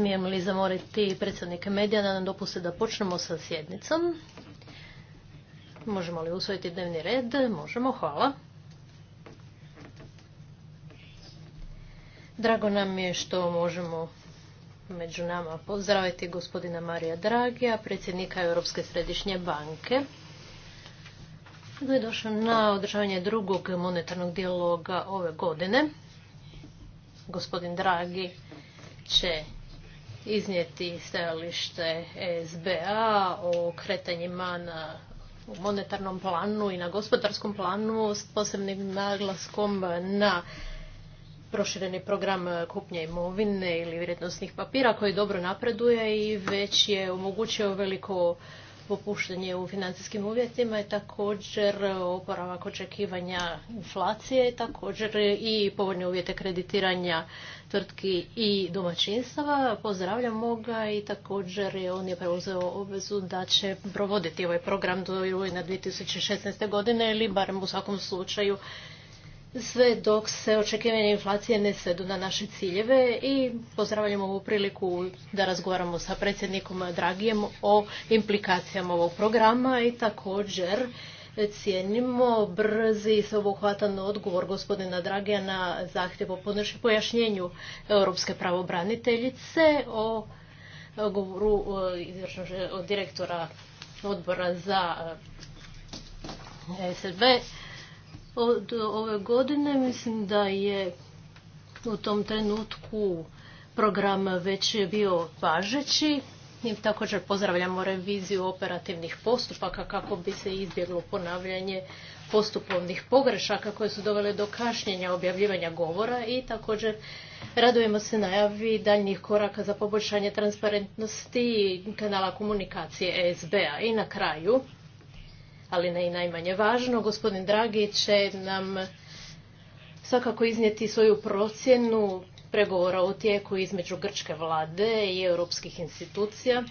smijem li zamoriti predsjednike medija da nam dopuste da počnemo sa sjednicom. Možemo li usvojiti dnevni red? Možemo, hvala. Drago nam je što možemo među nama pozdraviti gospodina Marija Dragija, predsjednika Europske središnje banke. Da dakle, došao na održavanje drugog monetarnog dijaloga ove godine. Gospodin Dragi će iznijeti stajalište SBA o kretanjima na monetarnom planu i na gospodarskom planu s posebnim naglaskom na prošireni program kupnje imovine ili vrijednosnih papira koji dobro napreduje i već je omogućio veliko popuštanje u financijskim uvjetima i također oporavak očekivanja inflacije, također i povoljne uvjete kreditiranja tvrtki i domaćinstava. Pozdravljamo ga i također on je preuzeo obvezu da će provoditi ovaj program do rujna 2016. godine ili barem u svakom slučaju sve dok se očekivanje inflacije ne svedu na naše ciljeve i pozdravljamo ovu priliku da razgovaramo sa predsjednikom Dragijem o implikacijama ovog programa i također cijenimo brzi i sveobuhvatan odgovor gospodina Dragija na zahtjev o pojašnjenju Europske pravobraniteljice o govoru od direktora odbora za e, SLB. od ove godine. Mislim da je u tom trenutku program već bio važeći također pozdravljamo reviziju operativnih postupaka kako bi se izbjeglo ponavljanje postupovnih pogrešaka koje su dovele do kašnjenja objavljivanja govora i također radujemo se najavi daljnjih koraka za poboljšanje transparentnosti kanala komunikacije ESB-a. I na kraju, ali ne i najmanje važno, gospodin Dragi će nam svakako iznijeti svoju procjenu pregovora u tijeku između grčke vlade i europskih institucija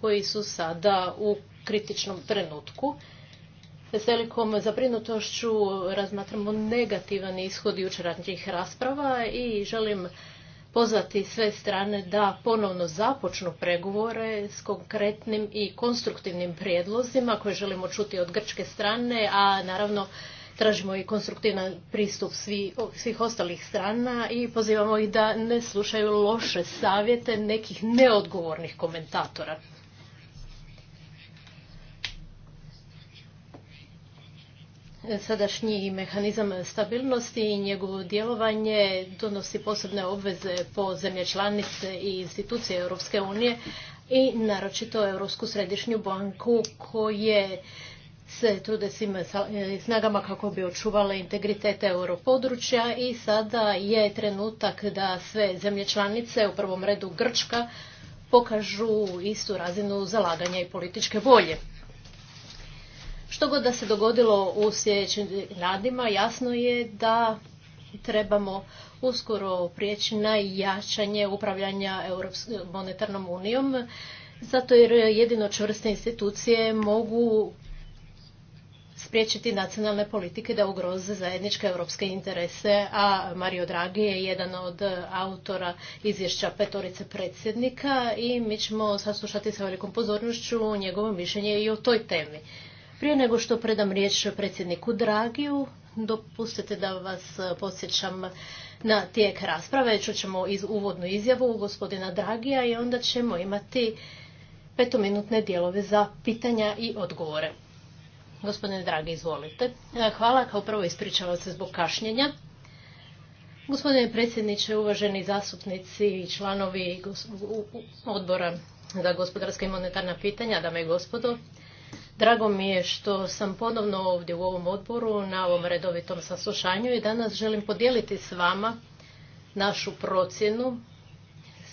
koji su sada u kritičnom trenutku. S velikom zabrinutošću razmatramo negativan ishod jučerašnjih rasprava i želim pozvati sve strane da ponovno započnu pregovore s konkretnim i konstruktivnim prijedlozima koje želimo čuti od grčke strane, a naravno tražimo i konstruktivan pristup svih, ostalih strana i pozivamo ih da ne slušaju loše savjete nekih neodgovornih komentatora. Sadašnji mehanizam stabilnosti i njegovo djelovanje donosi posebne obveze po zemlje članice i institucije Europske unije i naročito Europsku središnju banku koje se trude svim e, snagama kako bi očuvale integritete europodručja i sada je trenutak da sve zemlje članice, u prvom redu Grčka, pokažu istu razinu zalaganja i političke volje. Što god da se dogodilo u sljedećim radima, jasno je da trebamo uskoro prijeći na jačanje upravljanja Europskom monetarnom unijom, zato jer jedino čvrste institucije mogu spriječiti nacionalne politike da ugroze zajedničke europske interese, a Mario Draghi je jedan od autora izvješća petorice predsjednika i mi ćemo saslušati sa velikom pozornošću njegovo mišljenje i o toj temi. Prije nego što predam riječ predsjedniku Dragiju, dopustite da vas podsjećam na tijek rasprave. ćemo iz uvodnu izjavu gospodina Dragija i onda ćemo imati petominutne dijelove za pitanja i odgovore. Gospodine Dragi, izvolite. E, hvala. Kao prvo ispričavam se zbog kašnjenja. Gospodine predsjedniče, uvaženi zastupnici i članovi odbora za gospodarska i monetarna pitanja, dame i gospodo, drago mi je što sam ponovno ovdje u ovom odboru na ovom redovitom saslušanju i danas želim podijeliti s vama našu procjenu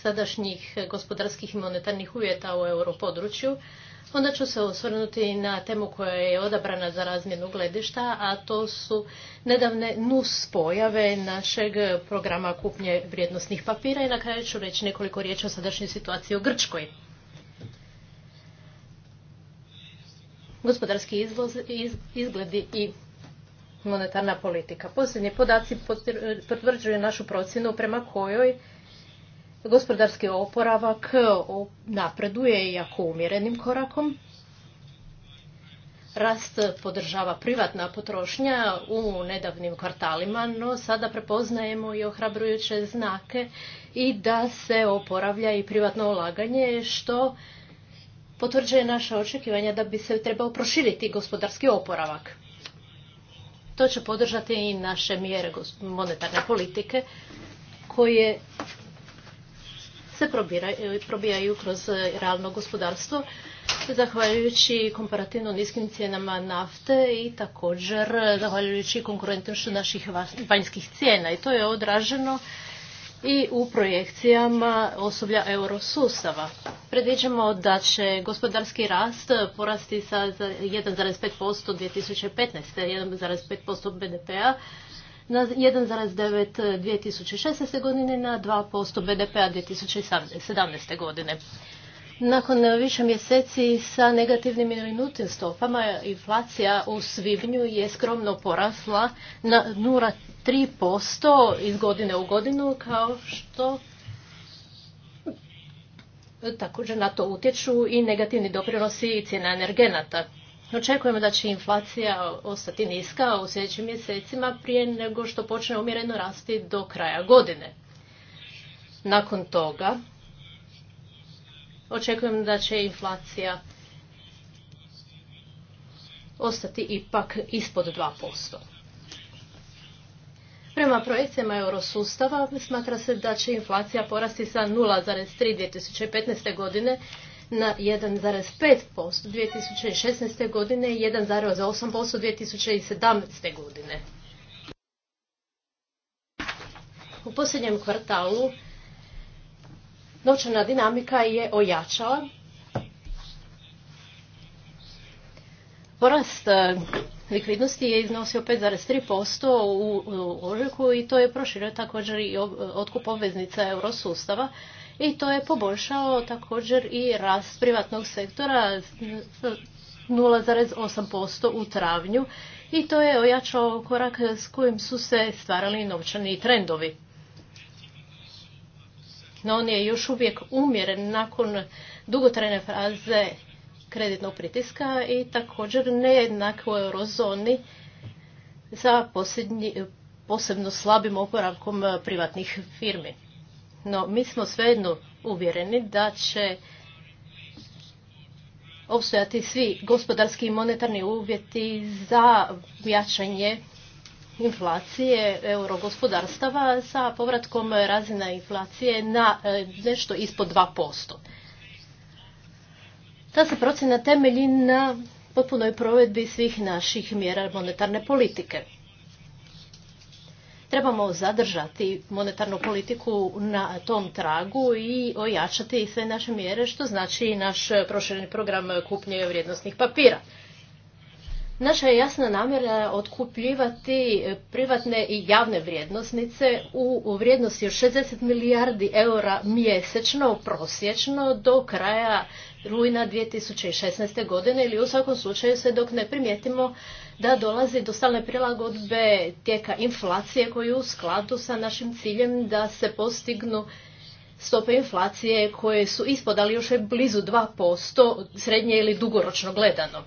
sadašnjih gospodarskih i monetarnih uvjeta u europodručju, Onda ću se osvrnuti na temu koja je odabrana za razmjenu gledišta, a to su nedavne nus pojave našeg programa kupnje vrijednosnih papira i na kraju ću reći nekoliko riječi o sadašnjoj situaciji u Grčkoj. Gospodarski izvoz izgledi i monetarna politika. Posljednji podaci potvrđuju našu procjenu prema kojoj gospodarski oporavak napreduje jako umjerenim korakom. Rast podržava privatna potrošnja u nedavnim kvartalima, no sada prepoznajemo i ohrabrujuće znake i da se oporavlja i privatno ulaganje, što potvrđuje naše očekivanja da bi se trebao proširiti gospodarski oporavak. To će podržati i naše mjere monetarne politike koje se e, probijaju kroz realno gospodarstvo zahvaljujući komparativno niskim cijenama nafte i također zahvaljujući konkurentnošću naših vanjskih cijena i to je odraženo i u projekcijama osoblja eurosustava. Predviđamo da će gospodarski rast porasti sa 1,5% 2015. 1,5% BDP-a na 1,9 2016. godine na 2% BDP-a 2017. godine. Nakon više mjeseci sa negativnim minutim stopama, inflacija u svibnju je skromno porasla na 0,3% iz godine u godinu, kao što također na to utječu i negativni doprinosi cijena energenata. Očekujemo da će inflacija ostati niska u sljedećim mjesecima prije nego što počne umjereno rasti do kraja godine. Nakon toga očekujem da će inflacija ostati ipak ispod 2%. Prema projekcijama eurosustava smatra se da će inflacija porasti sa 0,3 2015. godine na 1,5% 2016. godine i 1,8% 2017. godine. U posljednjem kvartalu novčana dinamika je ojačala. Porast e, likvidnosti je iznosio 5,3% u Ožeku i to je proširio također i otkup obveznica eurosustava i to je poboljšao također i rast privatnog sektora 0,8% u travnju i to je ojačao korak s kojim su se stvarali novčani trendovi. No on je još uvijek umjeren nakon dugotrajne fraze kreditnog pritiska i također nejednak u eurozoni sa posebno slabim oporavkom privatnih firmi. No, mi smo svejedno uvjereni da će obstojati svi gospodarski i monetarni uvjeti za jačanje inflacije eurogospodarstava sa povratkom razina inflacije na e, nešto ispod 2%. Ta se procjena temelji na potpunoj provedbi svih naših mjera monetarne politike. Trebamo zadržati monetarnu politiku na tom tragu i ojačati sve naše mjere, što znači naš prošireni program kupnje vrijednostnih papira. Naša je jasna namjera otkupljivati privatne i javne vrijednosnice u vrijednosti od 60 milijardi eura mjesečno, prosječno, do kraja rujna 2016. godine ili u svakom slučaju se dok ne primijetimo da dolazi do stalne prilagodbe tijeka inflacije koji je u skladu sa našim ciljem da se postignu stope inflacije koje su ispod, ali još je blizu 2%, srednje ili dugoročno gledano.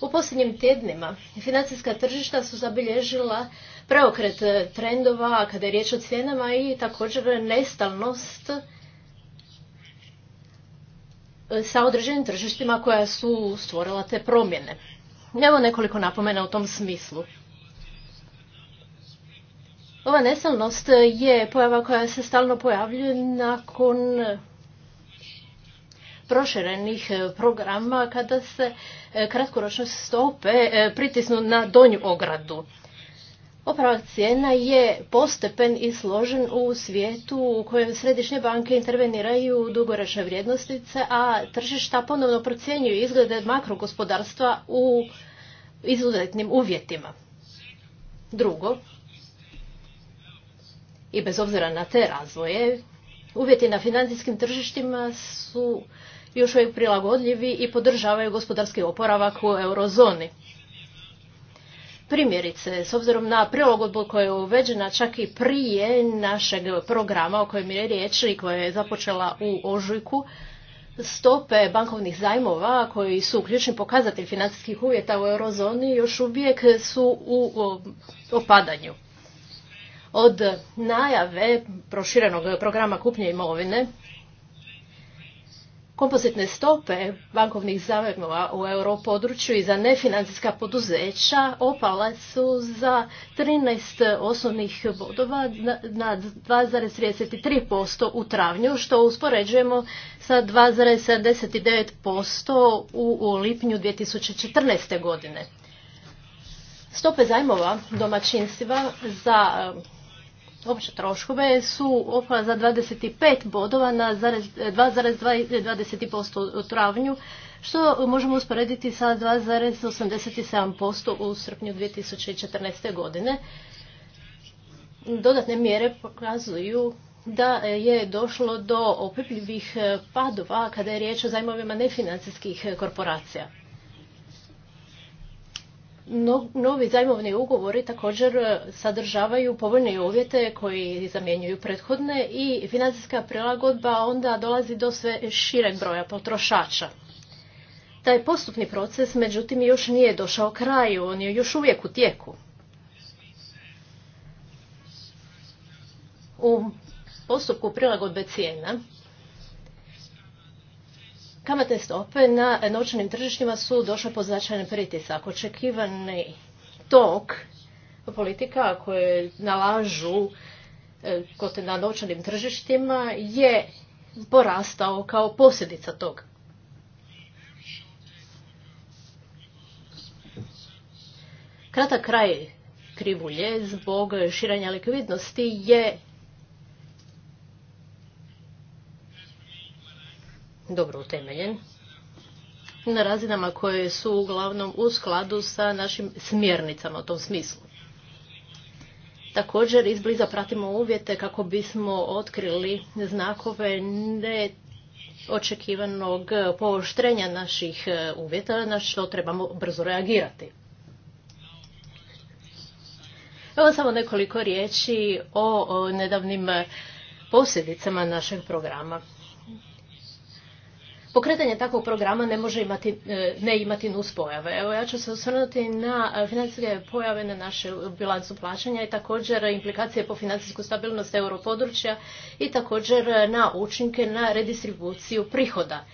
U posljednjim tjednima financijska tržišta su zabilježila preokret trendova kada je riječ o cijenama i također nestalnost e, sa određenim tržištima koja su stvorila te promjene. Evo nekoliko napomena u tom smislu. Ova nestalnost je pojava koja se stalno pojavljuje nakon proširenih programa kada se eh, kratkoročne stope eh, pritisnu na donju ogradu. Opravak cijena je postepen i složen u svijetu u kojem središnje banke interveniraju u dugoročne vrijednostice, a tržišta ponovno procjenjuju izglede makrogospodarstva u izuzetnim uvjetima. Drugo, i bez obzira na te razvoje, uvjeti na financijskim tržištima su još uvijek prilagodljivi i podržavaju gospodarski oporavak u eurozoni. Primjerice, s obzirom na prilagodbu koja je uveđena čak i prije našeg programa o kojem je riječ i koja je započela u ožujku, stope bankovnih zajmova koji su ključni pokazatelj financijskih uvjeta u eurozoni još uvijek su u opadanju. Od najave proširenog programa kupnje imovine kompozitne stope bankovnih zajmova u europodručju i za nefinancijska poduzeća opala su za 13 osnovnih bodova na 2,33% u travnju, što uspoređujemo sa 2,79% u lipnju 2014. godine. Stope zajmova domaćinstva za opće troškove su opala za 25 bodova na 2,20% u travnju, što možemo usporediti sa 2,87% u srpnju 2014. godine. Dodatne mjere pokazuju da je došlo do opipljivih padova kada je riječ o zajmovima nefinancijskih korporacija novi zajmovni ugovori također e, sadržavaju povoljne uvjete koji zamjenjuju prethodne i financijska prilagodba onda dolazi do sve šireg broja potrošača. Taj postupni proces, međutim, još nije došao kraju, on je još uvijek u tijeku. U postupku prilagodbe cijena Kamatne stope na novčanim tržištima su došle pod značajan pritisak. Očekivani tok politika koje nalažu e, na novčanim tržištima je porastao kao posljedica toga. Kratak kraj krivulje zbog širenja likvidnosti je dobro utemeljen na razinama koje su uglavnom u skladu sa našim smjernicama u tom smislu. Također izbliza pratimo uvjete kako bismo otkrili znakove neočekivanog pooštrenja naših e, uvjeta na što trebamo brzo reagirati. Evo samo nekoliko riječi o nedavnim posljedicama našeg programa pokretanje takvog programa ne može imati, e, ne imati nuspojave. Evo ja ću se osvrnuti na e, financijske pojave na našu bilancu plaćanja i također implikacije po financijsku stabilnost europodručja i također e, na učinke na redistribuciju prihoda.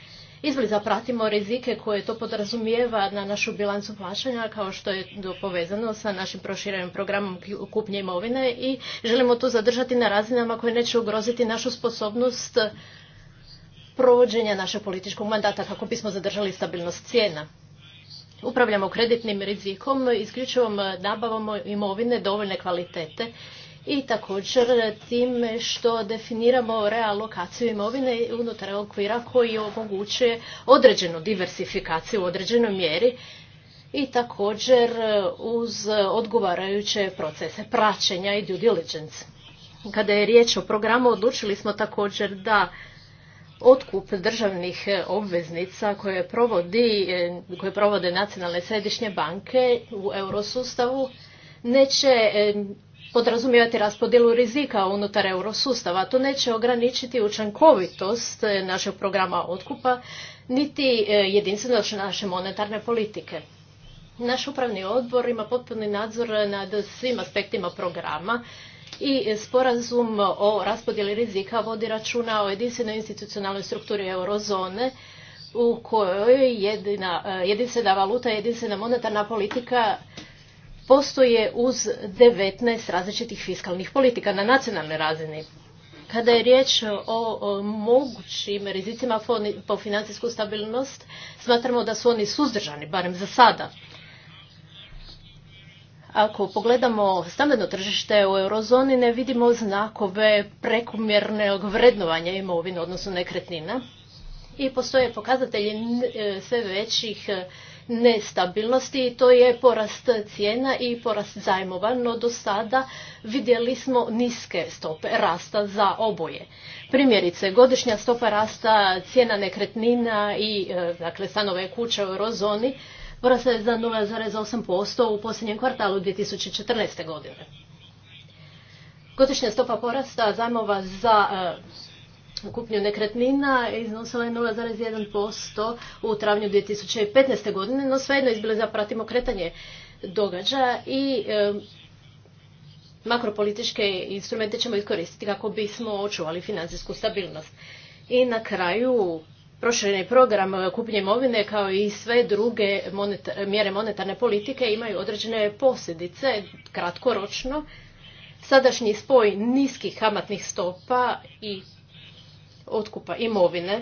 Izbliza pratimo rizike koje to podrazumijeva na našu bilancu plaćanja kao što je povezano sa našim proširenim programom kupnje imovine i želimo to zadržati na razinama koje neće ugroziti našu sposobnost provođenja našeg političkog mandata kako bismo zadržali stabilnost cijena. Upravljamo kreditnim rizikom, isključivom nabavom imovine dovoljne kvalitete i također tim što definiramo realokaciju imovine unutar okvira koji omogućuje određenu diversifikaciju u određenoj mjeri i također uz odgovarajuće procese praćenja i due diligence. Kada je riječ o programu, odlučili smo također da otkup državnih e, obveznica koje, provodi, e, koje provode nacionalne središnje banke u eurosustavu neće e, podrazumijevati raspodjelu rizika unutar eurosustava. To neće ograničiti učinkovitost našeg programa otkupa niti jedinstvenost naše monetarne politike. Naš upravni odbor ima potpuni nadzor nad svim aspektima programa i sporazum o raspodjeli rizika vodi računa o jedinstvenoj institucionalnoj strukturi eurozone u kojoj jedina, eh, jedinstvena valuta, jedinstvena monetarna politika postoje uz 19 različitih fiskalnih politika na nacionalnoj razini. Kada je riječ o mogućim rizicima po financijsku stabilnost, smatramo da su oni suzdržani, barem za sada. Ako pogledamo stambeno tržište u eurozoni, ne vidimo znakove prekomjernog vrednovanja imovine, odnosno nekretnina. I postoje pokazatelji e, sve većih e, nestabilnosti i to je porast cijena i porast zajmova, no do sada vidjeli smo niske stope rasta za oboje. Primjerice, godišnja stopa rasta cijena nekretnina i e, dakle, stanove kuće u eurozoni je za 0,8% u posljednjem kvartalu 2014. godine. Godišnja stopa porasta zajmova za e, kupnju nekretnina iznosila je 0,1% u travnju 2015. godine, no svejedno izbili pratimo kretanje događaja i e, makropolitičke instrumente ćemo iskoristiti kako bismo očuvali financijsku stabilnost. I na kraju prošireni program e, kupnje imovine kao i sve druge mjere monetarne politike imaju određene posljedice kratkoročno. Sadašnji spoj niskih kamatnih stopa i otkupa imovine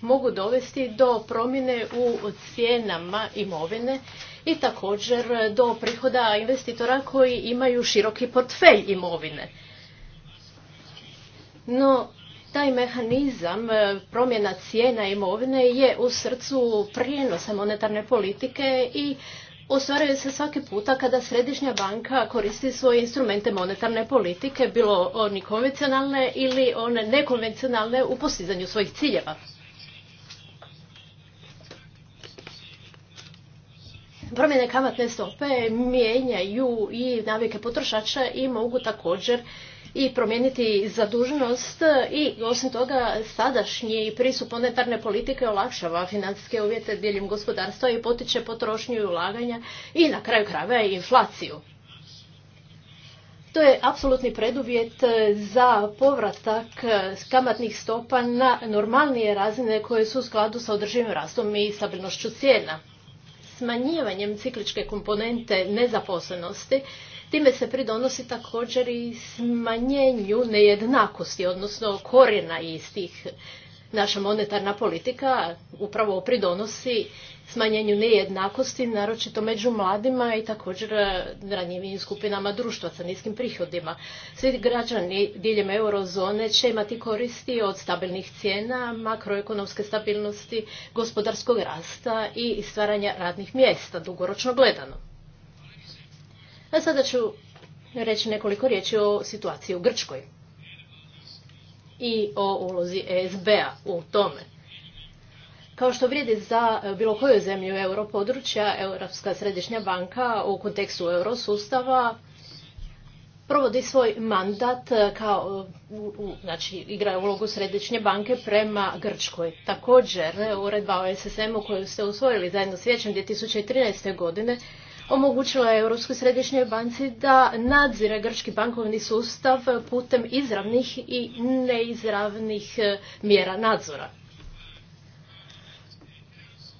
mogu dovesti do promjene u cijenama imovine i također do prihoda investitora koji imaju široki portfelj imovine. No, taj mehanizam e, promjena cijena imovine je u srcu prijenosa monetarne politike i ostvaruje se svaki puta kada središnja banka koristi svoje instrumente monetarne politike, bilo oni konvencionalne ili one nekonvencionalne u postizanju svojih ciljeva. Promjene kamatne stope mijenjaju i navike potrošača i mogu također i promijeniti zadužnost i osim toga sadašnji pristup monetarne politike olakšava financijske uvjete diljem gospodarstva i potiče potrošnju i ulaganja i na kraju krajeva i inflaciju. To je apsolutni preduvjet za povratak kamatnih stopa na normalnije razine koje su u skladu sa održivim rastom i stabilnošću cijena. Smanjivanjem cikličke komponente nezaposlenosti Time se pridonosi također i smanjenju nejednakosti, odnosno korijena iz tih naša monetarna politika upravo pridonosi smanjenju nejednakosti, naročito među mladima i također ranjivim skupinama društva sa niskim prihodima. Svi građani diljem eurozone će imati koristi od stabilnih cijena, makroekonomske stabilnosti, gospodarskog rasta i stvaranja radnih mjesta, dugoročno gledano. A e, sada ću reći nekoliko riječi o situaciji u Grčkoj i o ulozi ESB-a u tome. Kao što vrijedi za bilo koju zemlju europodručja, Europska središnja banka u kontekstu eurosustava provodi svoj mandat kao, znači igra ulogu središnje banke prema Grčkoj. Također, uredba o SSM-u koju ste usvojili zajedno s vijećem 2013. godine omogućila je Europskoj središnjoj banci da nadzire grčki bankovni sustav putem izravnih i neizravnih e, mjera nadzora.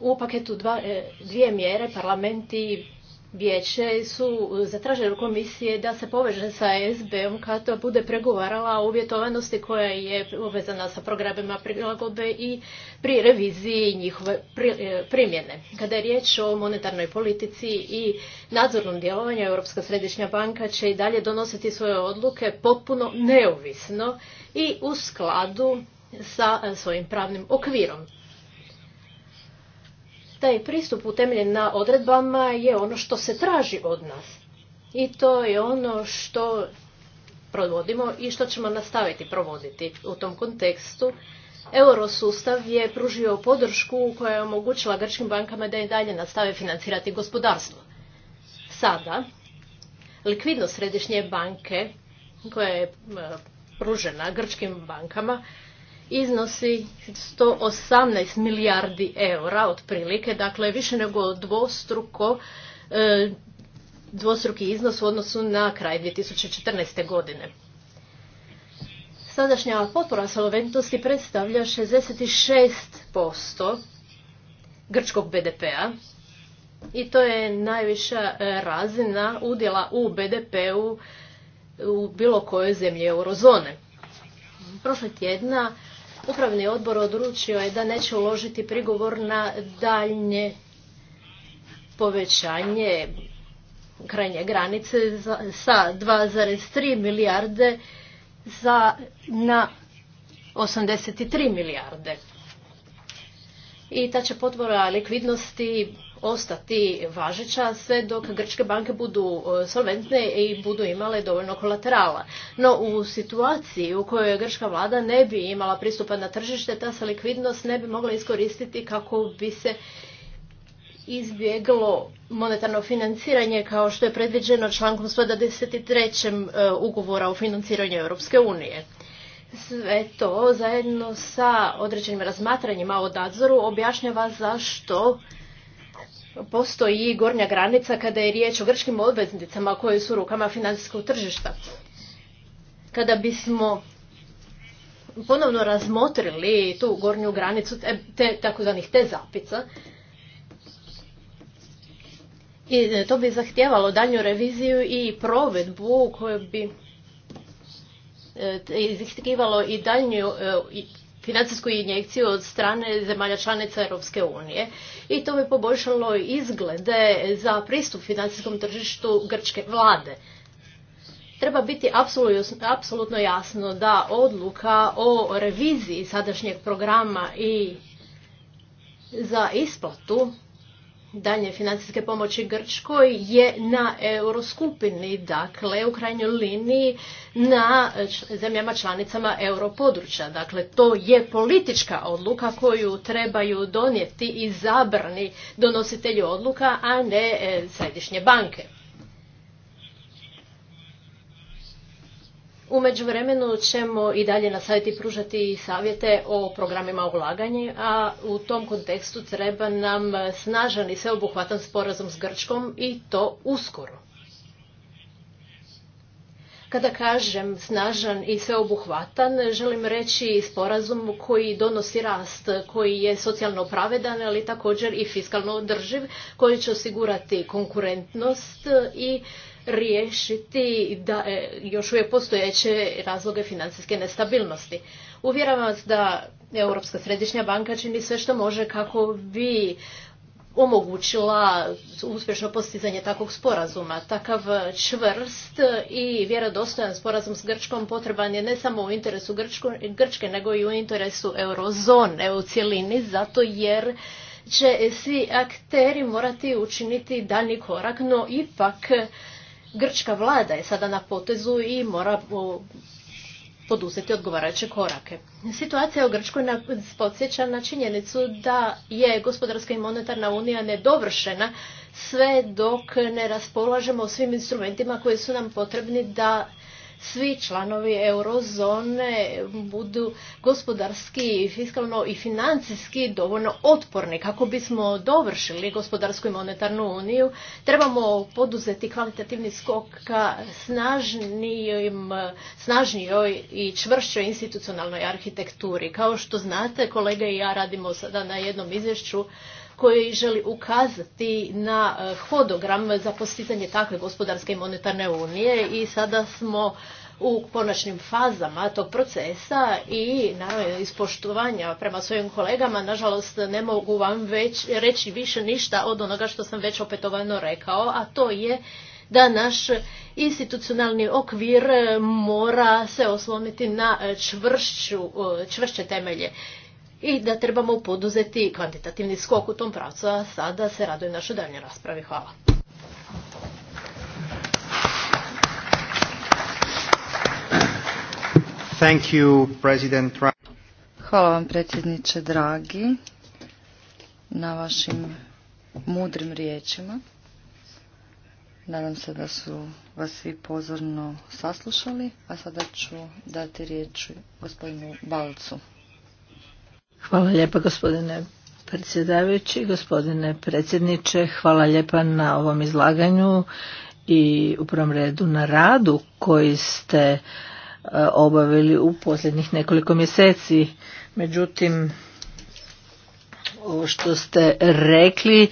U paketu dva, e, dvije mjere parlamenti vijeće su zatražili komisije da se poveže sa sBm om kada bude pregovarala o uvjetovanosti koja je uvezana sa programima prilagodbe i pri reviziji njihove e, primjene. Kada je riječ o monetarnoj politici i nadzornom djelovanju, Europska središnja banka će i dalje donositi svoje odluke potpuno neovisno i u skladu sa e, svojim pravnim okvirom. Taj pristup utemljen na odredbama je ono što se traži od nas. I to je ono što provodimo i što ćemo nastaviti provoditi u tom kontekstu. Eurosustav je pružio podršku koja je omogućila grčkim bankama da i dalje nastave financirati gospodarstvo. Sada, likvidnost središnje banke koja je e, pružena grčkim bankama iznosi 118 milijardi eura otprilike, dakle više nego dvostruko e, dvostruki iznos u odnosu na kraj 2014. godine. Sadašnja potpora solventnosti predstavlja 66% grčkog BDP-a i to je najviša e, razina udjela u BDP-u u bilo kojoj zemlji eurozone. Prošle tjedna upravni odbor odručio je da neće uložiti prigovor na daljnje povećanje krajnje granice sa 2,3 milijarde za, na 83 milijarde i ta će potvora likvidnosti ostati važeća sve dok grčke banke budu e, solventne i budu imale dovoljno kolaterala. No u situaciji u kojoj grčka vlada ne bi imala pristupa na tržište, ta se likvidnost ne bi mogla iskoristiti kako bi se izbjeglo monetarno financiranje kao što je predviđeno člankom 123. E, ugovora o financiranju Europske unije. Sve to zajedno sa određenim razmatranjima o nadzoru objašnjava zašto postoji gornja granica kada je riječ o grčkim obveznicama koje su u rukama financijskog tržišta. Kada bismo ponovno razmotrili tu gornju granicu te, te takozvanih te zapica i to bi zahtijevalo daljnju reviziju i provedbu koju bi E, iziskivalo i daljnju e, financijsku injekciju od strane zemalja članica Europske unije i to bi poboljšalo izglede za pristup financijskom tržištu grčke vlade. Treba biti apsolutno jasno da odluka o reviziji sadašnjeg programa i za isplatu dalje financijske pomoći Grčkoj je na euroskupini, dakle u krajnjoj liniji na zemljama članicama europodručja. Dakle, to je politička odluka koju trebaju donijeti i zabrani donositelji odluka, a ne e, središnje banke. U međuvremenu ćemo i dalje na sajti pružati savjete o programima ulaganja, a u tom kontekstu treba nam snažan i sveobuhvatan sporazum s Grčkom i to uskoro. Kada kažem snažan i sveobuhvatan, želim reći sporazum koji donosi rast, koji je socijalno pravedan, ali također i fiskalno održiv, koji će osigurati konkurentnost i riješiti da e, još uvijek postojeće razloge financijske nestabilnosti. Uvjeravam vas da Europska središnja banka čini sve što može kako bi omogućila uspješno postizanje takvog sporazuma. Takav čvrst i vjerodostojan sporazum s Grčkom potreban je ne samo u interesu Grčke, nego i u interesu eurozone u cjelini, zato jer će svi akteri morati učiniti daljnji korak, no ipak Grčka vlada je sada na potezu i mora poduzeti odgovarajuće korake. Situacija u Grčkoj podsjeća na činjenicu da je gospodarska i monetarna unija nedovršena sve dok ne raspolažemo svim instrumentima koji su nam potrebni da svi članovi eurozone budu gospodarski, fiskalno i financijski dovoljno otporni. Kako bismo dovršili gospodarsku i monetarnu uniju, trebamo poduzeti kvalitativni skok ka snažnijoj i čvršćoj institucionalnoj arhitekturi. Kao što znate, kolege i ja radimo sada na jednom izvješću koji želi ukazati na e, hodogram za postizanje takve gospodarske i monetarne unije i sada smo u konačnim fazama tog procesa i naravno iz poštovanja prema svojim kolegama nažalost ne mogu vam već reći više ništa od onoga što sam već opetovano rekao, a to je da naš institucionalni okvir mora se osloniti na e, čvršće temelje i da trebamo poduzeti kvantitativni skok u tom pravcu, a sada se raduje našoj daljnjoj raspravi. Hvala. Hvala vam predsjedniče dragi na vašim mudrim riječima. Nadam se da su vas svi pozorno saslušali, a sada ću dati riječ gospodinu Balcu. Hvala lijepa gospodine predsjedavajući, gospodine predsjedniče, hvala lijepa na ovom izlaganju i u prvom redu na radu koji ste e, obavili u posljednjih nekoliko mjeseci. Međutim, ovo što ste rekli e,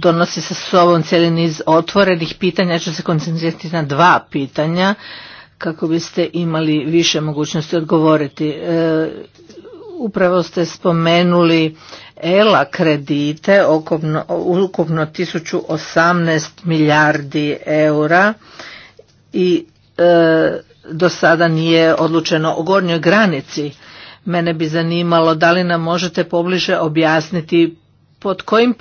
donosi sa sobom cijeli niz otvorenih pitanja. Ja ću se koncentrirati na dva pitanja kako biste imali više mogućnosti odgovoriti. E, Upravo ste spomenuli ELA kredite, ukupno 1018 milijardi eura i e, do sada nije odlučeno o gornjoj granici. Mene bi zanimalo da li nam možete pobliže objasniti pod kojim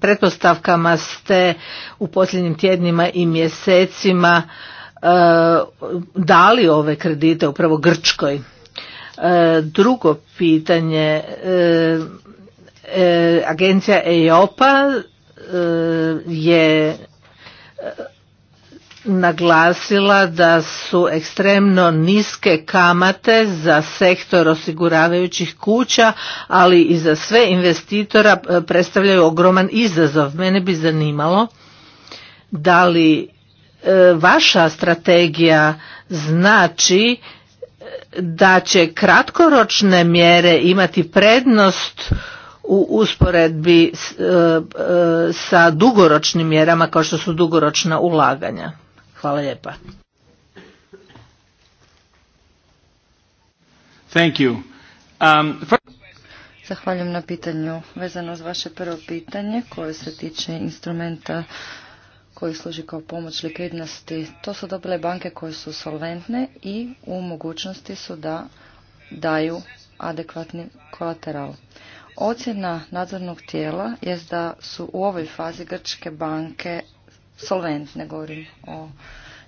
pretpostavkama ste u posljednjim tjednima i mjesecima e, dali ove kredite upravo Grčkoj. E, drugo pitanje, e, e, agencija EIOPA je naglasila da su ekstremno niske kamate za sektor osiguravajućih kuća, ali i za sve investitora predstavljaju ogroman izazov. Mene bi zanimalo da li vaša strategija znači da će kratkoročne mjere imati prednost u usporedbi e, e, sa dugoročnim mjerama kao što su dugoročna ulaganja. Hvala lijepa. Thank you. Um, Zahvaljujem na pitanju vezano uz vaše prvo pitanje koje se tiče instrumenta koji služi kao pomoć likvidnosti, to su dobile banke koje su solventne i u mogućnosti su da daju adekvatni kolateral. Ocjena nadzornog tijela je da su u ovoj fazi grčke banke solventne, govorim o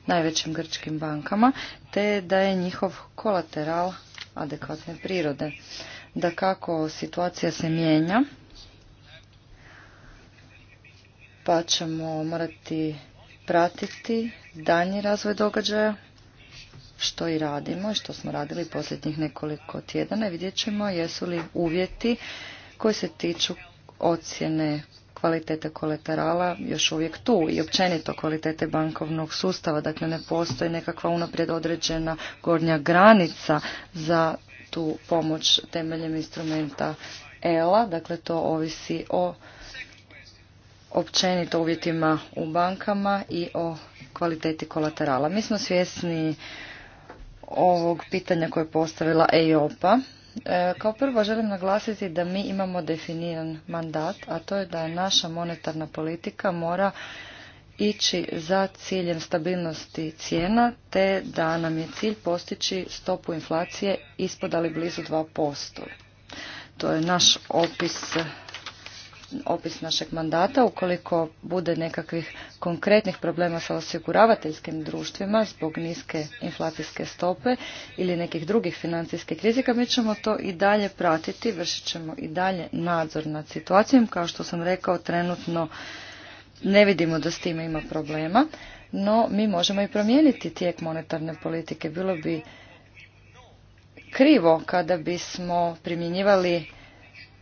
najvećim grčkim bankama, te da je njihov kolateral adekvatne prirode. Da kako situacija se mijenja, pa ćemo morati pratiti danji razvoj događaja, što i radimo i što smo radili posljednjih nekoliko tjedana i vidjet ćemo jesu li uvjeti koji se tiču ocjene kvalitete kolaterala još uvijek tu i općenito kvalitete bankovnog sustava. Dakle, ne postoji nekakva unaprijed određena gornja granica za tu pomoć temeljem instrumenta ELA. Dakle, to ovisi o općenito uvjetima u bankama i o kvaliteti kolaterala. Mi smo svjesni ovog pitanja koje je postavila EIOPA. E, kao prvo želim naglasiti da mi imamo definiran mandat, a to je da naša monetarna politika mora ići za ciljem stabilnosti cijena, te da nam je cilj postići stopu inflacije ispod ali blizu 2%. To je naš opis opis našeg mandata. Ukoliko bude nekakvih konkretnih problema sa osiguravateljskim društvima zbog niske inflacijske stope ili nekih drugih financijskih rizika, mi ćemo to i dalje pratiti, vršit ćemo i dalje nadzor nad situacijom. Kao što sam rekao, trenutno ne vidimo da s time ima problema, no mi možemo i promijeniti tijek monetarne politike. Bilo bi krivo kada bismo primjenjivali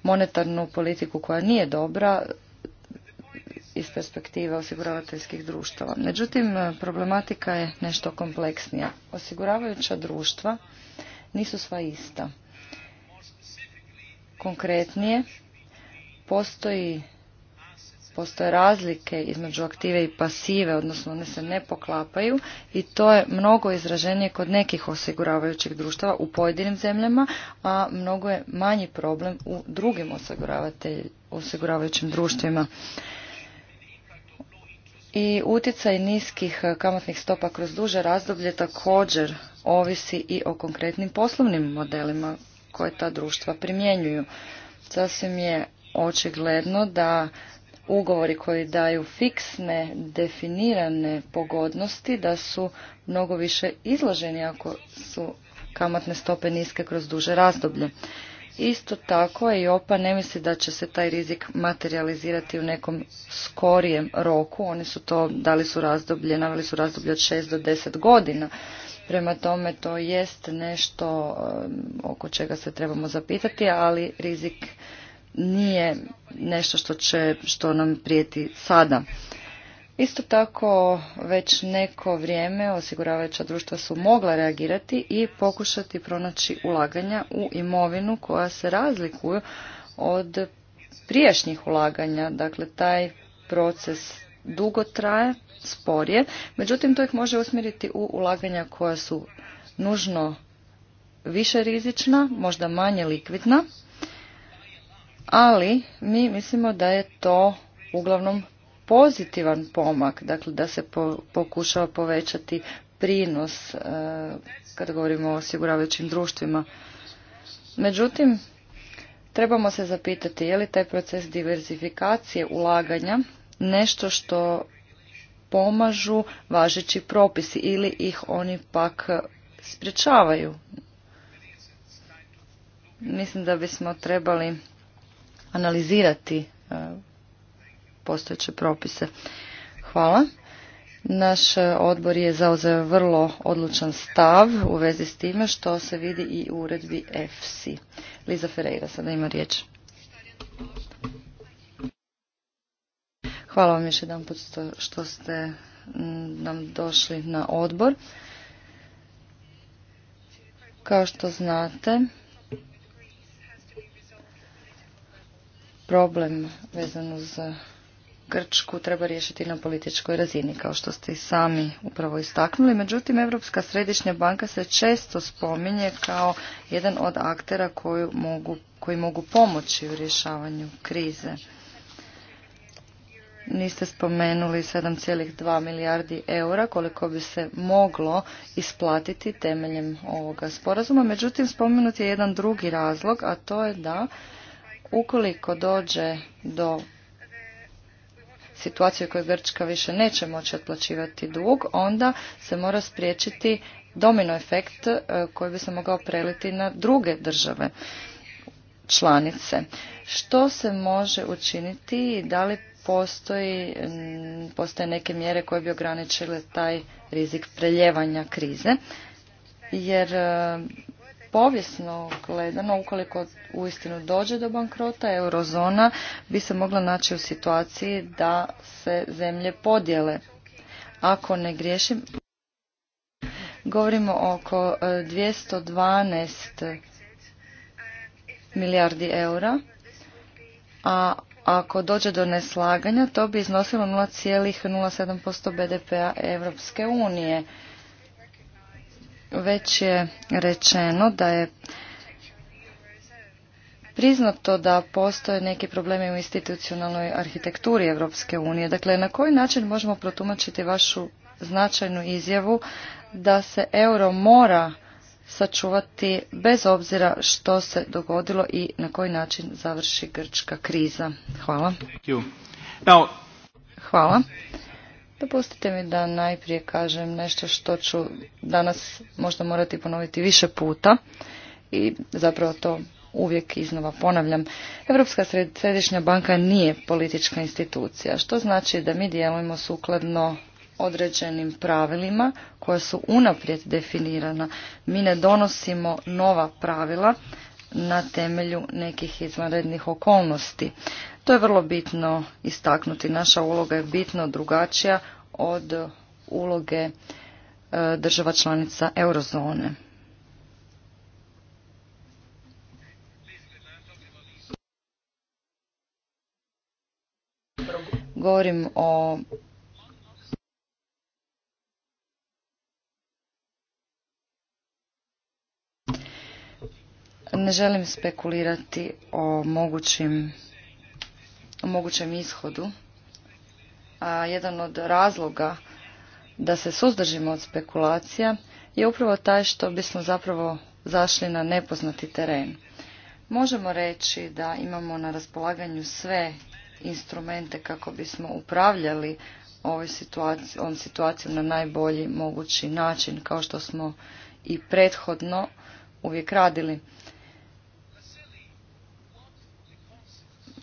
monetarnu politiku koja nije dobra iz perspektive osiguravateljskih društava. Međutim, problematika je nešto kompleksnija. Osiguravajuća društva nisu sva ista. Konkretnije, postoji postoje razlike između aktive i pasive, odnosno one se ne poklapaju i to je mnogo izraženije kod nekih osiguravajućih društava u pojedinim zemljama, a mnogo je manji problem u drugim osiguravajućim društvima. I utjecaj niskih kamatnih stopa kroz duže razdoblje također ovisi i o konkretnim poslovnim modelima koje ta društva primjenjuju. Sasvim je očigledno da ugovori koji daju fiksne, definirane pogodnosti, da su mnogo više izloženi ako su kamatne stope niske kroz duže razdoblje. Isto tako e i OPA ne misli da će se taj rizik materializirati u nekom skorijem roku. Oni su to dali su razdoblje, naveli su razdoblje od 6 do 10 godina. Prema tome to jest nešto um, oko čega se trebamo zapitati, ali rizik nije nešto što će, što nam prijeti sada. Isto tako već neko vrijeme osiguravajuća društva su mogla reagirati i pokušati pronaći ulaganja u imovinu koja se razlikuju od prijašnjih ulaganja. Dakle, taj proces dugo traje, sporije, međutim to ih može usmjeriti u ulaganja koja su nužno više rizična, možda manje likvidna ali mi mislimo da je to uglavnom pozitivan pomak, dakle da se po, pokušava povećati prinos e, kada govorimo o osiguravajućim društvima. Međutim, trebamo se zapitati je li taj proces diversifikacije ulaganja nešto što pomažu važeći propisi ili ih oni pak sprječavaju. Mislim da bismo trebali analizirati e, postojeće propise. Hvala. Naš e, odbor je zauzeo vrlo odlučan stav u vezi s time što se vidi i u uredbi FC. Liza Ferreira sada ima riječ. Hvala vam još jedan što ste mm, nam došli na odbor. Kao što znate, problem vezan uz Grčku treba riješiti na političkoj razini, kao što ste i sami upravo istaknuli. Međutim, Europska središnja banka se često spominje kao jedan od aktera koji mogu, koji mogu pomoći u rješavanju krize. Niste spomenuli 7,2 milijardi eura koliko bi se moglo isplatiti temeljem ovoga sporazuma. Međutim, spomenut je jedan drugi razlog, a to je da Ukoliko dođe do situacije u kojoj Grčka više neće moći otplaćivati dug, onda se mora spriječiti domino efekt e, koji bi se mogao preliti na druge države članice. Što se može učiniti i da li postoji, postoje neke mjere koje bi ograničile taj rizik preljevanja krize? Jer e, povijesno gledano, ukoliko uistinu dođe do bankrota, eurozona bi se mogla naći u situaciji da se zemlje podijele. Ako ne griješim, govorimo oko 212 e, milijardi eura, a ako dođe do neslaganja, to bi iznosilo 0,07% BDP-a Europske unije. Već je rečeno da je priznato da postoje neki problemi u institucionalnoj arhitekturi Europske unije. Dakle, na koji način možemo protumačiti vašu značajnu izjavu da se euro mora sačuvati bez obzira što se dogodilo i na koji način završi grčka kriza. Hvala. Hvala. Dopustite mi da najprije kažem nešto što ću danas možda morati ponoviti više puta i zapravo to uvijek iznova ponavljam. Europska središnja banka nije politička institucija, što znači da mi djelujemo sukladno određenim pravilima koja su unaprijed definirana. Mi ne donosimo nova pravila na temelju nekih izvanrednih okolnosti. To je vrlo bitno istaknuti. Naša uloga je bitno drugačija od uloge e, država članica eurozone. Govorim o Ne želim spekulirati o mogućim, o mogućem ishodu. A jedan od razloga da se suzdržimo od spekulacija je upravo taj što bismo zapravo zašli na nepoznati teren. Možemo reći da imamo na raspolaganju sve instrumente kako bismo upravljali ovom ovom situacijom na najbolji mogući način, kao što smo i prethodno uvijek radili.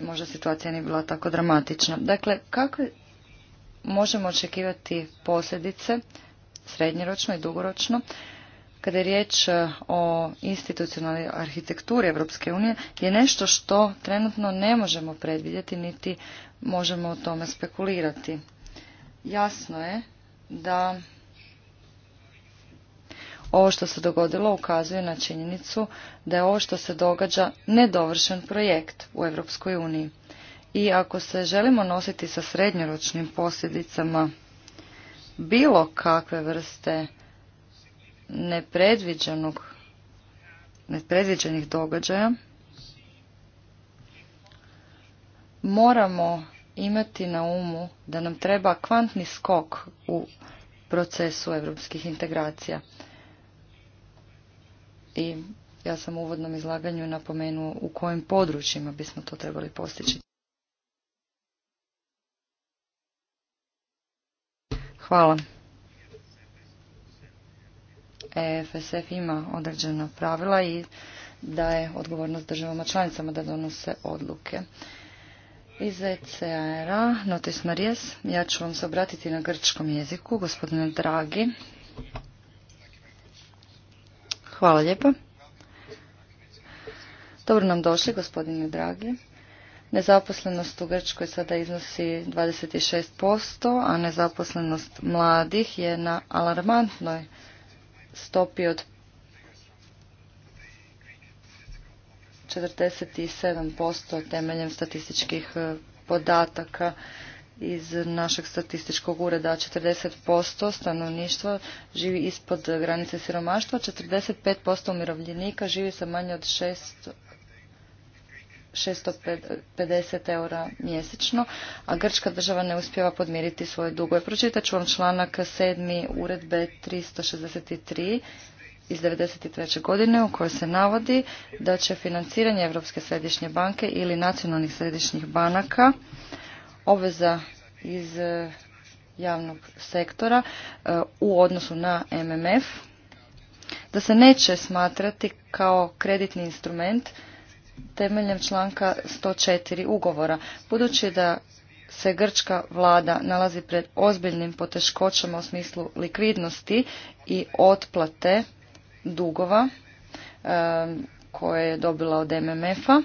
možda situacija nije bila tako dramatična. Dakle, kakve možemo očekivati posljedice srednjeročno i dugoročno kada je riječ e, o institucionalnoj arhitekturi Europske unije je nešto što trenutno ne možemo predvidjeti niti možemo o tome spekulirati. Jasno je da ovo što se dogodilo ukazuje na činjenicu da je ovo što se događa nedovršen projekt u Europskoj uniji. I ako se želimo nositi sa srednjoročnim posljedicama bilo kakve vrste nepredviđenog nepredviđenih događaja moramo imati na umu da nam treba kvantni skok u procesu europskih integracija i ja sam u uvodnom izlaganju napomenuo u kojim područjima bismo to trebali postići. Hvala. EFSF ima određena pravila i daje odgovornost državama članicama da donose odluke. Iz ECR-a, Notis Marijes, ja ću vam se obratiti na grčkom jeziku, gospodine Dragi, Hvala lijepa. Dobro nam došli, gospodine dragi. Nezaposlenost u Grčkoj sada iznosi 26%, a nezaposlenost mladih je na alarmantnoj stopi od 47% temeljem statističkih eh, podataka iz našeg statističkog ureda 40% stanovništva živi ispod granice siromaštva, 45% umirovljenika živi sa manje od 6, 650 eura mjesečno, a grčka država ne uspjeva podmiriti svoje dugove. Pročitat ću vam članak 7. uredbe 363 iz 1993. godine u kojoj se navodi da će financiranje Europske središnje banke ili nacionalnih središnjih banaka obveza iz e, javnog sektora e, u odnosu na MMF, da se neće smatrati kao kreditni instrument temeljem članka 104 ugovora. Budući da se grčka vlada nalazi pred ozbiljnim poteškoćama u smislu likvidnosti i otplate dugova e, koje je dobila od MMF-a,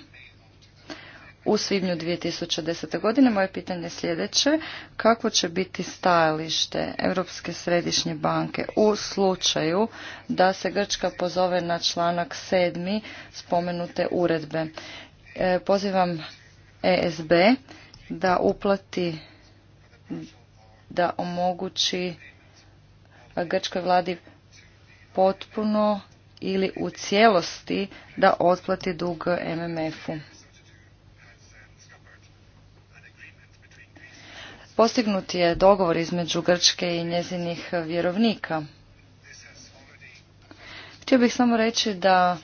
u svibnju 2010. godine. Moje pitanje je sljedeće. Kako će biti stajalište Europske središnje banke u slučaju da se Grčka pozove na članak 7. spomenute uredbe? E, pozivam ESB da uplati, da omogući Grčkoj vladi potpuno ili u cijelosti da otplati dug MMF-u. Postignut je dogovor između Grčke i njezinih vjerovnika. Htio bih samo reći da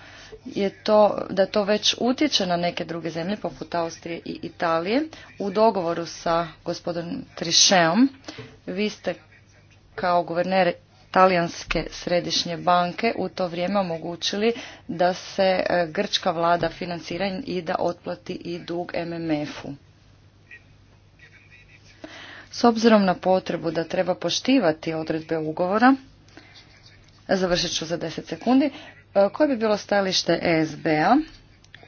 je to, da to već utječe na neke druge zemlje poput Austrije i Italije. U dogovoru sa gospodinom Trišeom vi ste kao guverner talijanske središnje banke u to vrijeme omogućili da se e, grčka vlada financira i da otplati i dug MMF-u. S obzirom na potrebu da treba poštivati odredbe ugovora, završit ću za 10 sekundi, e, koje bi bilo stajalište ESB-a,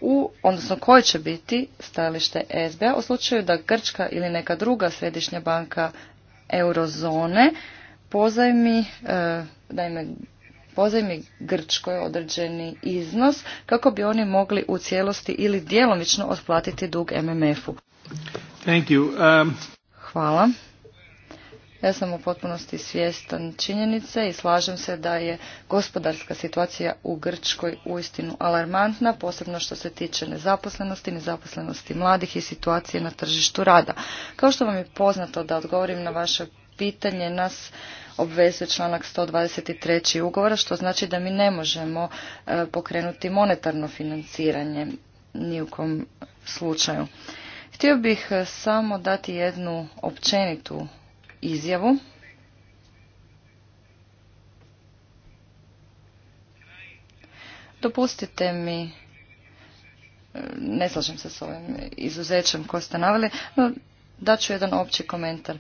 u, odnosno koje će biti stajalište ESB-a u slučaju da Grčka ili neka druga središnja banka eurozone pozajmi, e, pozajmi Grčkoj određeni iznos kako bi oni mogli u cijelosti ili djelomično otplatiti dug MMF-u. Thank um, Hvala. Ja sam u potpunosti svjestan činjenice i slažem se da je gospodarska situacija u Grčkoj uistinu alarmantna, posebno što se tiče nezaposlenosti, nezaposlenosti mladih i situacije na tržištu rada. Kao što vam je poznato da odgovorim na vaše pitanje, nas obvezuje članak 123. ugovora, što znači da mi ne možemo e, pokrenuti monetarno financiranje ni u kom slučaju. Htio bih e, samo dati jednu općenitu izjavu. Dopustite mi, e, ne slažem se s ovim izuzećem koje ste naveli, no daću jedan opći komentar.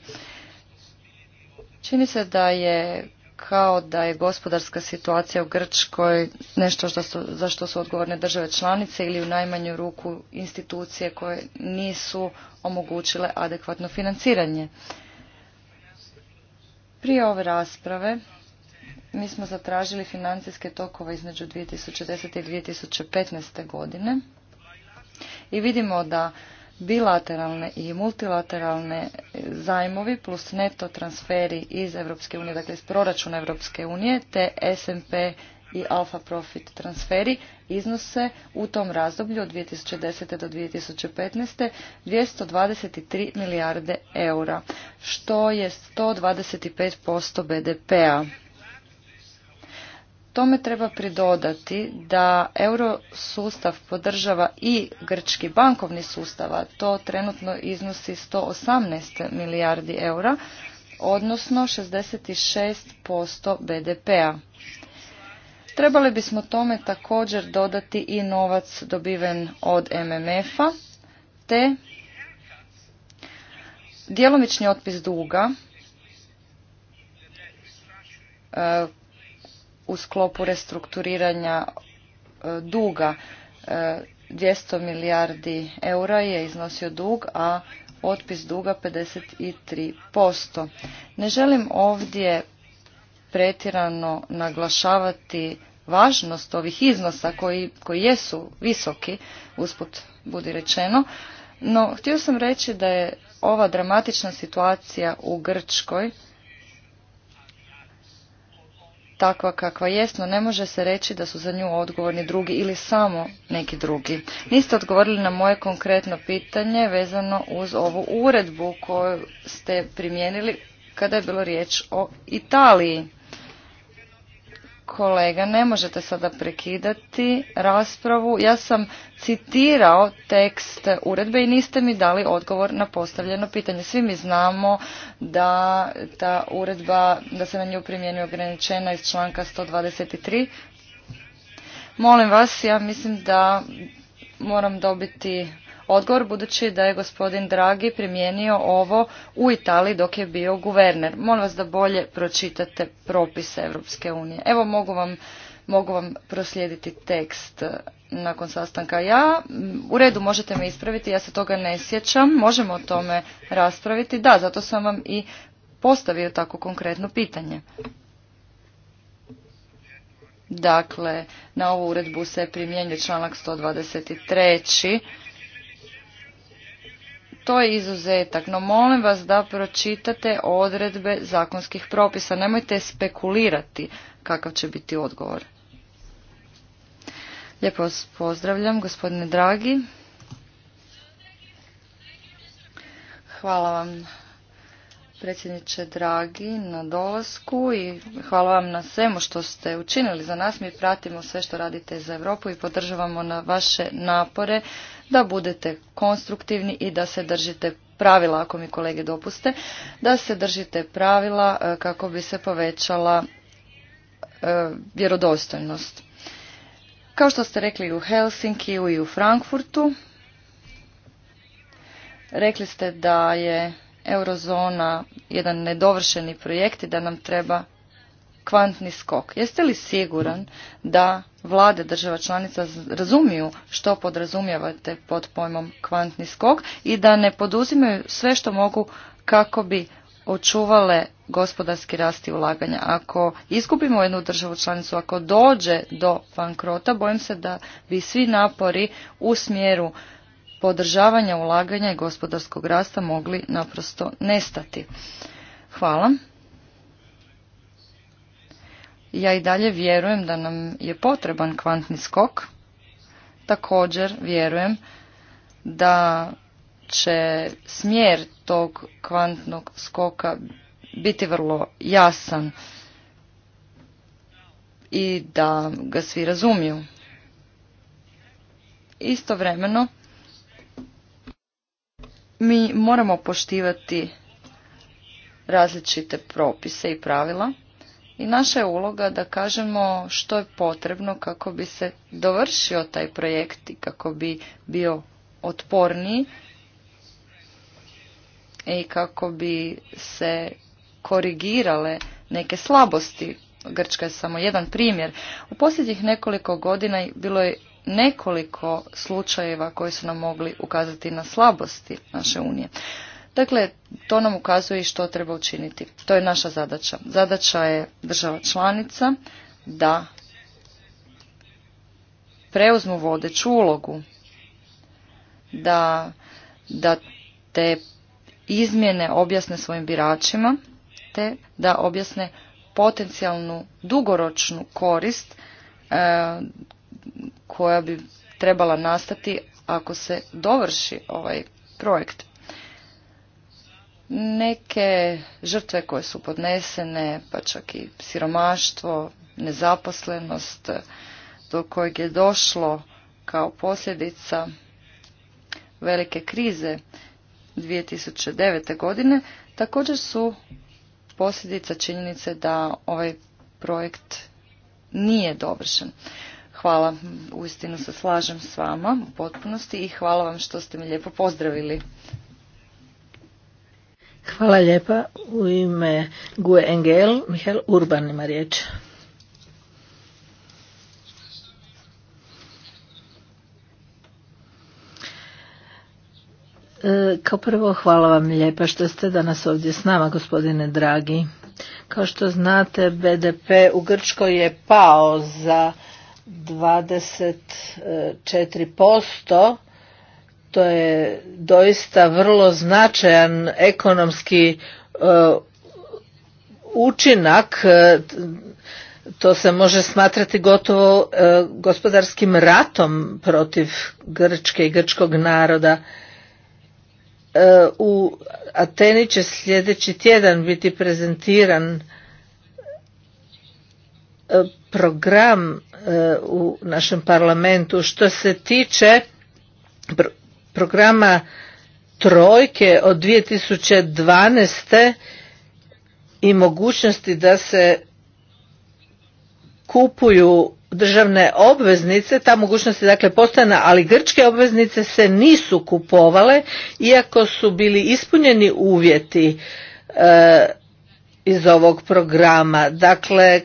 Čini se da je kao da je gospodarska situacija u Grčkoj nešto što su, za što su odgovorne države članice ili u najmanju ruku institucije koje nisu omogućile adekvatno financiranje. Prije ove rasprave mi smo zatražili financijske tokove između 2010. i 2015. godine i vidimo da bilateralne i multilateralne zajmovi plus neto transferi iz Europske unije, dakle iz proračuna Europske unije, te SMP i alfa profit transferi iznose u tom razdoblju od 2010. do 2015. 223 milijarde eura, što je 125% BDP-a. Tome treba pridodati da eurosustav podržava i grčki bankovni sustav, a to trenutno iznosi 118 milijardi eura, odnosno 66% BDP-a. Trebali bismo tome također dodati i novac dobiven od MMF-a, te djelomični otpis duga e, u sklopu restrukturiranja e, duga. 200 e, milijardi eura je iznosio dug, a otpis duga 53%. Ne želim ovdje pretjerano naglašavati važnost ovih iznosa koji, koji jesu visoki, usput budi rečeno, no htio sam reći da je ova dramatična situacija u Grčkoj takva kakva jest, no ne može se reći da su za nju odgovorni drugi ili samo neki drugi. Niste odgovorili na moje konkretno pitanje vezano uz ovu uredbu koju ste primijenili kada je bilo riječ o Italiji kolega, ne možete sada prekidati raspravu. Ja sam citirao tekst uredbe i niste mi dali odgovor na postavljeno pitanje. Svi mi znamo da ta uredba, da se na nju primjenjuje ograničena iz članka 123. Molim vas, ja mislim da moram dobiti odgovor budući da je gospodin Dragi primijenio ovo u Italiji dok je bio guverner. Molim vas da bolje pročitate propise Europske unije. Evo mogu vam, mogu vam proslijediti tekst eh, nakon sastanka ja. Mm, u redu možete me ispraviti, ja se toga ne sjećam. Možemo o tome raspraviti. Da, zato sam vam i postavio tako konkretno pitanje. Dakle, na ovu uredbu se primjenjuje članak 123. To je izuzetak, no molim vas da pročitate odredbe zakonskih propisa. Nemojte spekulirati kakav će biti odgovor. Lijepo vas pozdravljam, gospodine dragi. Hvala vam predsjedniče dragi na dolasku i hvala vam na svemu što ste učinili za nas. Mi pratimo sve što radite za Europu i podržavamo na vaše napore da budete konstruktivni i da se držite pravila, ako mi kolege dopuste, da se držite pravila e, kako bi se povećala e, vjerodostojnost. Kao što ste rekli u Helsinki i u Frankfurtu, rekli ste da je eurozona jedan nedovršeni projekt i da nam treba kvantni skok. Jeste li siguran da vlade država članica razumiju što podrazumijevate pod pojmom kvantni skok i da ne poduzimaju sve što mogu kako bi očuvale gospodarski rast i ulaganja. Ako izgubimo jednu državu članicu, ako dođe do bankrota, bojim se da bi svi napori u smjeru podržavanja ulaganja i gospodarskog rasta mogli naprosto nestati. Hvala. Ja i dalje vjerujem da nam je potreban kvantni skok. Također vjerujem da će smjer tog kvantnog skoka biti vrlo jasan i da ga svi razumiju. Istovremeno mi moramo poštivati različite propise i pravila i naša je uloga da kažemo što je potrebno kako bi se dovršio taj projekt i kako bi bio otporniji i kako bi se korigirale neke slabosti Grčka je samo jedan primjer. U posljednjih nekoliko godina bilo je nekoliko slučajeva koji su nam mogli ukazati na slabosti naše unije. Dakle, to nam ukazuje i što treba učiniti. To je naša zadaća. Zadaća je država članica da preuzmu vodeću ulogu, da, da te izmjene objasne svojim biračima, te da objasne potencijalnu dugoročnu korist e, koja bi trebala nastati ako se dovrši ovaj projekt. Neke žrtve koje su podnesene, pa čak i siromaštvo, nezaposlenost, do kojeg je došlo kao posljedica velike krize 2009. godine, također su posljedica činjenice da ovaj projekt nije dovršen. Hvala, uistinu se slažem s vama u potpunosti i hvala vam što ste me lijepo pozdravili. Hvala lijepa. U ime Gue Engel, Mihael Urban ima riječ. E, kao prvo hvala vam lijepa što ste danas ovdje s nama gospodine dragi. Kao što znate BDP u Grčkoj je pao za 24%. To je doista vrlo značajan ekonomski e, učinak. E, to se može smatrati gotovo e, gospodarskim ratom protiv Grčke i grčkog naroda. U Ateni će sljedeći tjedan biti prezentiran program Eh, u našem parlamentu. Što se tiče programa Trojke od 2012. i mogućnosti da se kupuju državne obveznice, ta mogućnost je dakle postojana, ali grčke obveznice se nisu kupovale, iako su bili ispunjeni uvjeti eh, iz ovog programa. Dakle,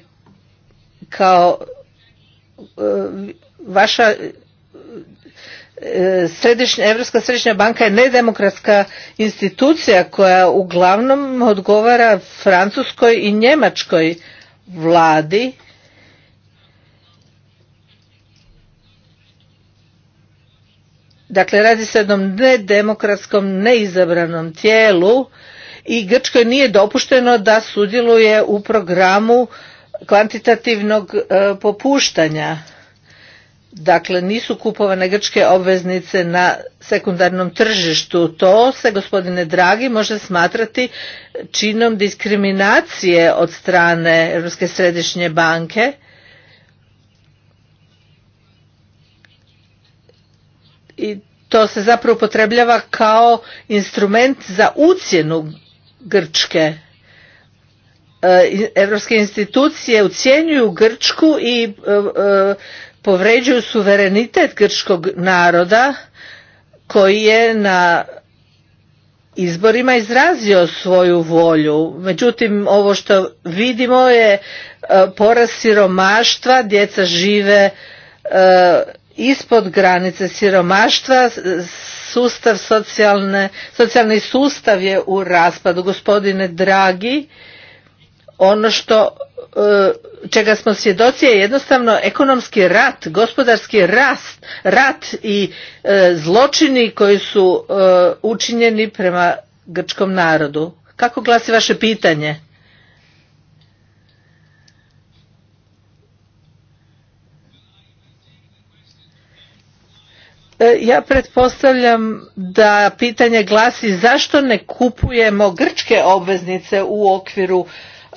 kao E, vaša e, središnja, Evropska središnja banka je nedemokratska institucija koja uglavnom odgovara francuskoj i njemačkoj vladi Dakle, radi se o jednom nedemokratskom, neizabranom tijelu i Grčkoj nije dopušteno da sudjeluje u programu kvantitativnog e, popuštanja. Dakle, nisu kupovane grčke obveznice na sekundarnom tržištu. To se, gospodine Dragi, može smatrati činom diskriminacije od strane Europske središnje banke. I to se zapravo upotrebljava kao instrument za ucjenu Grčke. Europske institucije ucjenjuju Grčku i e, e, povređuju suverenitet grčkog naroda koji je na izborima izrazio svoju volju. Međutim, ovo što vidimo je e, poraz siromaštva, djeca žive ispod granice siromaštva, sustav socijalne, socijalni sustav je u raspadu. Gospodine Dragi, ono što e, čega smo svjedoci je jednostavno ekonomski rat, gospodarski rast, rat i e, zločini koji su e, učinjeni prema grčkom narodu. Kako glasi vaše pitanje? Ja pretpostavljam da pitanje glasi zašto ne kupujemo grčke obveznice u okviru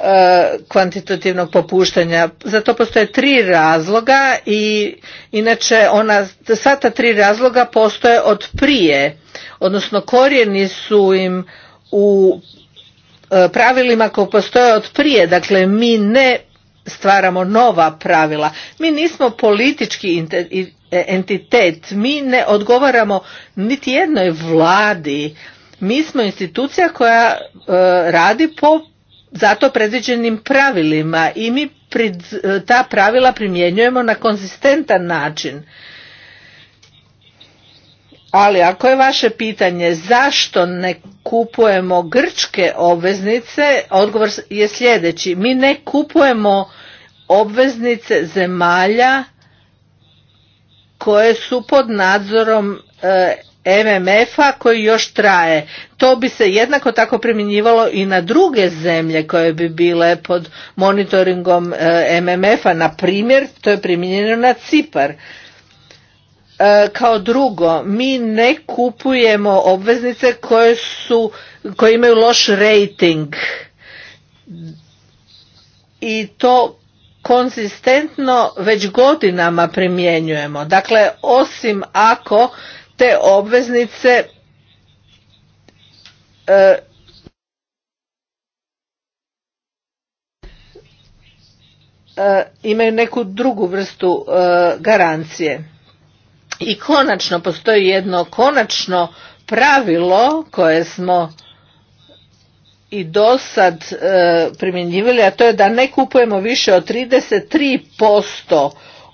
E, kvantitativnog popuštanja. Za to postoje tri razloga i inače ona, sva ta tri razloga postoje od prije, odnosno korijeni su im u e, pravilima koje postoje od prije, dakle mi ne stvaramo nova pravila. Mi nismo politički e, entitet, mi ne odgovaramo niti jednoj vladi. Mi smo institucija koja radi po zato predviđenim pravilima i mi ta pravila primjenjujemo na konzistentan način. Ali ako je vaše pitanje zašto ne kupujemo grčke obveznice, odgovor je sljedeći. Mi ne kupujemo obveznice zemalja koje su pod nadzorom e, MMF-a koji još traje. To bi se jednako tako primjenjivalo i na druge zemlje koje bi bile pod monitoringom e, MMF-a. Na primjer, to je primjenjeno na Cipar. E, kao drugo, mi ne kupujemo obveznice koje, su, koje imaju loš rating i to konzistentno već godinama primjenjujemo. Dakle, osim ako te obveznice e, e, imaju neku drugu vrstu e, garancije. I konačno postoji jedno konačno pravilo koje smo i do sad primjenjivali, a to je da ne kupujemo više od 33%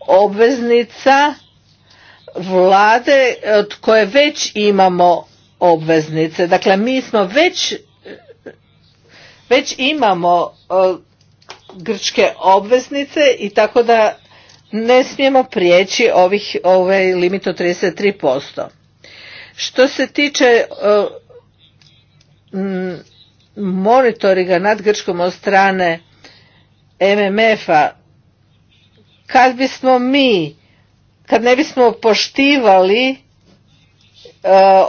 obveznica vlade eh, od koje već imamo obveznice. Dakle, mi smo već, eh, već imamo eh, grčke obveznice i tako da ne smijemo prijeći ovih, ovaj limit od 33%. Što se tiče monitoringa nad Grčkom od strane MMF-a, kad bismo mi kad ne bismo poštivali e,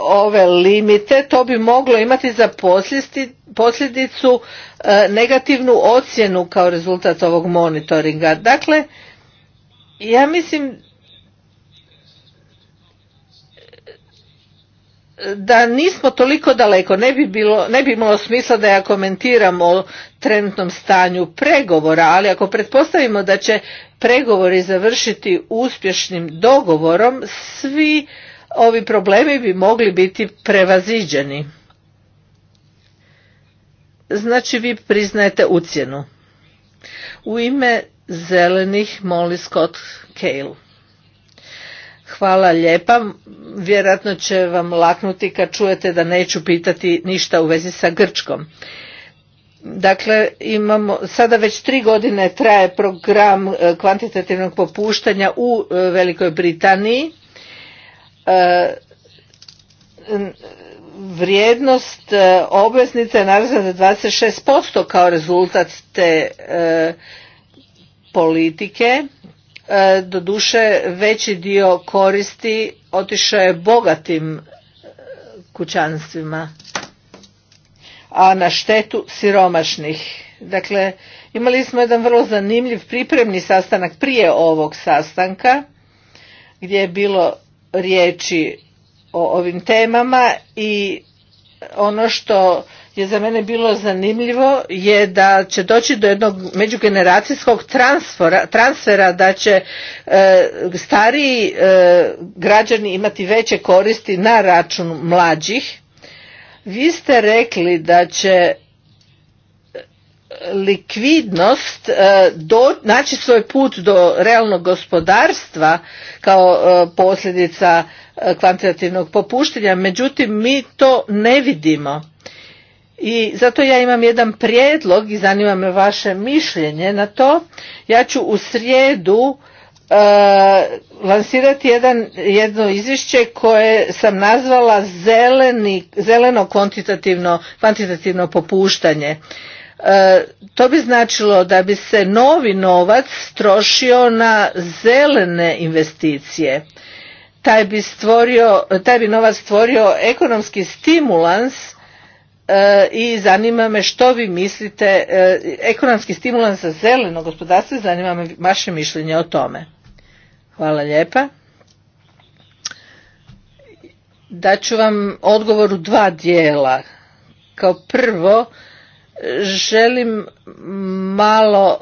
ove limite to bi moglo imati za posljedicu e, negativnu ocjenu kao rezultat ovog monitoringa dakle ja mislim da nismo toliko daleko, ne bi, imalo smisla da ja komentiram o trenutnom stanju pregovora, ali ako pretpostavimo da će pregovori završiti uspješnim dogovorom, svi ovi problemi bi mogli biti prevaziđeni. Znači vi priznajete ucjenu. U ime zelenih moli Scott Cale. Hvala lijepa. Vjerojatno će vam laknuti kad čujete da neću pitati ništa u vezi sa Grčkom. Dakle, imamo, sada već tri godine traje program e, kvantitativnog popuštanja u e, Velikoj Britaniji. E, vrijednost obveznice je narazna za 26% kao rezultat te politike E, doduše veći dio koristi otišao je bogatim e, kućanstvima a na štetu siromašnih dakle imali smo jedan vrlo zanimljiv pripremni sastanak prije ovog sastanka gdje je bilo riječi o ovim temama i ono što je za mene bilo zanimljivo je da će doći do jednog međugeneracijskog transfera, da će e, stariji e, građani imati veće koristi na račun mlađih. Vi ste rekli da će likvidnost e, naći svoj put do realnog gospodarstva kao posljedica kvantitativnog popuštenja, međutim mi to ne vidimo i zato ja imam jedan prijedlog i zanima me vaše mišljenje na to. Ja ću u srijedu e, lansirati jedan, jedno izvješće koje sam nazvala zeleni, zeleno kvantitativno, kvantitativno popuštanje. E, to bi značilo da bi se novi novac trošio na zelene investicije. Taj bi, stvorio, taj bi novac stvorio ekonomski stimulans E, i zanima me što vi mislite, e, ekonomski stimulans za zeleno gospodarstvo, zanima me vaše mišljenje o tome. Hvala lijepa. Daću vam odgovor u dva dijela. Kao prvo, želim malo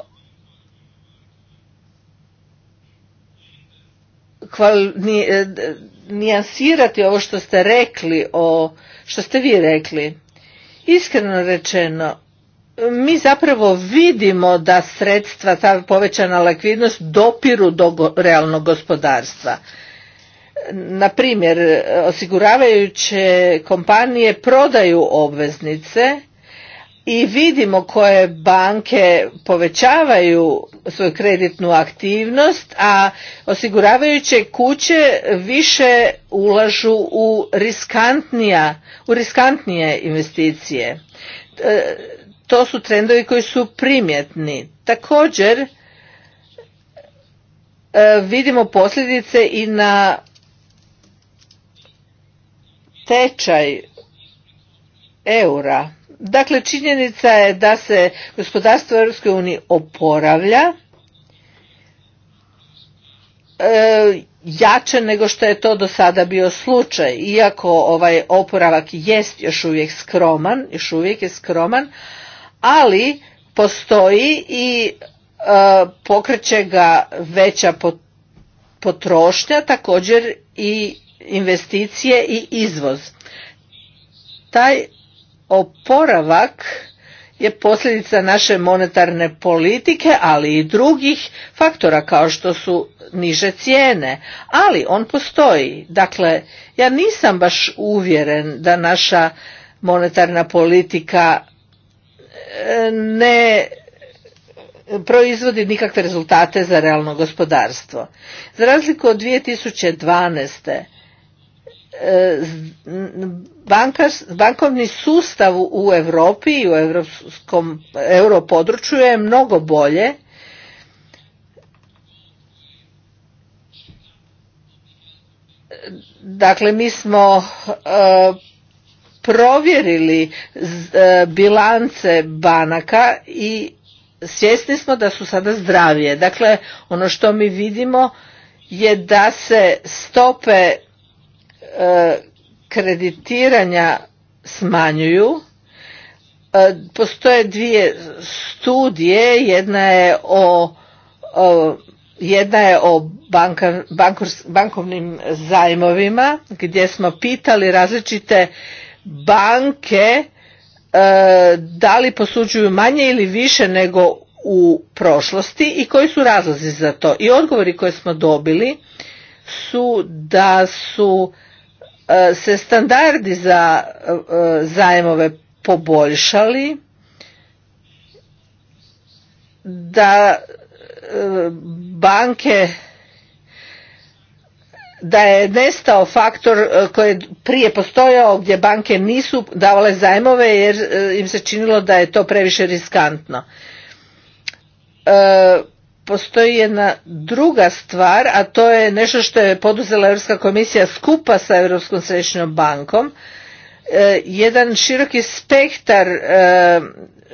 e, nijansirati ovo što ste rekli o što ste vi rekli Iskreno rečeno, mi zapravo vidimo da sredstva, ta povećana likvidnost dopiru do realnog gospodarstva. Na primjer, osiguravajuće kompanije prodaju obveznice i vidimo koje banke povećavaju svoju kreditnu aktivnost, a osiguravajuće kuće više ulažu u, u riskantnije investicije. E, to su trendovi koji su primjetni. Također e, vidimo posljedice i na tečaj eura. Dakle, činjenica je da se gospodarstvo Europske unije oporavlja e, jače nego što je to do sada bio slučaj. Iako ovaj oporavak jest još uvijek skroman, još uvijek je skroman, ali postoji i e, pokreće ga veća potrošnja, također i investicije i izvoz. Taj oporavak je posljedica naše monetarne politike, ali i drugih faktora kao što su niže cijene, ali on postoji. Dakle, ja nisam baš uvjeren da naša monetarna politika e, ne proizvodi nikakve rezultate za realno gospodarstvo. Za razliku od 2012. E, bankovni sustav u Europi i u europskom europodručju je mnogo bolje dakle mi smo e, provjerili e, bilance banaka i svjesni smo da su sada zdravije. Dakle, ono što mi vidimo je da se stope E, kreditiranja smanjuju. E, postoje dvije studije, jedna je o, jedna je o bankovnim zajmovima gdje smo pitali različite banke e, da li posuđuju manje ili više nego u prošlosti i koji su razlozi za to. I odgovori koje smo dobili su da su E, se standardi za e, zajmove poboljšali, da e, banke da je nestao faktor koji je prije postojao gdje banke nisu davale zajmove jer im se činilo da je to previše riskantno postoji jedna druga stvar, a to je nešto što je poduzela Europska komisija skupa sa Europskom središnjom bankom. E, jedan široki spektar e,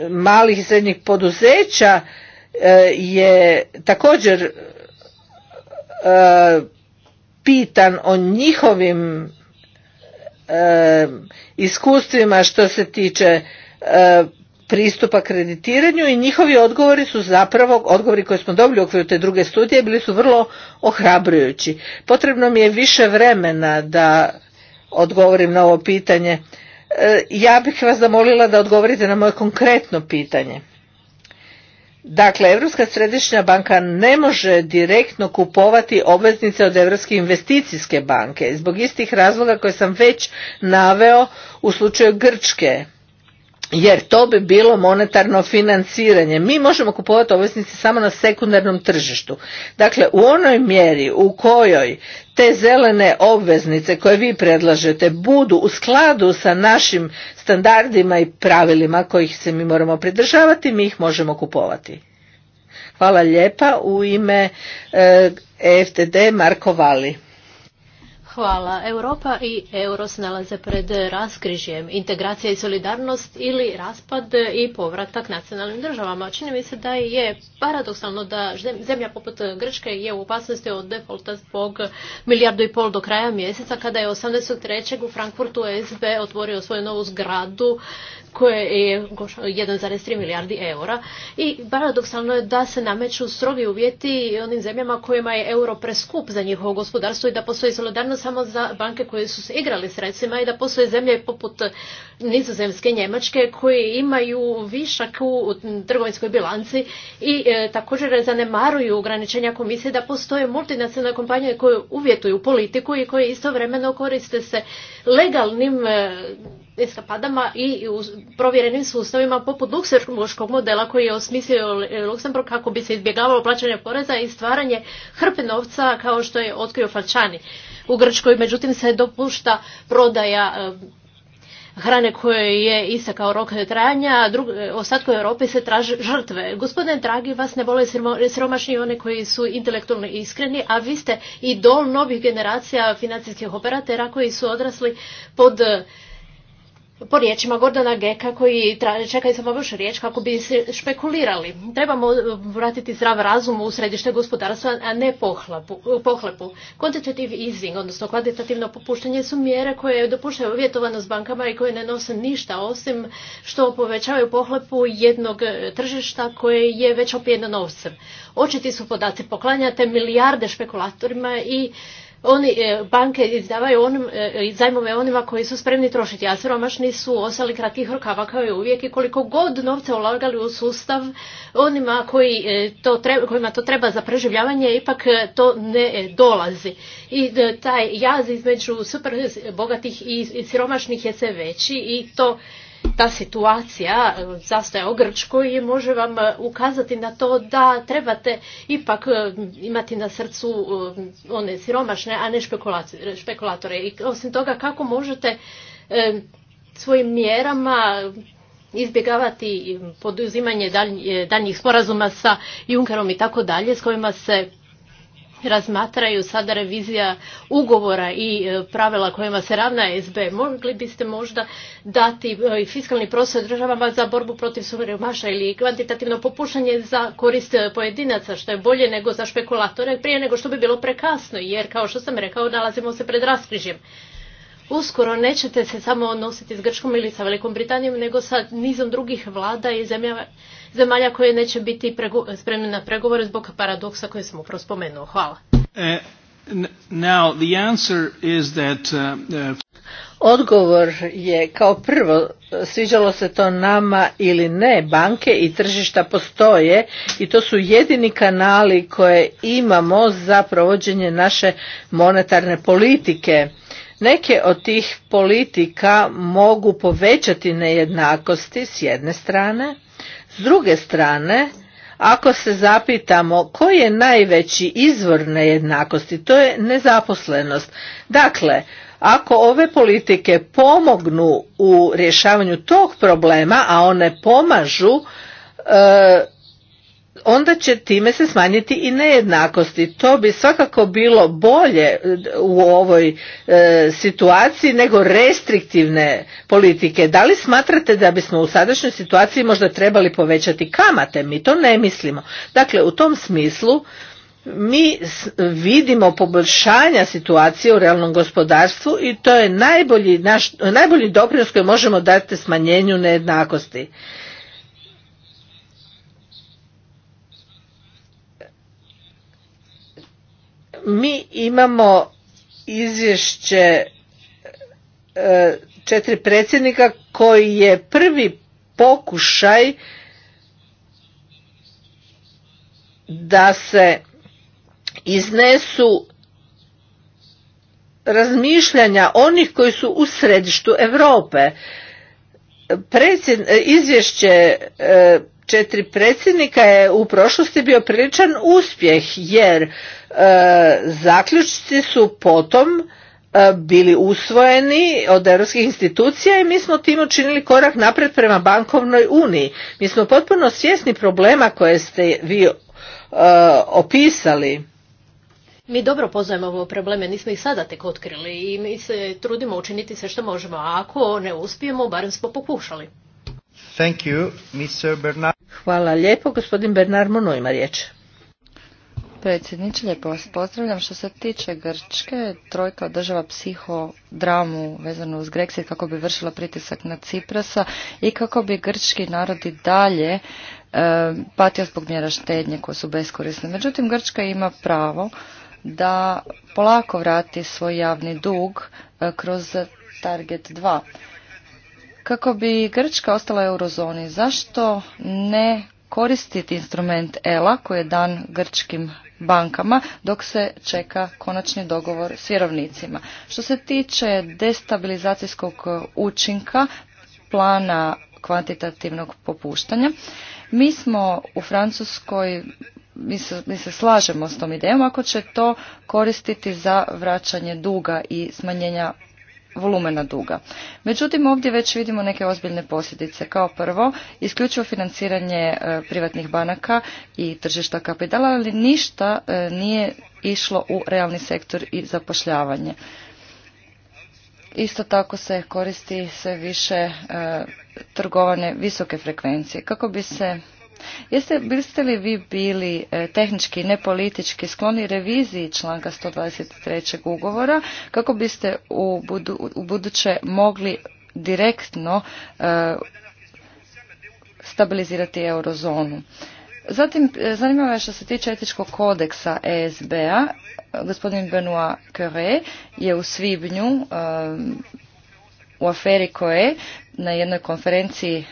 malih i srednjih poduzeća e, je također pitan o njihovim iskustvima što se tiče pristupa kreditiranju i njihovi odgovori su zapravo, odgovori koje smo dobili u okviru te druge studije bili su vrlo ohrabrujući. Potrebno mi je više vremena da odgovorim na ovo pitanje. E, ja bih vas zamolila da odgovorite na moje konkretno pitanje. Dakle, Europska središnja banka ne može direktno kupovati obveznice od Europske investicijske banke zbog istih razloga koje sam već naveo u slučaju Grčke jer to bi bilo monetarno financiranje. Mi možemo kupovati obveznice samo na sekundarnom tržištu. Dakle, u onoj mjeri u kojoj te zelene obveznice koje vi predlažete budu u skladu sa našim standardima i pravilima kojih se mi moramo pridržavati, mi ih možemo kupovati. Hvala lijepa. U ime EFTD e Marko Vali. Hvala. Europa i euro se nalaze pred raskrižjem. Integracija i solidarnost ili raspad i povratak nacionalnim državama. Čini mi se da je paradoksalno da zemlja poput Grčke je u opasnosti od defolta zbog milijardu i pol do kraja mjeseca kada je 83. u Frankfurtu SB otvorio svoju novu zgradu koje je 1,3 milijardi eura i paradoksalno je da se nameću strogi uvjeti onim zemljama kojima je euro preskup za njihovo gospodarstvo i da postoji solidarnost samo za banke koje su se igrali sredstvima i da postoje zemlje poput nizozemske, njemačke koje imaju višak u trgovinskoj bilanci i e, također zanemaruju ograničenja komisije da postoje multinacionalne kompanije koje uvjetuju politiku i koje istovremeno koriste se legalnim e, eskapadama i u provjerenim sustavima poput luksemburškog modela koji je osmislio Luksemburg kako bi se izbjegavalo plaćanje poreza i stvaranje hrpe novca kao što je otkrio Falčani. U Grčkoj međutim se dopušta prodaja eh, hrane koje je ista kao rok trajanja, a drug, eh, ostatku Europe se traže žrtve. Gospodine Dragi, vas ne vole siromašni one koji su intelektualno iskreni, a vi ste i dol novih generacija financijskih operatera koji su odrasli pod eh, po riječima Gordona Geka koji čekaju samo još riječ kako bi se špekulirali. Trebamo e, vratiti zdrav razum u središte gospodarstva, a ne pohlepu. Quantitative easing, odnosno kvantitativno popuštanje, su mjere koje dopuštaju uvjetovanost bankama i koje ne nose ništa osim što povećavaju pohlepu jednog e, tržišta koje je već opijeno novcem. Očiti su podaci, poklanjate milijarde špekulatorima i oni, e, banke izdavaju onim, e, zajmove onima koji su spremni trošiti, a siromašni su ostali kratkih rukava kao i uvijek i koliko god novca ulagali u sustav onima e, kojima to treba za preživljavanje ipak to ne dolazi. I taj jaz između superbogatih bogatih i siromašnih je sve veći i to ta situacija e, zastoja u Grčkoj može vam e, ukazati na to da trebate ipak e, imati na srcu one siromašne, a ne špekulatore. I osim toga kako možete svojim mjerama izbjegavati poduzimanje daljnjih sporazuma sa Junkerom i tako dalje s kojima se razmatraju sada revizija ugovora i e, pravila kojima se ravna SB, mogli biste možda dati e, fiskalni prostor državama za borbu protiv suveromaša ili kvantitativno popušanje za korist e, pojedinaca, što je bolje nego za špekulatore, prije nego što bi bilo prekasno, jer kao što sam rekao, nalazimo se pred raskrižjem. Uskoro nećete se samo nositi s Grčkom ili sa Velikom Britanijom, nego sa nizom drugih vlada i zemljama zemalja koje neće biti spremne na pregovore zbog paradoksa koje sam upravo spomenuo. Hvala. Eh, uh, uh, Odgovor je kao prvo, sviđalo se to nama ili ne, banke i tržišta postoje i to su jedini kanali koje imamo za provođenje naše monetarne politike. Neke od tih politika mogu povećati nejednakosti s jedne strane, s druge strane, ako se zapitamo koji je najveći izvor nejednakosti, to je nezaposlenost. Dakle, ako ove politike pomognu u rješavanju tog problema, a one pomažu, e, onda će time se smanjiti i nejednakosti. To bi svakako bilo bolje e, u ovoj e, situaciji nego restriktivne politike. Da li smatrate da bismo u sadašnjoj situaciji možda trebali povećati kamate? Mi to ne mislimo. Dakle, u tom smislu mi vidimo poboljšanja situacije u realnom gospodarstvu i to je najbolji, najbolji doprinos koji možemo dati smanjenju nejednakosti. mi imamo izvješće e, četiri predsjednika koji je prvi pokušaj da se iznesu razmišljanja onih koji su u središtu Europe. E, izvješće e, četiri predsjednika je u prošlosti bio priličan uspjeh jer e, zaključci su potom e, bili usvojeni od europskih institucija i mi smo tim učinili korak naprijed prema bankovnoj uniji. Mi smo potpuno svjesni problema koje ste vi e, opisali. Mi dobro poznajemo ove probleme, nismo ih sada tek otkrili i mi se trudimo učiniti sve što možemo, a ako ne uspijemo, barem smo pokušali. Thank you, Mr. Bernard. Hvala lijepo. Gospodin Bernard ima riječ. Predsjedniče, lijepo vas pozdravljam. Što se tiče Grčke, trojka održava psihodramu vezanu uz Grexit kako bi vršila pritisak na Ciprasa i kako bi grčki narod i dalje e, patio zbog mjera štednje koje su beskorisne. Međutim, Grčka ima pravo da polako vrati svoj javni dug e, kroz Target 2. Kako bi Grčka ostala u eurozoni, zašto ne koristiti instrument ELA koji je dan grčkim bankama dok se čeka konačni dogovor s vjerovnicima. Što se tiče destabilizacijskog učinka plana kvantitativnog popuštanja, mi smo u Francuskoj mi se, mi se slažemo s tom idejom ako će to koristiti za vraćanje duga i smanjenja volumena duga. Međutim, ovdje već vidimo neke ozbiljne posljedice. Kao prvo, isključivo financiranje e, privatnih banaka i tržišta kapitala, ali ništa e, nije išlo u realni sektor i zapošljavanje. Isto tako se koristi sve više e, trgovane visoke frekvencije. Kako bi se Jeste, biste li vi bili e, tehnički, ne politički skloni reviziji članka 123. ugovora kako biste u, budu, u buduće mogli direktno e, stabilizirati eurozonu? Zatim, e, zanima me što se tiče etičkog kodeksa ESB-a, gospodin Benoit Curé je u svibnju u aferi koje na jednoj konferenciji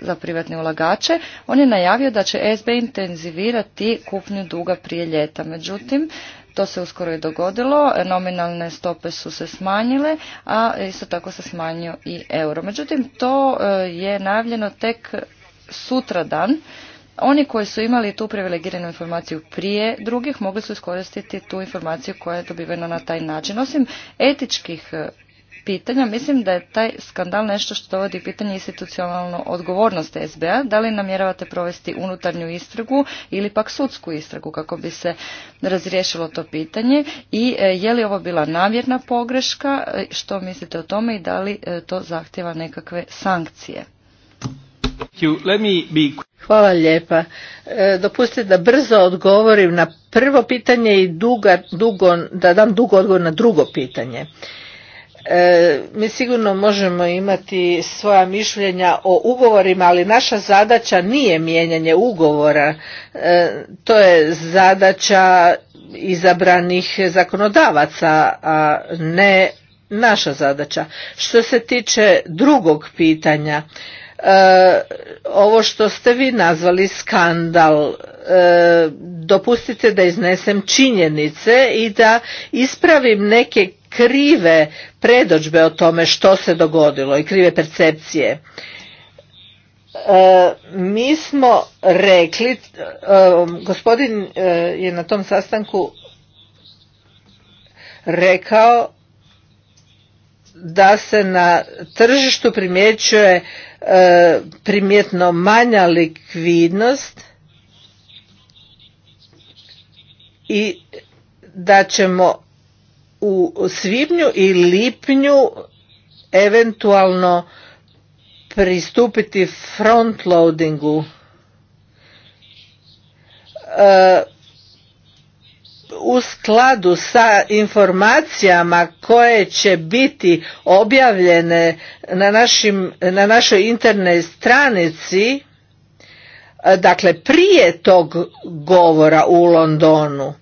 za privatne ulagače, on je najavio da će SB intenzivirati kupnju duga prije ljeta. Međutim, to se uskoro i dogodilo, nominalne stope su se smanjile, a isto tako se smanjio i euro. Međutim, to e, je najavljeno tek sutradan. Oni koji su imali tu privilegiranu informaciju prije drugih mogli su iskoristiti tu informaciju koja je dobivena na taj način. Osim etičkih e, pitanja. Mislim da je taj skandal nešto što dovodi pitanje institucionalno odgovornost SBA. Da li namjeravate provesti unutarnju istragu ili pak sudsku istragu kako bi se razriješilo to pitanje i e, je li ovo bila namjerna pogreška, e, što mislite o tome i da li e, to zahtjeva nekakve sankcije? Hvala lijepa. Dopustite da brzo odgovorim na prvo pitanje i dugo, da dam dugo odgovor na drugo pitanje. E, mi sigurno možemo imati svoja mišljenja o ugovorima, ali naša zadaća nije mijenjanje ugovora. E, to je zadaća izabranih zakonodavaca, a ne naša zadaća. Što se tiče drugog pitanja, e, ovo što ste vi nazvali skandal, dopustite da iznesem činjenice i da ispravim neke krive predođbe o tome što se dogodilo i krive percepcije. E, mi smo rekli, e, gospodin e, je na tom sastanku rekao da se na tržištu primjećuje primjetno manja likvidnost i da ćemo u svibnju i lipnju eventualno pristupiti frontloadingu e, u skladu sa informacijama koje će biti objavljene na, našim, na našoj internet stranici, e, dakle prije tog govora u Londonu,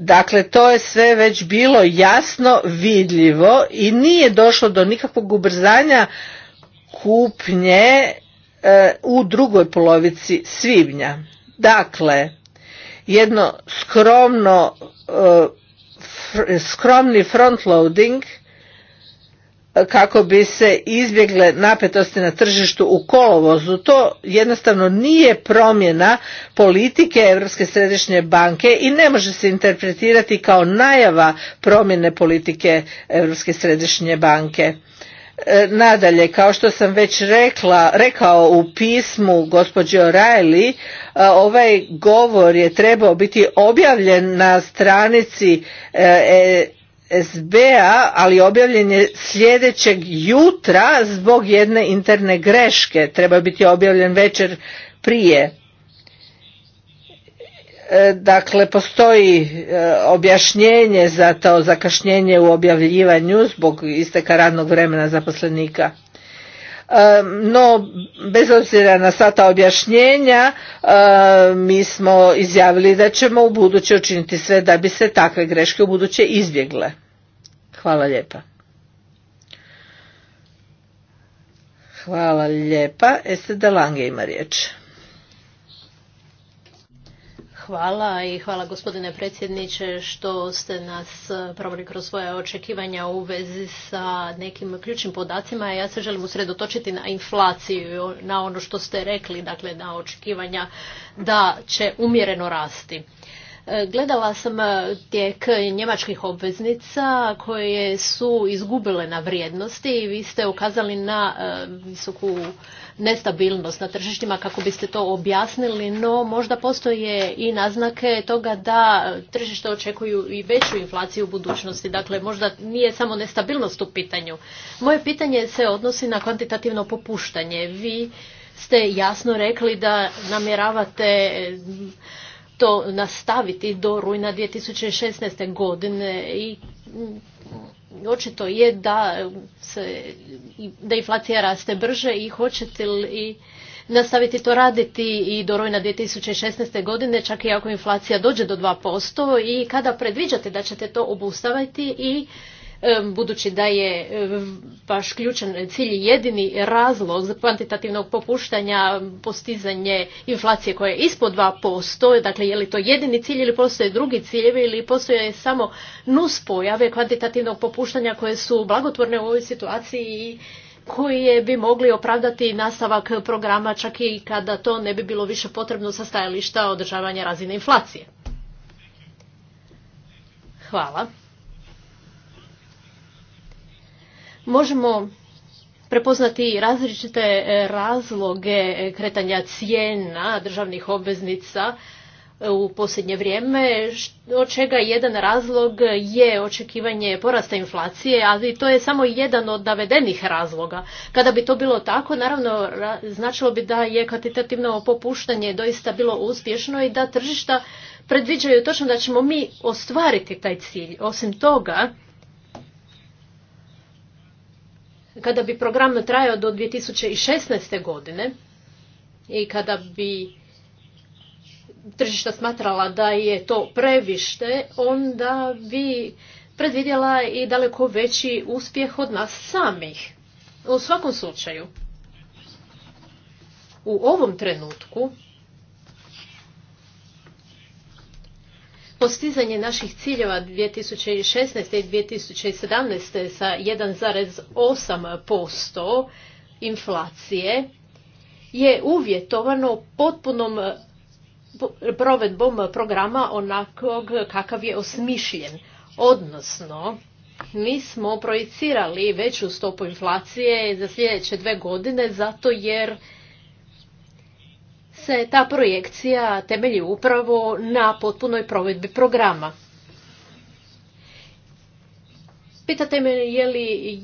Dakle, to je sve već bilo jasno vidljivo i nije došlo do nikakvog ubrzanja kupnje e, u drugoj polovici svibnja. Dakle, jedno skromno, e, fr, skromni frontloading kako bi se izbjegle napetosti na tržištu u kolovozu. To jednostavno nije promjena politike Europske središnje banke i ne može se interpretirati kao najava promjene politike Europske središnje banke. E, nadalje, kao što sam već rekla, rekao u pismu gospođe O'Reilly, e, ovaj govor je trebao biti objavljen na stranici e, SBA, ali objavljen je sljedećeg jutra zbog jedne interne greške. Treba biti objavljen večer prije. E, dakle, postoji e, objašnjenje za to zakašnjenje u objavljivanju zbog isteka radnog vremena zaposlenika no bez obzira na sva ta objašnjenja mi smo izjavili da ćemo u buduće učiniti sve da bi se takve greške u buduće izbjegle. Hvala lijepa. Hvala lijepa. Este da Lange ima riječ. Hvala i hvala gospodine predsjedniče što ste nas e, proveli kroz svoje očekivanja u vezi sa nekim ključnim podacima. Ja se želim usredotočiti na inflaciju, na ono što ste rekli, dakle na očekivanja da će umjereno rasti. Gledala sam e, tijek njemačkih obveznica koje su izgubile na vrijednosti i vi ste ukazali na e, visoku nestabilnost na tržištima kako biste to objasnili, no možda postoje i naznake toga da tržište očekuju i veću inflaciju u budućnosti. Dakle, možda nije samo nestabilnost u pitanju. Moje pitanje se odnosi na kvantitativno popuštanje. Vi ste jasno rekli da namjeravate to nastaviti do rujna 2016. godine i mm, očito je da, se, da inflacija raste brže i hoćete li nastaviti to raditi i do rujna 2016. godine, čak i ako inflacija dođe do 2% i kada predviđate da ćete to obustaviti i budući da je vaš ključan cilj jedini razlog za kvantitativnog popuštanja postizanje inflacije koja je ispod 2%, dakle je li to jedini cilj ili postoje drugi ciljevi ili postoje samo nuspojave kvantitativnog popuštanja koje su blagotvorne u ovoj situaciji i koje bi mogli opravdati nastavak programa čak i kada to ne bi bilo više potrebno sa stajališta održavanja razine inflacije. Hvala. možemo prepoznati različite e, razloge e, kretanja cijena državnih obveznica e, u posljednje vrijeme, od čega jedan razlog je očekivanje porasta inflacije, ali to je samo jedan od navedenih razloga. Kada bi to bilo tako, naravno značilo bi da je kvantitativno popuštanje doista bilo uspješno i da tržišta predviđaju točno da ćemo mi ostvariti taj cilj. Osim toga, kada bi program trajao do 2016. godine i kada bi tržišta smatrala da je to prevište, onda bi predvidjela i daleko veći uspjeh od nas samih. U svakom slučaju, u ovom trenutku postizanje naših ciljeva 2016. i 2017. sa 1,8% inflacije je uvjetovano potpunom eh, provedbom programa onakvog kakav je osmišljen. Odnosno, mi smo projicirali veću stopu inflacije za sljedeće dve godine zato jer se ta projekcija temelji upravo na potpunoj provedbi programa. Pitate me je li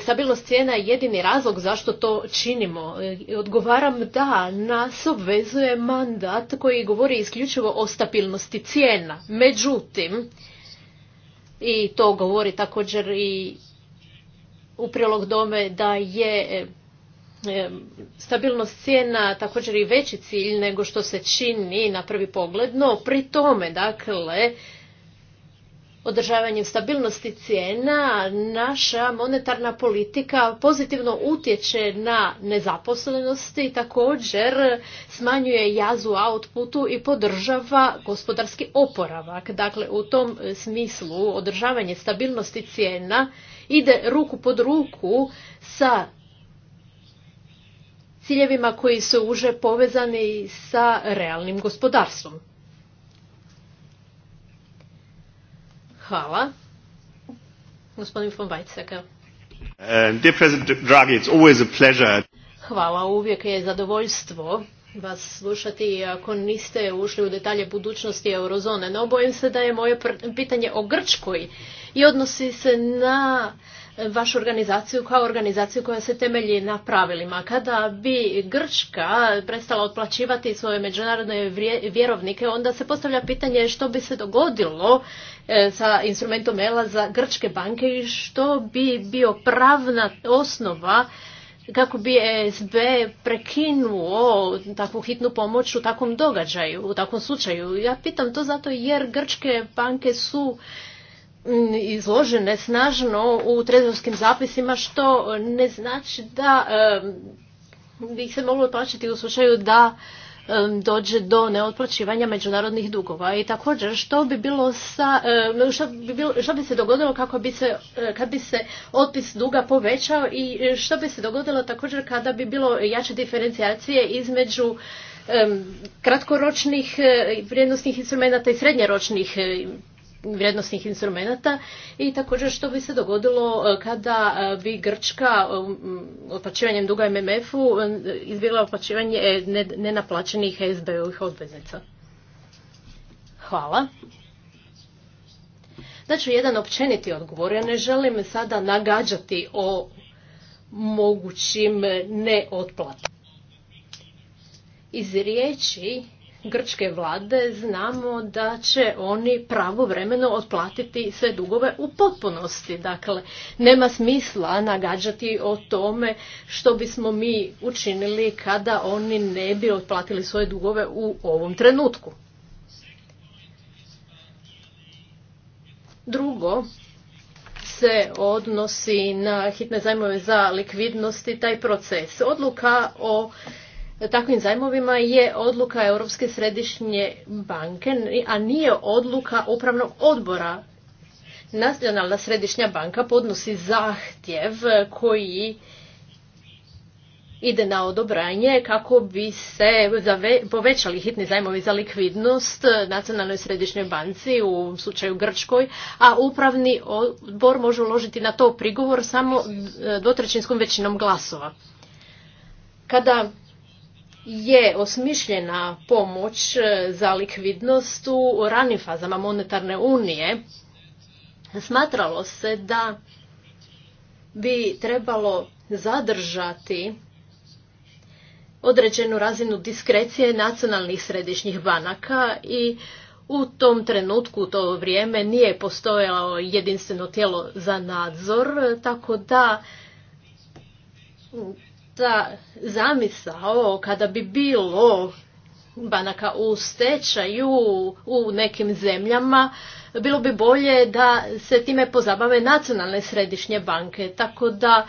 stabilnost cijena jedini razlog zašto to činimo. E, odgovaram da, nas obvezuje mandat koji govori isključivo o stabilnosti cijena. Međutim, i to govori također i u prilog dome da je stabilnost cijena također i veći cilj nego što se čini na prvi pogled, no pri tome, dakle, održavanjem stabilnosti cijena naša monetarna politika pozitivno utječe na nezaposlenost i također smanjuje jazu outputu i podržava gospodarski oporavak. Dakle, u tom smislu održavanje stabilnosti cijena ide ruku pod ruku sa ciljevima koji su uže povezani sa realnim gospodarstvom. Hvala. Gospodin von Weizsäcker. Uh, Draghi, it's always a pleasure. Hvala, uvijek je zadovoljstvo vas slušati ako niste ušli u detalje budućnosti eurozone. No, bojim se da je moje pitanje o Grčkoj i odnosi se na vašu organizaciju kao organizaciju koja se temelji na pravilima. Kada bi Grčka prestala otplaćivati svoje međunarodne vjerovnike, onda se postavlja pitanje što bi se dogodilo e, sa instrumentom ELA za grčke banke i što bi bio pravna osnova kako bi SB prekinuo takvu hitnu pomoć u takvom događaju, u takvom slučaju. Ja pitam to zato jer grčke banke su izložene snažno u trezorskim zapisima što ne znači da bi ih se moglo plaćati u slučaju da dođe do neotplaćivanja međunarodnih dugova. I također što bi bilo sa, bi, se dogodilo kako bi se, e, kad bi se otpis duga povećao i što bi se dogodilo također kada bi bilo jače diferencijacije između kratkoročnih e, vrijednostnih instrumenta i srednjeročnih e, vrijednostnih instrumenata i također što bi se dogodilo e, kada e, bi Grčka e, otplaćivanjem duga MMF-u izbjegla otplaćivanje nenaplaćenih SB-ovih obveznica. Hvala. Znači, jedan općeniti odgovor. Ja ne želim sada nagađati o mogućim neotplatima. Iz riječi grčke vlade znamo da će oni pravovremeno otplatiti sve dugove u potpunosti. Dakle, nema smisla nagađati o tome što bismo mi učinili kada oni ne bi otplatili svoje dugove u ovom trenutku. Drugo, se odnosi na hitne zajmove za likvidnost i taj proces. Odluka o takvim zajmovima je odluka Europske središnje banke, a nije odluka upravnog odbora. Nacionalna središnja banka podnosi zahtjev koji ide na odobranje kako bi se povećali hitni zajmovi za likvidnost nacionalnoj središnjoj banci u slučaju Grčkoj, a upravni odbor može uložiti na to prigovor samo dvotrećinskom većinom glasova. Kada je osmišljena pomoć e, za likvidnost u ranim fazama monetarne unije, smatralo se da bi trebalo zadržati određenu razinu diskrecije nacionalnih središnjih banaka i u tom trenutku, u to vrijeme, nije postojalo jedinstveno tijelo za nadzor, tako da ta zamisao kada bi bilo banaka u stečaju u nekim zemljama, bilo bi bolje da se time pozabave nacionalne središnje banke. Tako da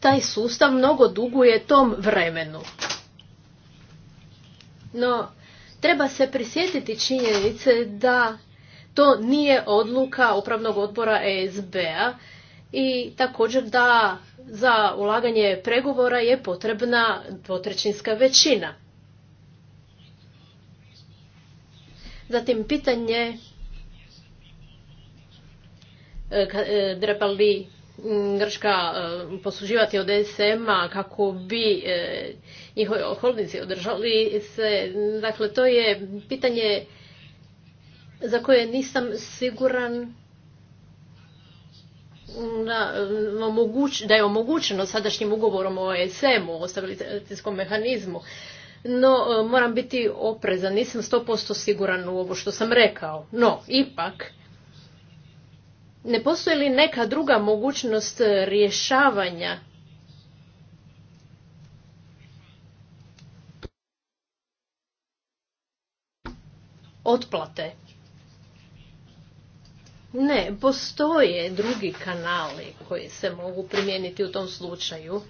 taj sustav mnogo duguje tom vremenu. No, treba se prisjetiti činjenice da to nije odluka upravnog odbora ESB-a, i također da za ulaganje pregovora je potrebna dvotrećinska većina. Zatim pitanje e, e, treba li Grčka e, posluživati od sm a kako bi njihovi okolnici održali se. Dakle, to je pitanje za koje nisam siguran Mm, da je omogućeno sadašnjim ugovorom o ESM-u, o stabilitetskom mehanizmu. No, e, moram biti oprezan, nisam 100% siguran u ovo što sam rekao. No, ipak, ne postoji li neka druga mogućnost rješavanja otplate ne, postoje drugi kanali koji se mogu primijeniti u tom slučaju.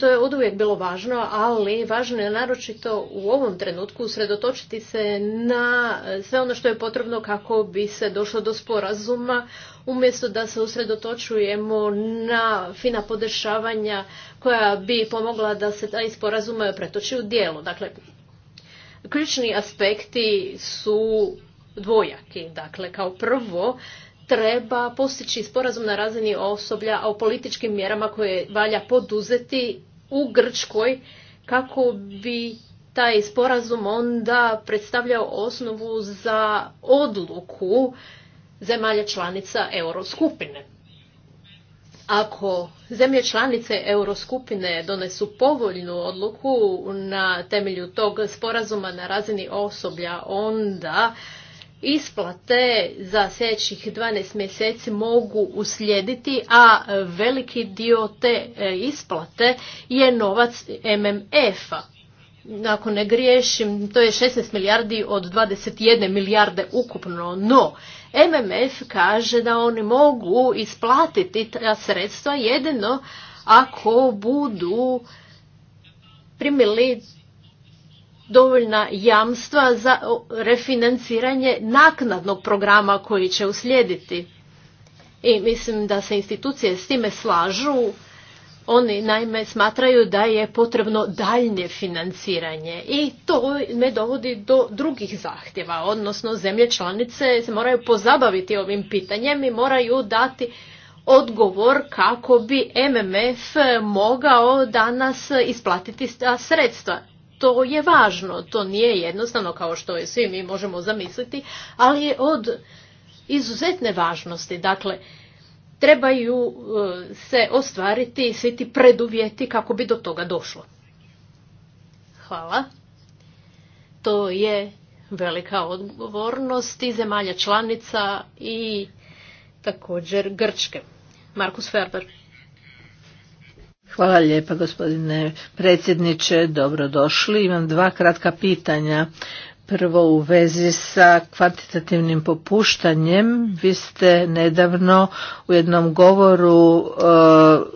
To je od bilo važno, ali važno je naročito u ovom trenutku usredotočiti se na sve ono što je potrebno kako bi se došlo do sporazuma, umjesto da se usredotočujemo na fina podešavanja koja bi pomogla da se taj sporazum pretoči u djelo. Dakle, ključni aspekti su dvojaki. Dakle, kao prvo treba postići sporazum na razini osoblja o političkim mjerama koje valja poduzeti u Grčkoj kako bi taj sporazum onda predstavljao osnovu za odluku zemalja članica Euroskupine. Ako zemlje članice Euroskupine donesu povoljnu odluku na temelju tog sporazuma na razini osoblja, onda isplate za sljedećih 12 mjeseci mogu uslijediti, a veliki dio te e, isplate je novac MMF-a. Ako ne griješim, to je 16 milijardi od 21 milijarde ukupno, no MMF kaže da oni mogu isplatiti ta sredstva jedino ako budu primili dovoljna jamstva za refinanciranje naknadnog programa koji će uslijediti. I mislim da se institucije s time slažu. Oni naime smatraju da je potrebno daljnje financiranje i to me dovodi do drugih zahtjeva, odnosno zemlje članice se moraju pozabaviti ovim pitanjem i moraju dati odgovor kako bi MMF mogao danas isplatiti sredstva to je važno. To nije jednostavno kao što je svi mi možemo zamisliti, ali je od izuzetne važnosti. Dakle, trebaju e, se ostvariti svi ti preduvjeti kako bi do toga došlo. Hvala. To je velika odgovornost i zemalja članica i također Grčke. Markus Ferber. Hvala lijepa gospodine predsjedniče, dobrodošli. Imam dva kratka pitanja. Prvo u vezi sa kvantitativnim popuštanjem. Vi ste nedavno u jednom govoru uh,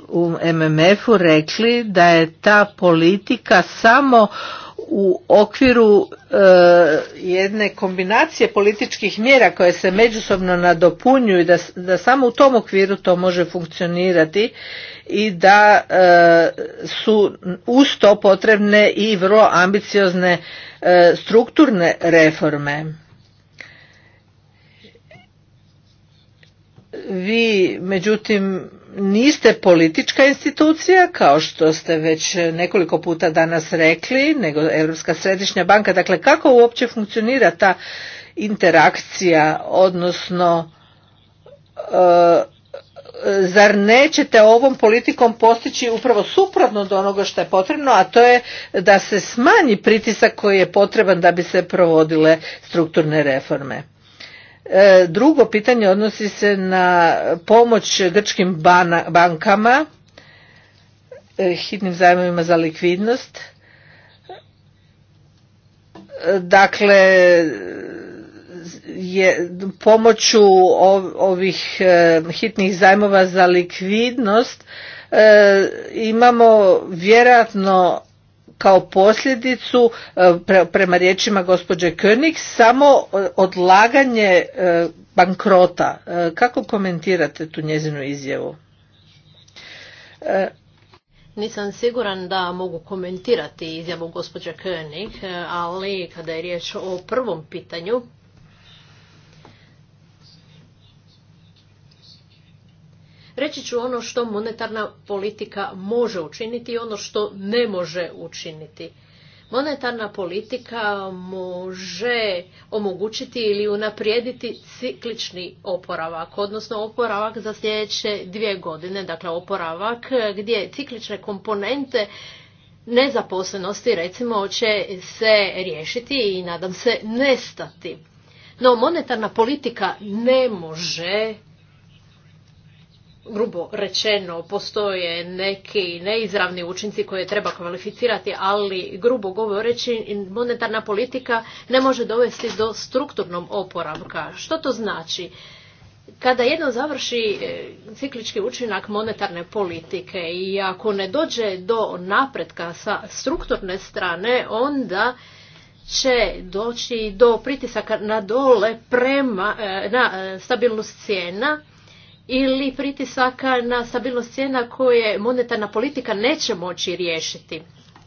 u MMF-u rekli da je ta politika samo u okviru e, jedne kombinacije političkih mjera koje se međusobno nadopunjuju i da, samo u tom okviru to može funkcionirati i da e, su uz to potrebne i vrlo ambiciozne e, strukturne reforme. Vi međutim niste politička institucija kao što ste već nekoliko puta danas rekli nego Europska središnja banka dakle kako uopće funkcionira ta interakcija odnosno e, zar nećete ovom politikom postići upravo suprotno do onoga što je potrebno a to je da se smanji pritisak koji je potreban da bi se provodile strukturne reforme E, drugo pitanje odnosi se na pomoć grčkim bankama, e, hitnim zajmovima za likvidnost. E, dakle, je pomoću ovih hitnih zajmova za likvidnost imamo vjerojatno kao posljedicu e, prema riječima gospođe König samo e, odlaganje e, bankrota. Kako komentirate tu njezinu izjavu? Nisam siguran da mogu komentirati izjavu gospođa König, ali kada je riječ o prvom pitanju, Reći ću ono što monetarna politika može učiniti i ono što ne može učiniti. Monetarna politika može omogućiti ili unaprijediti ciklični oporavak, odnosno oporavak za sljedeće dvije godine, dakle oporavak gdje ciklične komponente nezaposlenosti recimo će se riješiti i nadam se nestati. No monetarna politika ne može grubo rečeno postoje neki neizravni učinci koje treba kvalificirati, ali grubo govoreći monetarna politika ne može dovesti do strukturnog oporavka. Što to znači? Kada jedno završi e, ciklički učinak monetarne politike i ako ne dođe do napretka sa strukturne strane, onda će doći do pritisaka na dole prema e, na e, stabilnost cijena ili pritisaka na stabilnost cijena koje monetarna politika neće moći riješiti.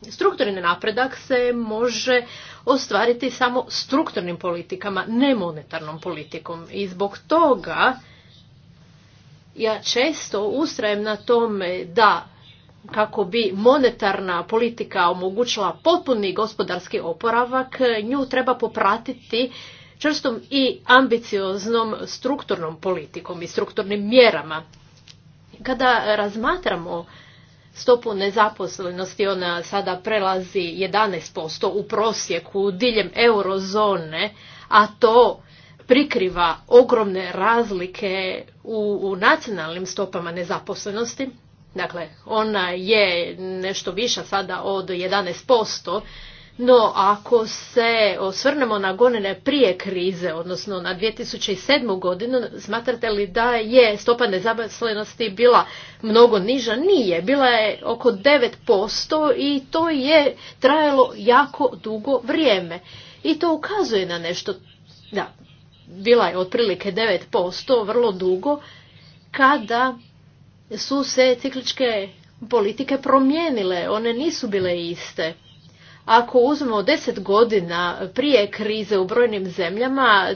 Strukturni napredak se može ostvariti samo strukturnim politikama, ne monetarnom politikom. I zbog toga ja često ustrajem na tome da kako bi monetarna politika omogućila potpuni gospodarski oporavak, nju treba popratiti čvrstom i ambicioznom strukturnom politikom i strukturnim mjerama. Kada razmatramo stopu nezaposlenosti, ona sada prelazi 11% u prosjeku diljem eurozone, a to prikriva ogromne razlike u, u nacionalnim stopama nezaposlenosti. Dakle, ona je nešto viša sada od 11%, no, ako se osvrnemo na godine prije krize, odnosno na 2007. godinu, smatrate li da je stopa nezaposlenosti bila mnogo niža? Nije, bila je oko 9% i to je trajalo jako dugo vrijeme. I to ukazuje na nešto, da, bila je otprilike 9%, vrlo dugo, kada su se cikličke politike promijenile, one nisu bile iste. Ako uzmemo deset godina prije krize u brojnim zemljama,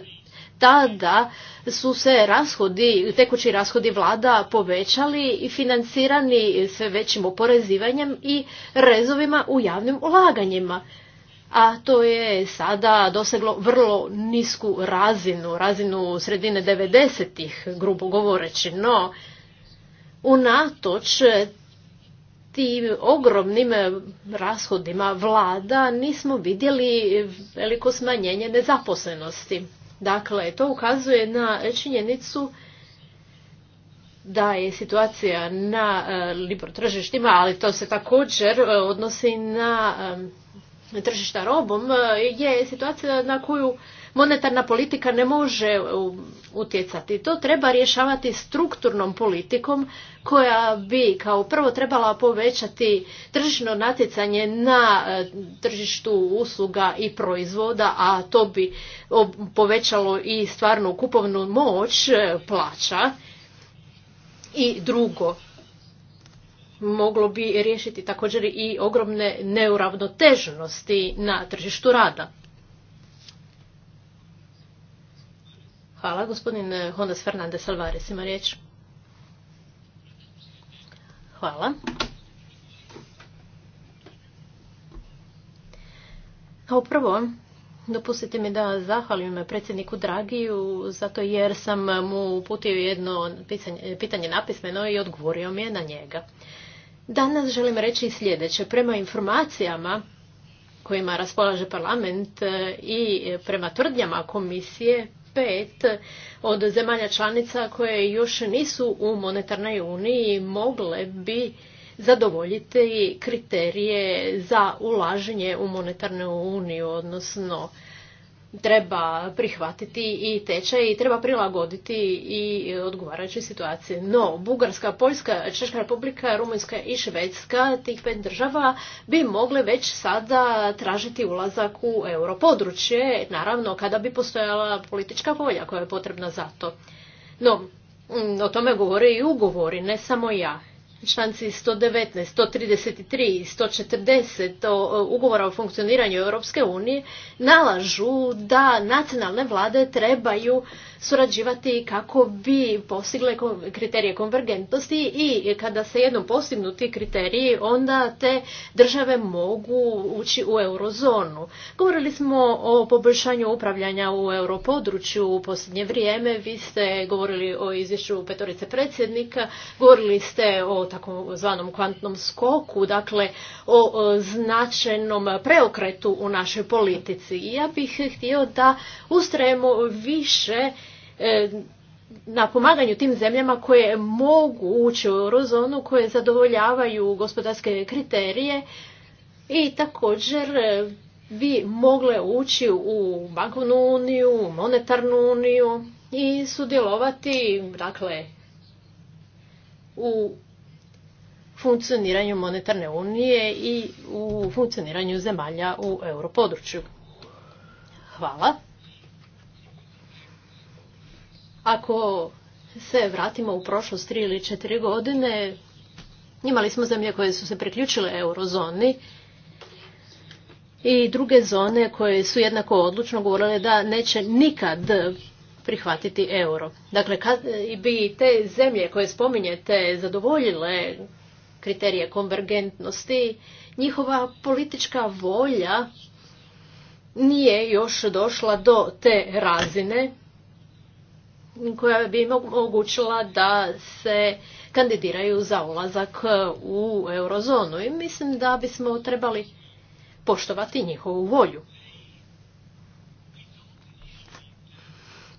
tada su se rashodi, tekući rashodi vlada povećali i financirani sve većim oporezivanjem i rezovima u javnim ulaganjima. A to je sada doseglo vrlo nisku razinu, razinu sredine 90-ih, grubo govoreći, no unatoč tim ogromnim eh, rashodima vlada nismo vidjeli veliko smanjenje nezaposlenosti. Dakle, to ukazuje na činjenicu da je situacija na eh, libro ali to se također eh, odnosi na tržišta robom, je situacija na koju monetarna politika ne može utjecati. To treba rješavati strukturnom politikom koja bi kao prvo trebala povećati tržišno natjecanje na e, tržištu usluga i proizvoda, a to bi povećalo i stvarnu kupovnu moć e, plaća. I drugo, moglo bi riješiti također i ogromne neuravnotežnosti na tržištu rada. Hvala. Gospodin eh, Hondas Fernandez Alvarez ima riječ. Hvala. Kao prvo, dopustite mi da zahvalim predsjedniku Dragiju, zato jer sam mu uputio jedno pitanje napismeno i odgovorio mi je na njega. Danas želim reći sljedeće. Prema informacijama kojima raspolaže parlament eh, i prema tvrdnjama komisije, pet od zemalja članica koje još nisu u monetarnoj uniji mogle bi zadovoljiti kriterije za ulaženje u monetarnu uniju, odnosno treba prihvatiti i tečaj i treba prilagoditi i odgovarajućoj situacije. No, Bugarska, Poljska, Češka republika, Rumunjska i Švedska, tih pet država bi mogle već sada tražiti ulazak u europodručje, naravno kada bi postojala politička volja koja je potrebna za to. No, mm, o tome govore i ugovori, ne samo ja članci 119, 133 i 140 ugovora o funkcioniranju Europske unije nalažu da nacionalne vlade trebaju surađivati kako bi postigle kriterije konvergentnosti i kada se jednom postignu ti kriteriji, onda te države mogu ući u eurozonu. Govorili smo o poboljšanju upravljanja u europodručju u posljednje vrijeme. Vi ste govorili o izvješću petorice predsjednika, govorili ste o takozvanom kvantnom skoku, dakle o značajnom preokretu u našoj politici. I ja bih htio da ustrajemo više E, na pomaganju tim zemljama koje mogu ući u eurozonu, koje zadovoljavaju gospodarske kriterije i također e, bi mogle ući u bankovnu uniju, monetarnu uniju i sudjelovati dakle, u funkcioniranju monetarne unije i u funkcioniranju zemalja u europodručju. Hvala. Ako se vratimo u prošlost tri ili četiri godine, imali smo zemlje koje su se priključile eurozoni i druge zone koje su jednako odlučno govorile da neće nikad prihvatiti euro. Dakle, kad bi te zemlje koje spominjete zadovoljile kriterije konvergentnosti, njihova politička volja nije još došla do te razine koja bi im omogućila da se kandidiraju za ulazak e, u eurozonu i mislim da bismo trebali poštovati njihovu volju.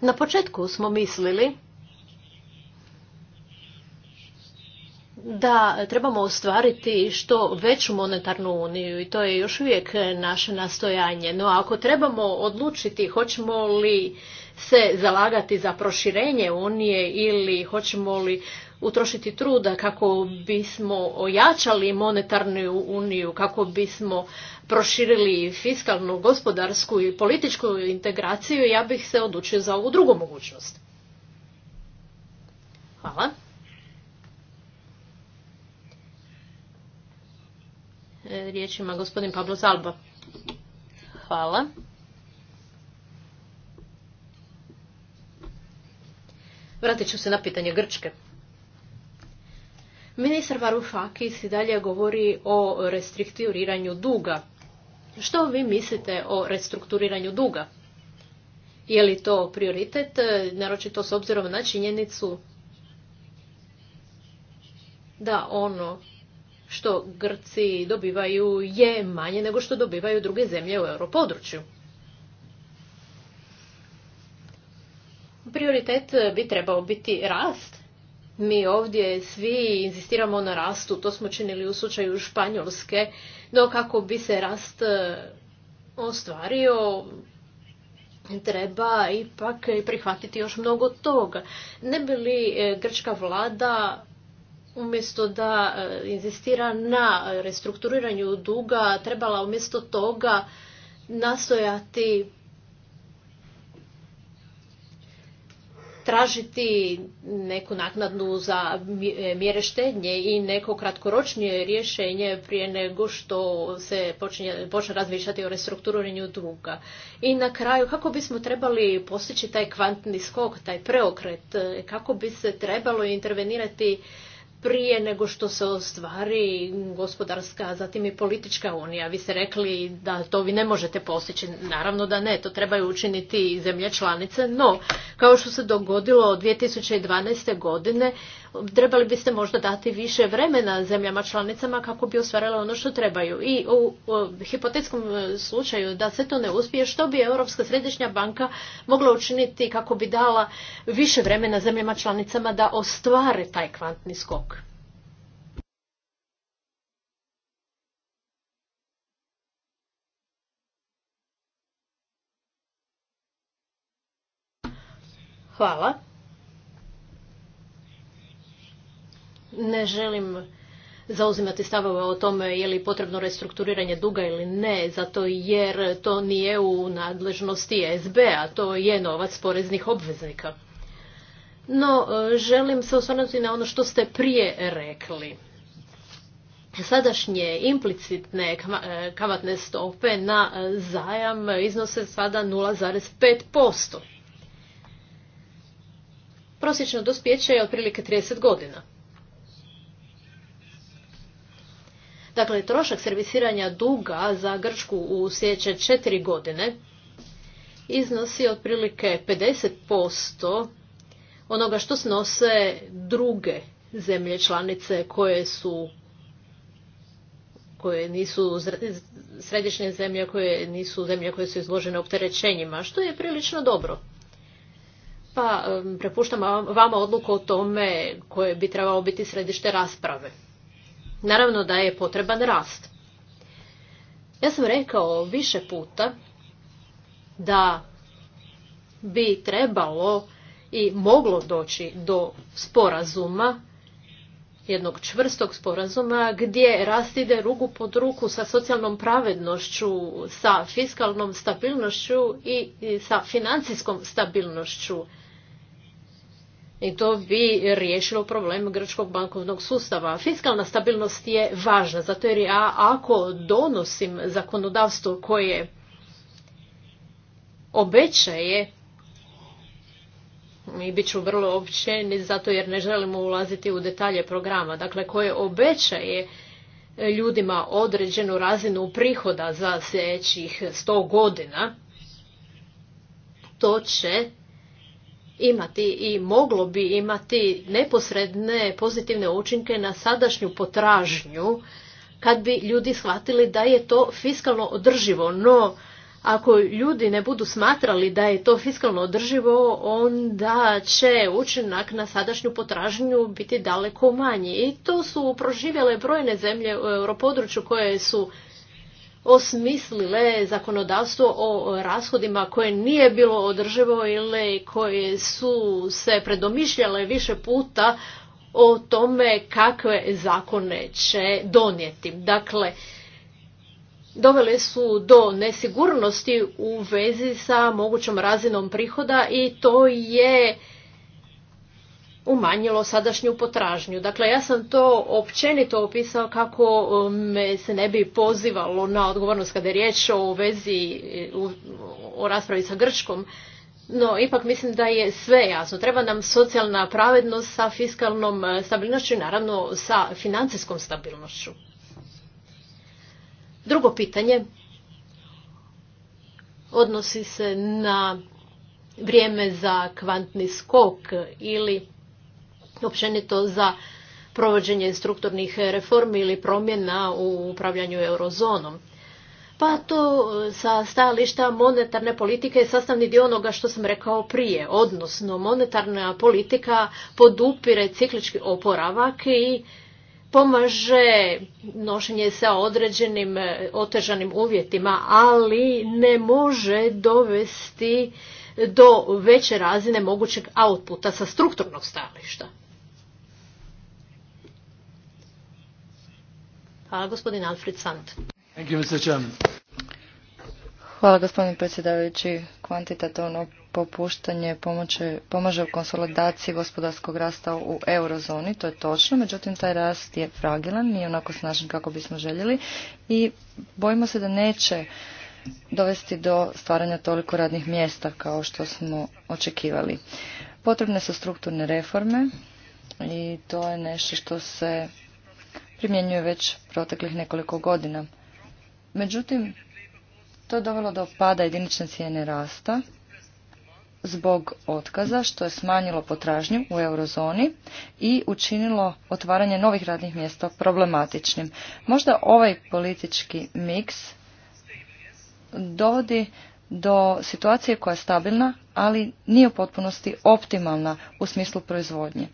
Na početku smo mislili da trebamo ostvariti što veću monetarnu uniju i to je još uvijek naše nastojanje. No ako trebamo odlučiti hoćemo li se zalagati za proširenje Unije ili hoćemo li utrošiti truda kako bismo ojačali monetarnu uniju, kako bismo proširili fiskalnu, gospodarsku i političku integraciju, ja bih se odlučio za ovu drugu mogućnost. Hvala. E, riječ ima gospodin Pablo Zalba. Hvala. Vratit ću se na pitanje Grčke. Ministar Varoufakis i dalje govori o restrukturiranju duga. Što vi mislite o restrukturiranju duga? Je li to prioritet, naročito s obzirom na činjenicu da ono što Grci dobivaju je manje nego što dobivaju druge zemlje u europodručju? prioritet eh, bi trebao biti rast. Mi ovdje svi insistiramo na rastu, to smo činili u slučaju Španjolske, no kako bi se rast eh, ostvario, treba ipak prihvatiti još mnogo toga. Ne bi li eh, grčka vlada umjesto da inzistira na restrukturiranju duga, trebala umjesto toga nastojati tražiti neku naknadnu za e, mjere štednje i neko kratkoročnije rješenje prije nego što se počne, počne razmišljati o restrukturiranju duga. I na kraju, kako bismo trebali postići taj kvantni skok, taj preokret, e, kako bi se trebalo intervenirati prije nego što se ostvari gospodarska, zatim i politička unija. Vi ste rekli da to vi ne možete postići. Naravno da ne, to trebaju učiniti i zemlje članice, no kao što se dogodilo od 2012. godine trebali biste možda dati više vremena zemljama članicama kako bi ostvarile ono što trebaju. I u, hipotetskom e, slučaju da se to ne uspije, što bi Europska središnja banka mogla učiniti kako bi dala više vremena zemljama članicama da ostvare taj kvantni skok? Hvala. Ne želim zauzimati stavove o tome je li potrebno restrukturiranje duga ili ne, zato jer to nije u nadležnosti SB-a, to je novac poreznih obveznika. No, e, želim se osvrnuti na ono što ste prije rekli. Sadašnje implicitne e, kamatne stope na e, zajam iznose sada 0,5%. Prosječno dospjeće je otprilike 30 godina. Dakle, trošak servisiranja duga za Grčku u sljedeće četiri godine iznosi otprilike 50% onoga što snose druge zemlje članice koje su koje nisu središnje zemlje, koje nisu zemlje koje su izložene opterećenjima, što je prilično dobro. Pa prepuštam vama odluku o tome koje bi trebalo biti središte rasprave. Naravno da je potreban rast. Ja sam rekao više puta da bi trebalo i moglo doći do sporazuma, jednog čvrstog sporazuma gdje rast ide ruku pod ruku sa socijalnom pravednošću, sa fiskalnom stabilnošću i sa financijskom stabilnošću. I to bi riješilo problem grčkog bankovnog sustava. Fiskalna stabilnost je važna, zato jer ja ako donosim zakonodavstvo koje obećaje i bit ću vrlo općeni zato jer ne želimo ulaziti u detalje programa, dakle koje obećaje ljudima određenu razinu prihoda za sljedećih sto godina, to će imati i moglo bi imati neposredne pozitivne učinke na sadašnju potražnju kad bi ljudi shvatili da je to fiskalno održivo. No, ako ljudi ne budu smatrali da je to fiskalno održivo, onda će učinak na sadašnju potražnju biti daleko manji. I to su proživjele brojne zemlje u europodručju koje su osmislile zakonodavstvo o rashodima koje nije bilo održivo ili koje su se predomišljale više puta o tome kakve zakone će donijeti. Dakle, dovele su do nesigurnosti u vezi sa mogućom razinom prihoda i to je umanjilo sadašnju potražnju. Dakle, ja sam to općenito opisao kako um, me se ne bi pozivalo na odgovornost kada je riječ o vezi o raspravi sa Grčkom, no ipak mislim da je sve jasno. Treba nam socijalna pravednost sa fiskalnom e, stabilnošću i naravno sa financijskom stabilnošću. Drugo pitanje odnosi se na vrijeme za kvantni skok ili općenito za provođenje strukturnih reformi ili promjena u upravljanju eurozonom. Pa to e, sa stajališta monetarne politike je sastavni dio onoga što sam rekao prije, odnosno monetarna politika podupire ciklički oporavak i pomaže nošenje sa određenim e, otežanim uvjetima, ali ne može dovesti do veće razine mogućeg outputa sa strukturnog stajališta. Hvala gospodin Hvala gospodine predsjedavajući. Kvantitativno popuštanje pomaže u konsolidaciji gospodarskog rasta u eurozoni, to je točno, međutim taj rast je fragilan, nije onako snažan kako bismo željeli i bojimo se da neće dovesti do stvaranja toliko radnih mjesta kao što smo očekivali. Potrebne su strukturne reforme i to je nešto što se primjenjuje već proteklih nekoliko godina. Međutim, to je dovelo do pada jedinične cijene rasta zbog otkaza što je smanjilo potražnju u eurozoni i učinilo otvaranje novih radnih mjesta problematičnim. Možda ovaj politički miks dovodi do situacije koja je stabilna, ali nije u potpunosti optimalna u smislu proizvodnje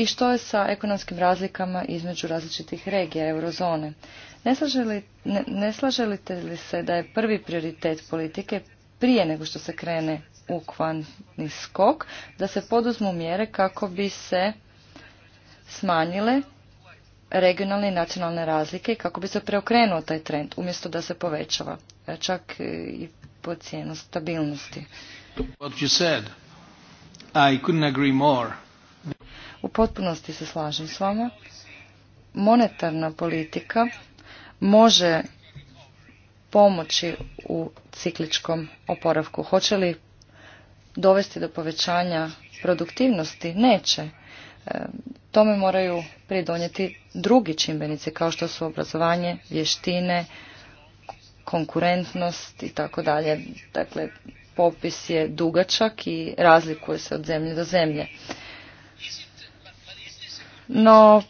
i što je sa ekonomskim razlikama između različitih regija eurozone. Ne, slaže li, li se da je prvi prioritet politike prije nego što se krene u kvantni skok, da se poduzmu mjere kako bi se smanjile regionalne i nacionalne razlike i kako bi se preokrenuo taj trend umjesto da se povećava, čak i po cijenu stabilnosti. What u potpunosti se slažem s vama. Monetarna politika može pomoći u cikličkom oporavku. Hoće li dovesti do povećanja produktivnosti? Neće. E, tome moraju pridonijeti drugi čimbenici kao što su obrazovanje, vještine, konkurentnost i tako dalje. Dakle, popis je dugačak i razlikuje se od zemlje do zemlje. No,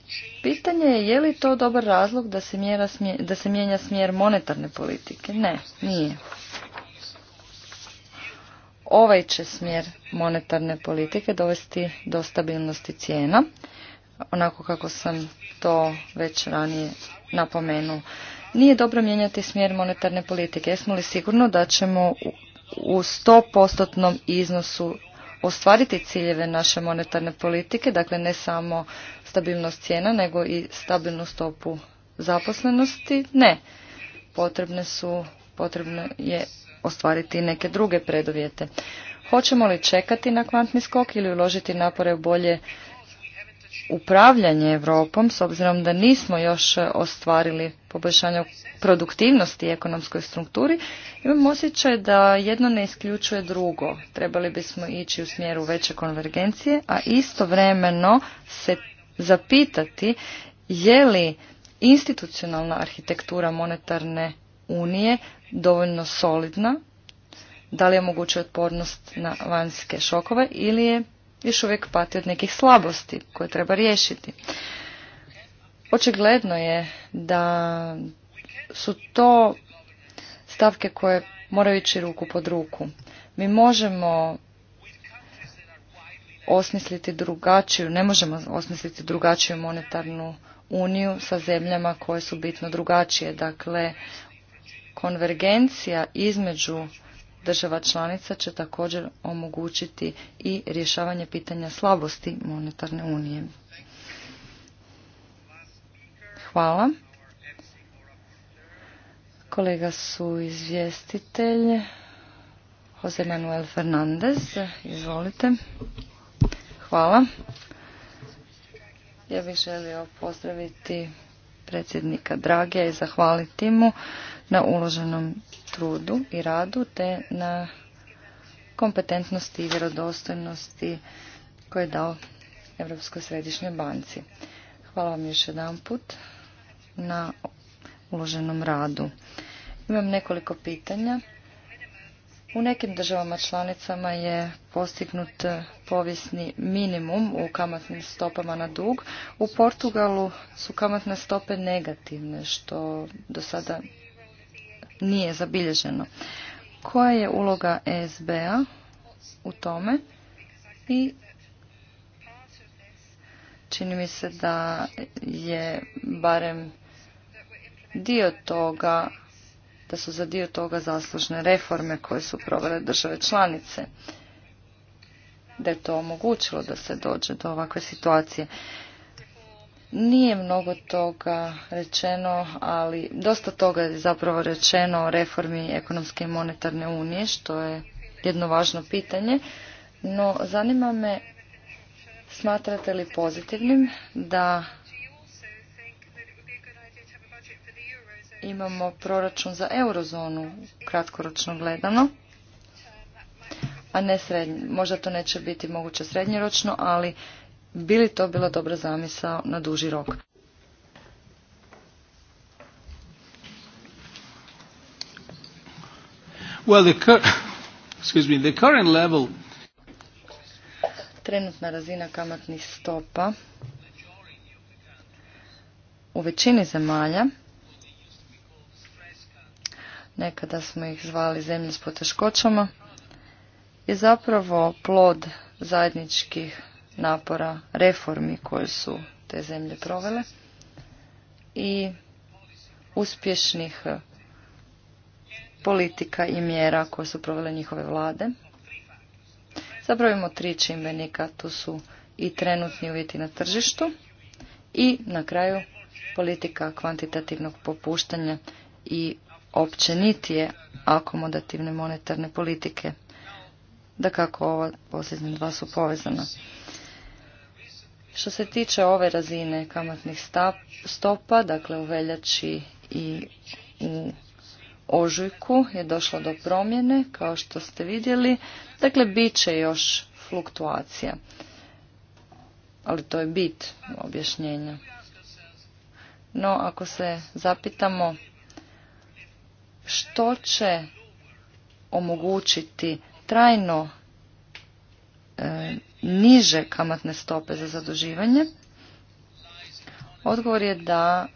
pitanje je je li to dobar razlog da se, da se mijenja smjer monetarne politike? Ne, nije. Ovaj će smjer monetarne politike dovesti do stabilnosti cijena, onako kako sam to već ranije napomenuo. Nije dobro mijenjati smjer monetarne politike. Jesmo li sigurno da ćemo u 100% iznosu ostvariti ciljeve naše monetarne politike, dakle ne samo stabilnost cijena nego i stabilnu stopu zaposlenosti? Ne. Potrebne su, potrebno je ostvariti neke druge preduvjete. Hoćemo li čekati na kvantni skok ili uložiti napore u bolje upravljanje Europom s obzirom da nismo još ostvarili poboljšanje produktivnosti i ekonomskoj strukturi, imam osjećaj da jedno ne isključuje drugo. Trebali bismo ići u smjeru veće konvergencije, a istovremeno se zapitati je li institucionalna arhitektura monetarne unije dovoljno solidna, da li je moguća otpornost na vanjske šokove ili je još uvijek pati od nekih slabosti koje treba riješiti. Očigledno je da su to stavke koje moraju ići ruku pod ruku. Mi možemo osmisliti drugačiju, ne možemo osmisliti drugačiju monetarnu uniju sa zemljama koje su bitno drugačije. Dakle, konvergencija između država članica će također omogućiti i rješavanje pitanja slabosti monetarne unije. Hvala. Kolega su izvjestitelj Jose Manuel Fernandez. Izvolite. Hvala. Ja bih želio pozdraviti predsjednika Dragija i zahvaliti mu na uloženom trudu i radu te na kompetentnosti i vjerodostojnosti koje je dao Europskoj središnjoj banci. Hvala vam još jedan put na uloženom radu. Imam nekoliko pitanja. U nekim državama članicama je postignut povijesni minimum u kamatnim stopama na dug. U Portugalu su kamatne stope negativne, što do sada nije zabilježeno. Koja je uloga ESB-a u tome? I čini mi se da je barem dio toga da su za dio toga zaslužne reforme koje su provele države članice, da je to omogućilo da se dođe do ovakve situacije. Nije mnogo toga rečeno, ali dosta toga je zapravo rečeno o reformi ekonomske i monetarne unije, što je jedno važno pitanje. No, zanima me, smatrate li pozitivnim da imamo proračun za eurozonu kratkoročno gledano, a ne srednji. Možda to neće biti moguće srednjoročno, ali bi li to bila dobra zamisao na duži rok? Well, the excuse me, the current level... Trenutna razina kamatnih stopa u većini zemalja nekada smo ih zvali zemlje s poteškoćama, je zapravo plod zajedničkih napora reformi koje su te zemlje provele i uspješnih politika i mjera koje su provele njihove vlade. Zapravimo tri čimbenika, tu su i trenutni uvjeti na tržištu i na kraju politika kvantitativnog popuštanja i općenitije akomodativne monetarne politike. Da kako ova posljednja dva su povezana. Što se tiče ove razine kamatnih stopa, dakle u veljači i u ožujku je došlo do promjene, kao što ste vidjeli. Dakle, bit će još fluktuacija. Ali to je bit objašnjenja. No, ako se zapitamo što će omogućiti trajno e, niže kamatne stope za zaduživanje? Odgovor je da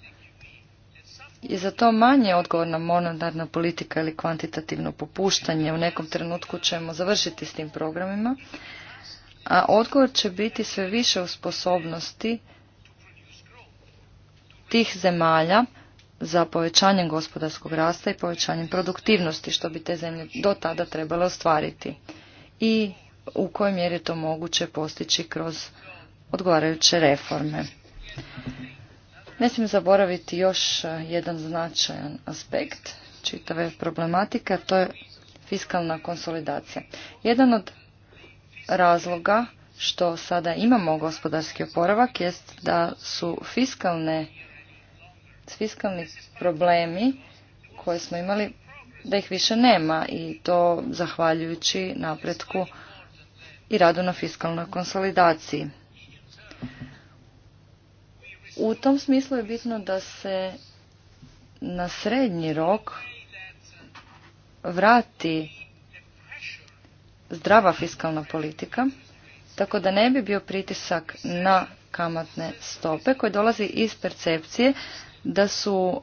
je za to manje odgovorna monetarna politika ili kvantitativno popuštanje. U nekom trenutku ćemo završiti s tim programima. A odgovor će biti sve više u sposobnosti tih zemalja za povećanjem gospodarskog rasta i povećanjem produktivnosti što bi te zemlje do tada trebale ostvariti i u kojoj mjeri je to moguće postići kroz odgovarajuće reforme. Ne smijem zaboraviti još jedan značajan aspekt čitave problematike, to je fiskalna konsolidacija. Jedan od razloga što sada imamo gospodarski oporavak jest da su fiskalne fiskalni problemi koje smo imali, da ih više nema i to zahvaljujući napretku i radu na fiskalnoj konsolidaciji. U tom smislu je bitno da se na srednji rok vrati zdrava fiskalna politika, tako da ne bi bio pritisak na kamatne stope koji dolazi iz percepcije da su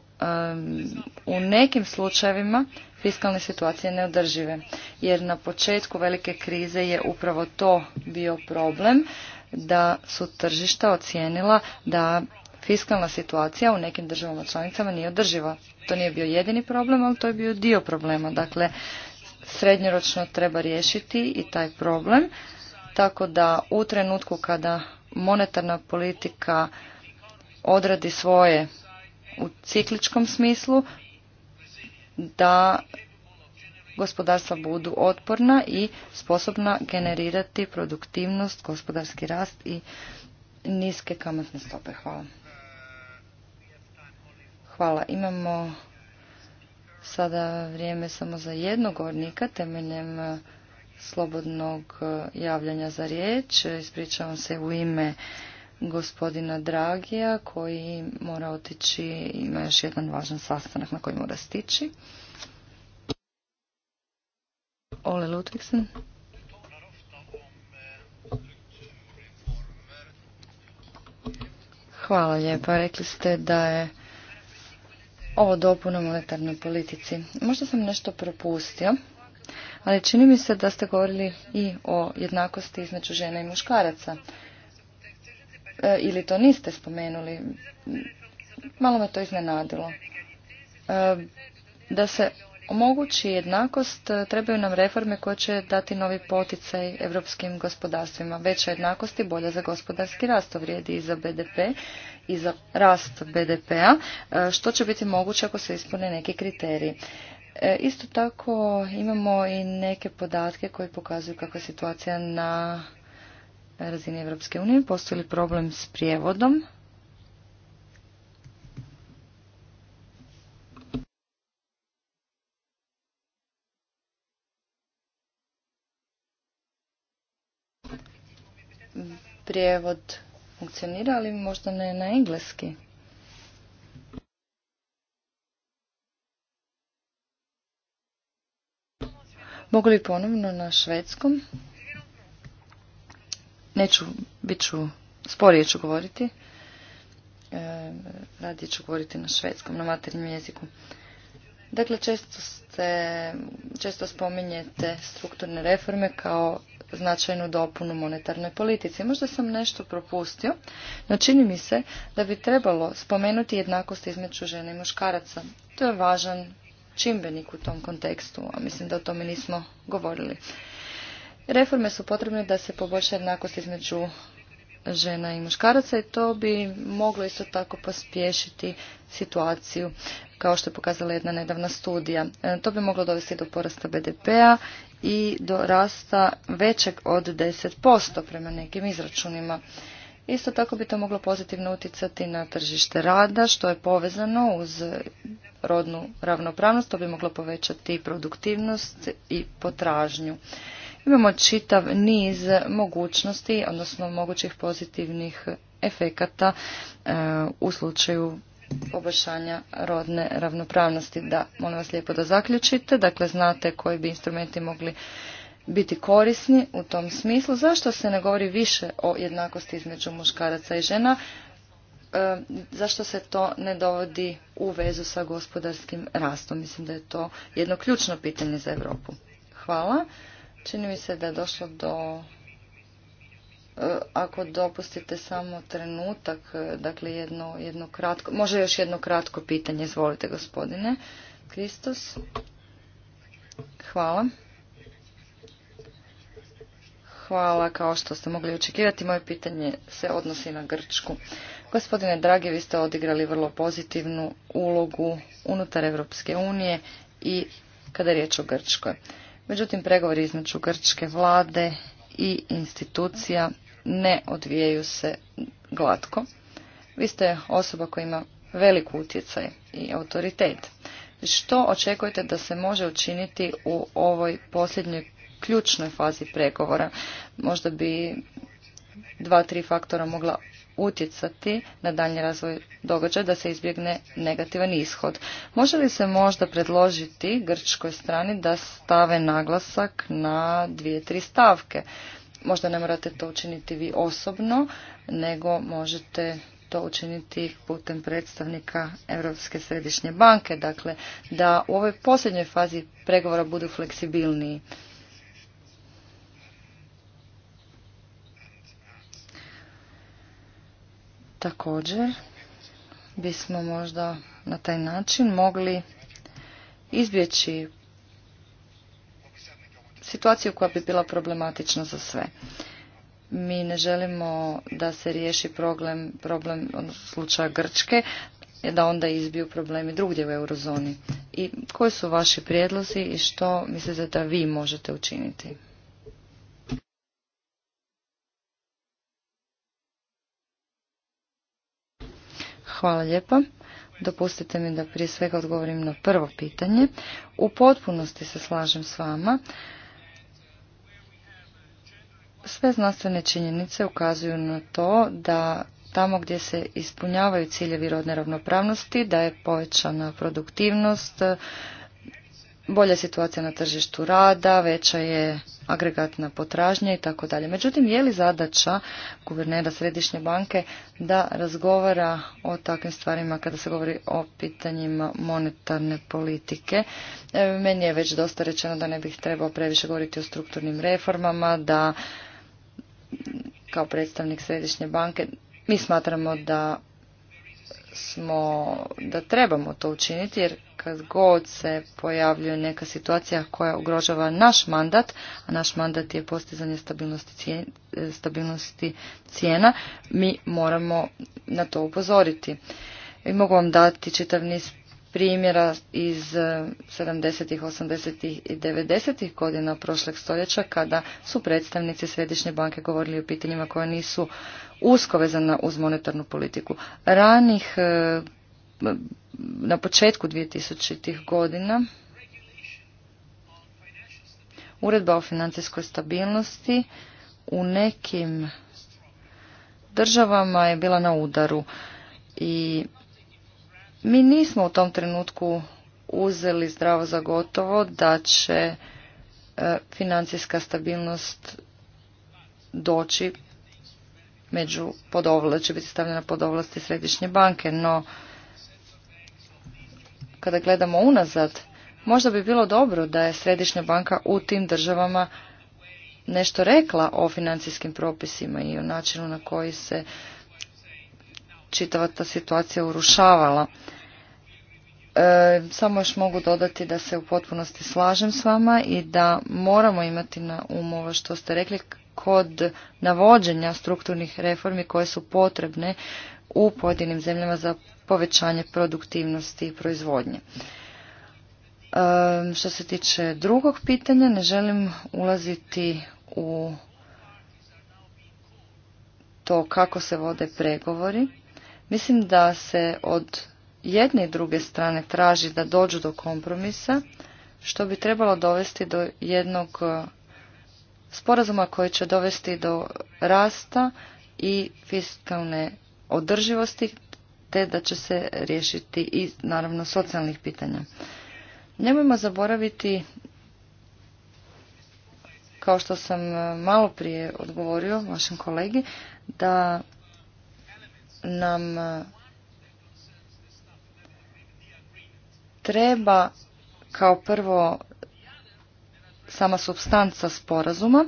u nekim slučajevima fiskalne situacije neodržive. Jer na početku velike krize je upravo to bio problem da su tržišta ocijenila da fiskalna situacija u nekim državama članicama nije održiva. To nije bio jedini problem, ali to je bio dio problema. Dakle, srednjoročno treba riješiti i taj problem, tako da u trenutku kada monetarna politika odradi svoje u cikličkom smislu da gospodarstva budu otporna i sposobna generirati produktivnost, gospodarski rast i niske kamatne stope. Hvala. Imamo sada vrijeme samo za jednog govornika temeljem e, slobodnog e, javljanja za riječ. Ispričavam se u ime gospodina Dragija koji mora otići, ima još jedan važan sastanak na koji mora stići. Ole Hvala lijepa. Rekli ste da je ovo dopuno monetarnoj politici. Možda sam nešto propustio, ali čini mi se da ste govorili i o jednakosti između žena i muškaraca. E, ili to niste spomenuli. Malo me to iznenadilo. E, da se omogući jednakost, e, trebaju nam reforme koje će dati novi poticaj europskim gospodarstvima. Veća jednakost i bolja za gospodarski rast, to vrijedi i za BDP i za rast BDP-a, što će biti moguće ako se ispune neki kriteriji. Isto tako imamo i neke podatke koji pokazuju kako je situacija na razini Europske unije. Postoji li problem s prijevodom? Prijevod funkcionira, ali možda ne na engleski. Mogu li ponovno na švedskom? Neću, bit ću, sporije ću govoriti. E, radije ću govoriti na švedskom, na maternjem jeziku. Dakle, često, ste, često spominjete strukturne reforme kao značajnu dopunu monetarnoj politici. Možda sam nešto propustio, no čini mi se da bi trebalo spomenuti jednakost između žene i muškaraca. To je važan čimbenik u tom kontekstu, a mislim da o tome nismo govorili. Reforme su potrebne da se poboljša jednakost između žena i muškaraca i to bi moglo isto tako pospješiti situaciju kao što je pokazala jedna nedavna studija. E, to bi moglo dovesti do porasta BDP-a i do rasta većeg od 10% prema nekim izračunima. Isto tako bi to moglo pozitivno utjecati na tržište rada što je povezano uz rodnu ravnopravnost, to bi moglo povećati produktivnost i potražnju. Imamo čitav niz mogućnosti, odnosno mogućih pozitivnih efekata e, u slučaju poboljšanja rodne ravnopravnosti. Da, molim vas lijepo da zaključite, dakle znate koji bi instrumenti mogli biti korisni u tom smislu. Zašto se ne govori više o jednakosti između muškaraca i žena? E, zašto se to ne dovodi u vezu sa gospodarskim rastom? Mislim da je to jedno ključno pitanje za Europu. Hvala. Čini mi se da je došlo do e, ako dopustite samo trenutak, e, dakle jedno, jedno kratko, može još jedno kratko pitanje, izvolite gospodine Kristus. Hvala. Hvala, kao što ste mogli očekivati, moje pitanje se odnosi na Grčku. Gospodine Dragi, vi ste odigrali vrlo pozitivnu ulogu unutar Europske unije i kada je riječ o Grčkoj. Međutim, pregovori između grčke vlade i institucija ne odvijaju se glatko. Vi ste osoba koja ima velik utjecaj i autoritet. Što očekujete da se može učiniti u ovoj posljednjoj ključnoj fazi pregovora? Možda bi dva, tri faktora mogla utjecati na daljnji razvoj događaja da se izbjegne negativan ishod. Može li se možda predložiti grčkoj strani da stave naglasak na dvije, tri stavke? Možda ne morate to učiniti vi osobno, nego možete to učiniti putem predstavnika Europske središnje banke, dakle da u ovoj posljednjoj fazi pregovora budu fleksibilniji. Također bismo možda na taj način mogli izbjeći situaciju koja bi bila problematična za sve. Mi ne želimo da se riješi problem, problem slučaja Grčke, da onda izbiju problemi drugdje u eurozoni. I koji su vaši prijedlozi i što mislite da vi možete učiniti? Hvala lijepa. Dopustite mi da prije svega odgovorim na prvo pitanje. U potpunosti se slažem s vama. Sve znanstvene činjenice ukazuju na to da tamo gdje se ispunjavaju ciljevi rodne ravnopravnosti, da je povećana produktivnost, bolja situacija na tržištu rada, veća je agregatna potražnja i tako dalje. Međutim, je li zadaća guvernera Središnje banke da razgovara o takvim stvarima kada se govori o pitanjima monetarne politike? E, meni je već dosta rečeno da ne bih trebao previše govoriti o strukturnim reformama, da kao predstavnik Središnje banke mi smatramo da smo, da trebamo to učiniti jer kad god se pojavljuje neka situacija koja ugrožava naš mandat, a naš mandat je postizanje stabilnosti cijena, stabilnosti cijena mi moramo na to upozoriti. I mogu vam dati čitav niz primjera iz 70-ih, eh, 80-ih i 90-ih godina prošlog stoljeća kada su predstavnici Središnje banke govorili o pitanjima koja nisu usko vezana uz monetarnu politiku. Ranih eh, na početku 2000-ih godina uredba o financijskoj stabilnosti u nekim državama je bila na udaru i mi nismo u tom trenutku uzeli zdravo za gotovo da će e, financijska stabilnost doći među pod ovlasti će biti stavljena pod ovlasti središnje banke, no kada gledamo unazad, možda bi bilo dobro da je središnja banka u tim državama nešto rekla o financijskim propisima i o načinu na koji se čitava ta situacija urušavala. E, samo još mogu dodati da se u potpunosti slažem s vama i da moramo imati na umu ovo što ste rekli kod navođenja strukturnih reformi koje su potrebne u pojedinim zemljama za povećanje produktivnosti i proizvodnje. E, što se tiče drugog pitanja, ne želim ulaziti u to kako se vode pregovori Mislim da se od jedne i druge strane traži da dođu do kompromisa, što bi trebalo dovesti do jednog e, sporazuma koji će dovesti do rasta i fiskalne održivosti, te da će se riješiti i naravno socijalnih pitanja. Nemojmo zaboraviti, kao što sam e, malo prije odgovorio vašem kolegi, da nam e, treba kao prvo sama substanca sporazuma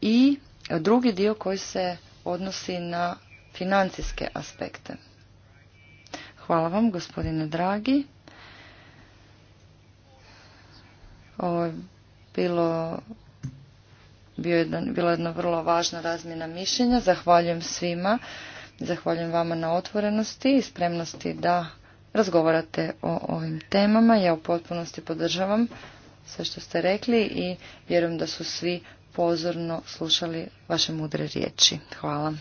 i drugi dio koji se odnosi na financijske aspekte. Hvala vam, gospodine Dragi. Ovo je bilo, bila jedna vrlo važna razmjena mišljenja. Zahvaljujem svima Zahvaljujem vama na otvorenosti i spremnosti da razgovarate o ovim temama. Ja u potpunosti podržavam sve što ste rekli i vjerujem da su svi pozorno slušali vaše mudre riječi. Hvala.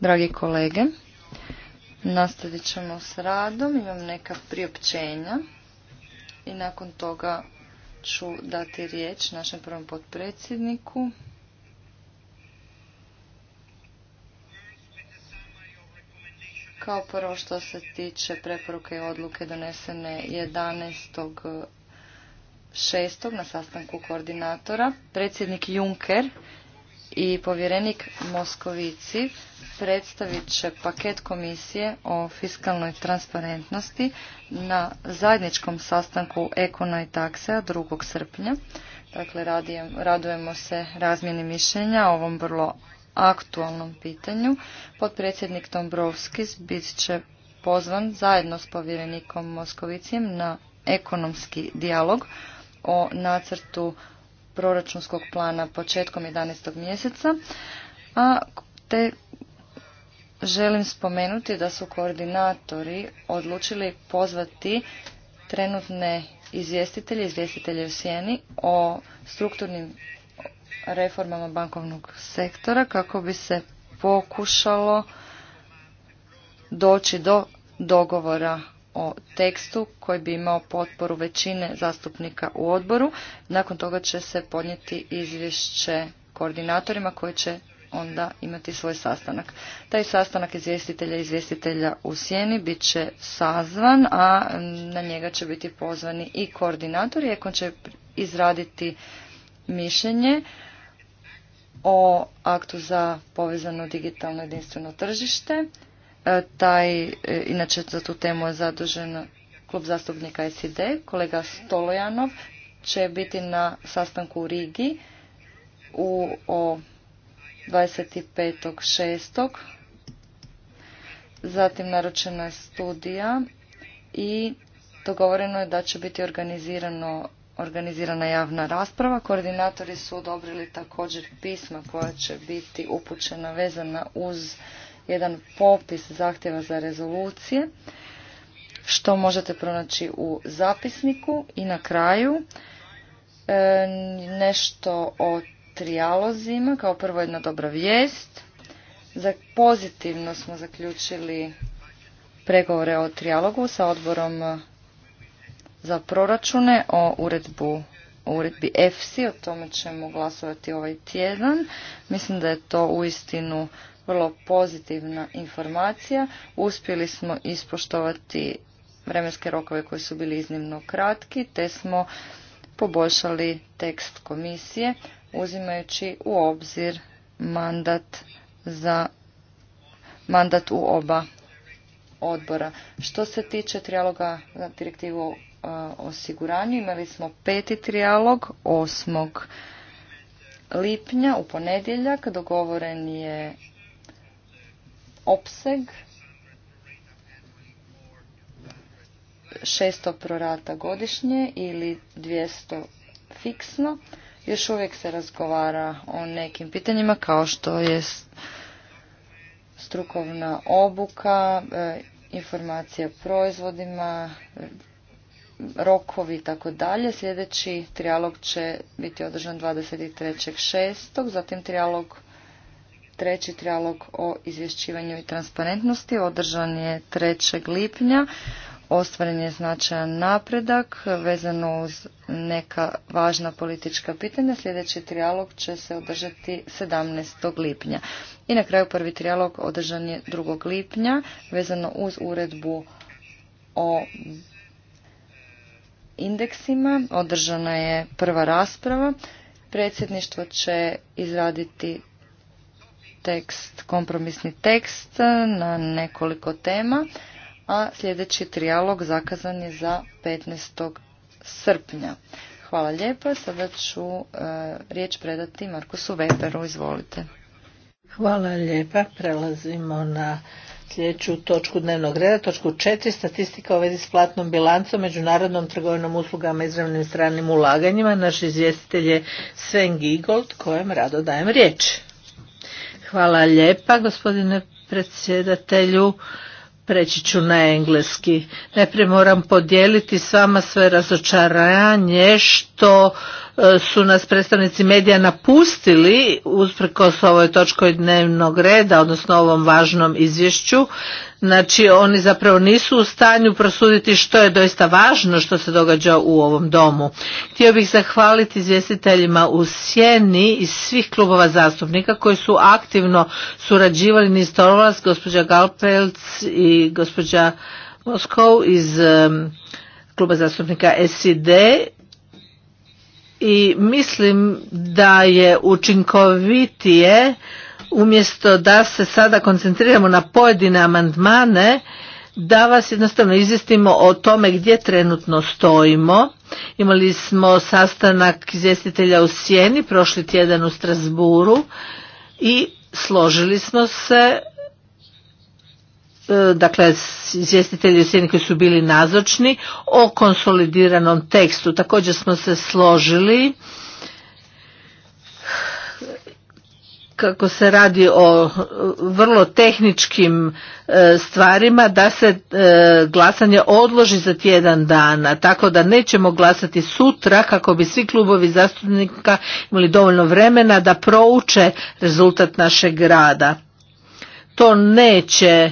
Dragi kolege, nastavit ćemo s radom, imam neka priopćenja i nakon toga ću dati riječ našem prvom potpredsjedniku. Kao prvo što se tiče preporuke i odluke donesene 11 na sastanku koordinatora predsjednik Juncker i povjerenik Moskovici predstavit će paket komisije o fiskalnoj transparentnosti na zajedničkom sastanku Ekona i taksa 2. srpnja. Dakle, radujemo se razmjeni mišljenja o ovom vrlo aktualnom pitanju. Potpredsjednik Dombrovskis bit će pozvan zajedno s povjerenikom Moskovicijem na ekonomski dijalog o nacrtu proračunskog plana početkom 11. mjeseca, a te želim spomenuti da su koordinatori odlučili pozvati trenutne izvjestitelje, izvjestitelje u sjeni o strukturnim reformama bankovnog sektora kako bi se pokušalo doći do dogovora o tekstu koji bi imao potporu većine zastupnika u odboru. Nakon toga će se podnijeti izvješće koordinatorima koji će onda imati svoj sastanak. Taj sastanak izvjestitelja i izvjestitelja u sjeni bit će sazvan, a na njega će biti pozvani i koordinatori, iako će izraditi mišljenje o aktu za povezano digitalno jedinstveno tržište. E, taj, e, inače za tu temu je zadužen klub zastupnika SID, kolega Stolojanov će biti na sastanku u Rigi u o 25.6. Zatim naručena je studija i dogovoreno je da će biti organizirano organizirana javna rasprava. Koordinatori su odobrili također pisma koja će biti upućena vezana uz jedan popis zahtjeva za rezolucije što možete pronaći u zapisniku i na kraju e, nešto o trijalozima kao prvo jedna dobra vijest pozitivno smo zaključili pregovore o trijalogu sa odborom za proračune o uredbu o uredbi EFSI, o tome ćemo glasovati ovaj tjedan. Mislim da je to uistinu vrlo pozitivna informacija. Uspjeli smo ispoštovati vremenske rokove koji su bili iznimno kratki, te smo poboljšali tekst komisije uzimajući u obzir mandat za mandat u oba odbora. Što se tiče trijaloga na direktivu uh, osiguranju, imali smo peti trijalog 8. lipnja u ponedjeljak. Dogovoren je opseg 600 prorata godišnje ili 200 fiksno. Još uvijek se razgovara o nekim pitanjima kao što je strukovna obuka, e, informacija o proizvodima, rokovi i tako dalje. Sljedeći trijalog će biti održan 23.6. Zatim trijalog treći trijalog o izvješćivanju i transparentnosti održan je 3. lipnja. Ostvaren je značajan napredak vezano uz neka važna politička pitanja. Sljedeći trijalog će se održati 17. lipnja. I na kraju prvi trijalog održan je 2. lipnja vezano uz uredbu o indeksima. Održana je prva rasprava. Predsjedništvo će izraditi tekst, kompromisni tekst na nekoliko tema, a sljedeći trijalog zakazan je za 15. srpnja. Hvala lijepa, sada ću e, riječ predati Markusu Weberu, izvolite. Hvala lijepa, prelazimo na sljedeću točku dnevnog reda, točku 4, statistika u vezi s platnom bilancom, međunarodnom trgovinom uslugama, i izravnim stranim ulaganjima. Naš izvjestitelj je Sven Gigold, kojem rado dajem riječ. Hvala lijepa gospodine predsjedatelju. Preći ću na engleski. Najprije moram podijeliti s vama sve razočaranje što e, su nas predstavnici medija napustili usprkos ovoj točkoj dnevnog reda, odnosno ovom važnom izvješću. Znači oni zapravo nisu u stanju prosuditi što je doista važno što se događa u ovom domu. Htio bih zahvaliti izvjestiteljima u Sjeni iz svih klubova zastupnika koji su aktivno surađivali niz Torvalas, gospođa Galpelc i gospođa Moskov iz kluba zastupnika SID i mislim da je učinkovitije umjesto da se sada koncentriramo na pojedine amandmane, da vas jednostavno izvijestimo o tome gdje trenutno stojimo. Imali smo sastanak izvjestitelja u Sjeni prošli tjedan u Strasburu i složili smo se e, dakle izvjestitelji u sjeni koji su bili nazočni o konsolidiranom tekstu. Također smo se složili kako se radi o e, vrlo tehničkim e, stvarima da se e, glasanje odloži za tjedan dana tako da nećemo glasati sutra kako bi svi klubovi zastupnika imali dovoljno vremena da prouče rezultat našeg rada to neće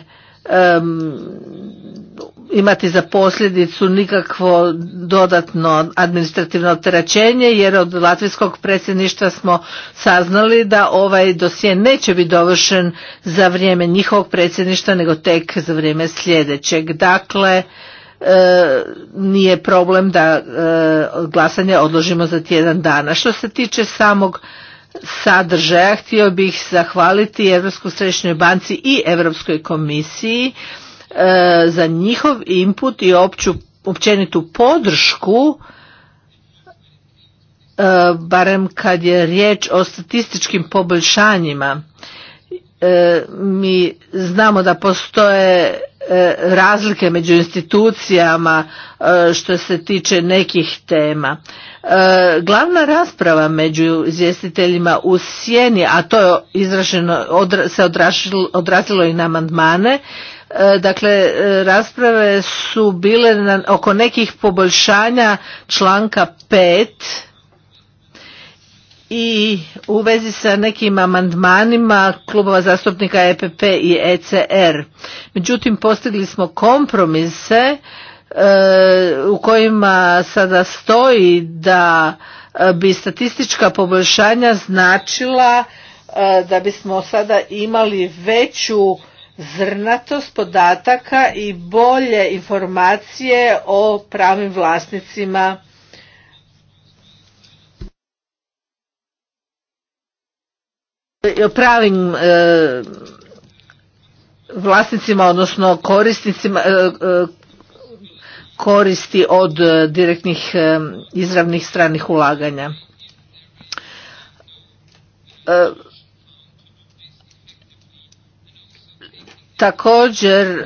imati za posljedicu nikakvo dodatno administrativno opterećenje jer od latvijskog predsjedništva smo saznali da ovaj dosje neće biti dovršen za vrijeme njihovog predsjedništva nego tek za vrijeme sljedećeg. Dakle, e, nije problem da e, glasanje odložimo za tjedan dana. Što se tiče samog sadržaja, htio bih zahvaliti Europskoj središnjoj banci i Europskoj komisiji E, za njihov input i opću općenitu podršku e, barem kad je riječ o statističkim poboljšanjima e, mi znamo da postoje razlike među institucijama što se tiče nekih tema. Glavna rasprava među izvjestiteljima u sjeni, a to je izraženo, se odrazilo i na amandmane, E, dakle, e, rasprave su bile na, oko nekih poboljšanja članka 5 i u vezi sa nekim amandmanima klubova zastupnika EPP i ECR. Međutim, postigli smo kompromise e, u kojima sada stoji da bi statistička poboljšanja značila da bismo sada imali veću zrnatost podataka i bolje informacije o pravim vlasnicima o pravim e, vlasnicima odnosno korisnicima e, e, koristi od direktnih izravnih stranih ulaganja Također e,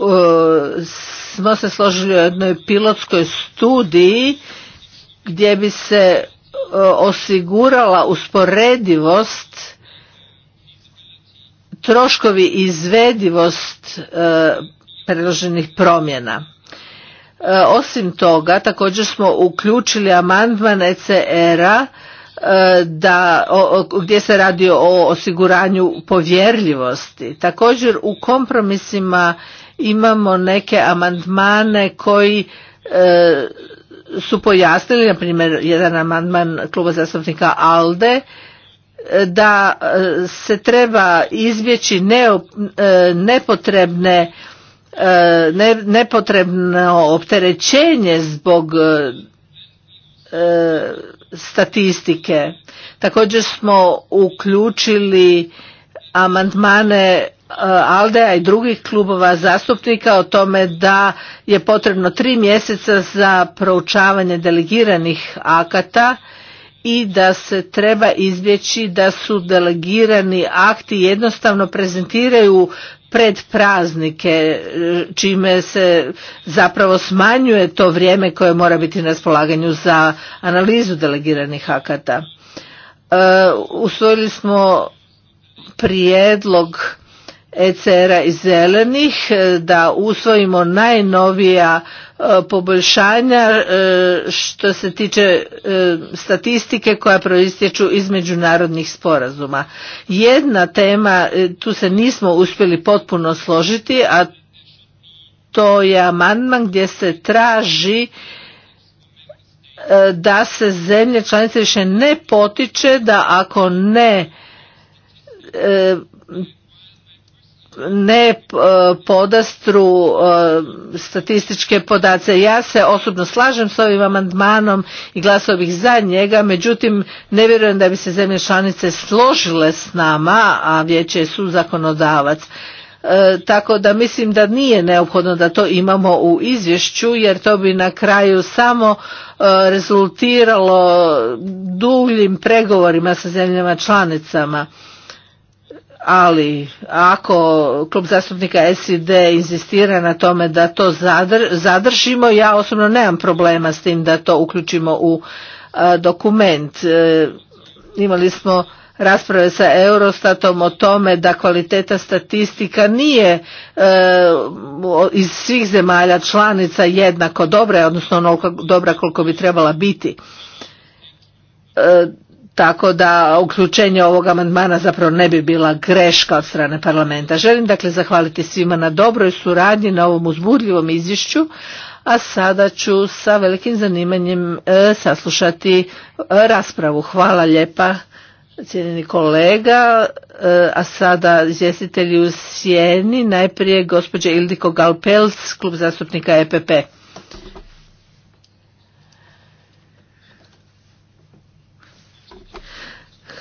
e, smo se složili u jednoj pilotskoj studiji gdje bi se e, osigurala usporedivost troškovi i izvedivost predloženih promjena. Osim toga, također smo uključili amandman ECR-a E, da gdje se radi o osiguranju povjerljivosti također u kompromisima imamo neke amandmane koji e, su pojasnili na primjer jedan amandman kluba zastupnika alde e, da se treba izbjeći nepotrebne nepotrebno opterećenje zbog statistike. Također smo uključili amandmane e, Aldea i drugih klubova zastupnika o tome da je potrebno tri mjeseca za proučavanje delegiranih akata i da se treba izbjeći da su delegirani akti jednostavno prezentiraju pred praznike, e, čime se zapravo smanjuje to vrijeme koje mora biti na raspolaganju za analizu delegiranih akata. E, usvojili smo prijedlog ECR-a i zelenih e, da usvojimo najnovija e, poboljšanja e, što se tiče statistike koja proistječu iz međunarodnih sporazuma. Jedna tema, tu se nismo uspjeli potpuno složiti, a to je amandman gdje se traži da se zemlje članice više ne potiče da ako ne ne e, podastru e, statističke podace. Ja se osobno slažem s ovim amandmanom i glasao bih za njega, međutim ne vjerujem da bi se zemlje članice složile s nama, a vijeće je zakonodavac. E, tako da mislim da nije neophodno da to imamo u izvješću jer to bi na kraju samo rezultiralo duljim pregovorima sa zemljama članicama ali ako klub zastupnika SID insistira na tome da to zadržimo, ja osobno nemam problema s tim da to uključimo u e, dokument. E, imali smo rasprave sa Eurostatom o tome da kvaliteta statistika nije e, iz svih zemalja članica jednako dobra, odnosno onoliko dobra koliko bi trebala biti tako da uključenje ovog amandmana zapravo ne bi bila greška od strane parlamenta. Želim dakle zahvaliti svima na dobroj suradnji na ovom uzbudljivom izvješću, a sada ću sa velikim zanimanjem e, saslušati e, raspravu. Hvala lijepa cijenjeni kolega, e, a sada izvjestitelji u sjeni, najprije gospođa Ildiko Galpels, klub zastupnika EPP.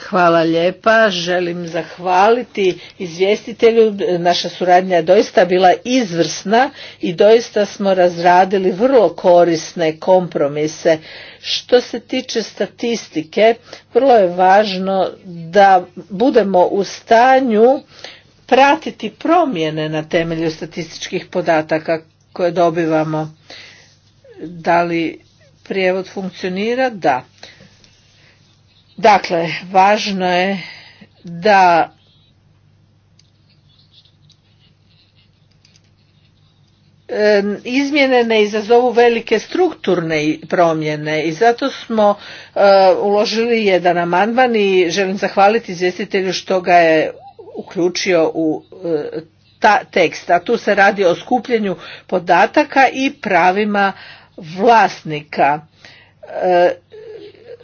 Hvala lijepa. Želim zahvaliti izvjestitelju. Naša suradnja je doista bila izvrsna i doista smo razradili vrlo korisne kompromise. Što se tiče statistike, vrlo je važno da budemo u stanju pratiti promjene na temelju statističkih podataka koje dobivamo. Da li prijevod funkcionira? Da. Dakle, važno je da izmjene ne izazovu velike strukturne promjene i zato smo e, uložili jedan amandman i želim zahvaliti izvjestitelju što ga je uključio u e, ta tekst, a tu se radi o skupljenju podataka i pravima vlasnika. E,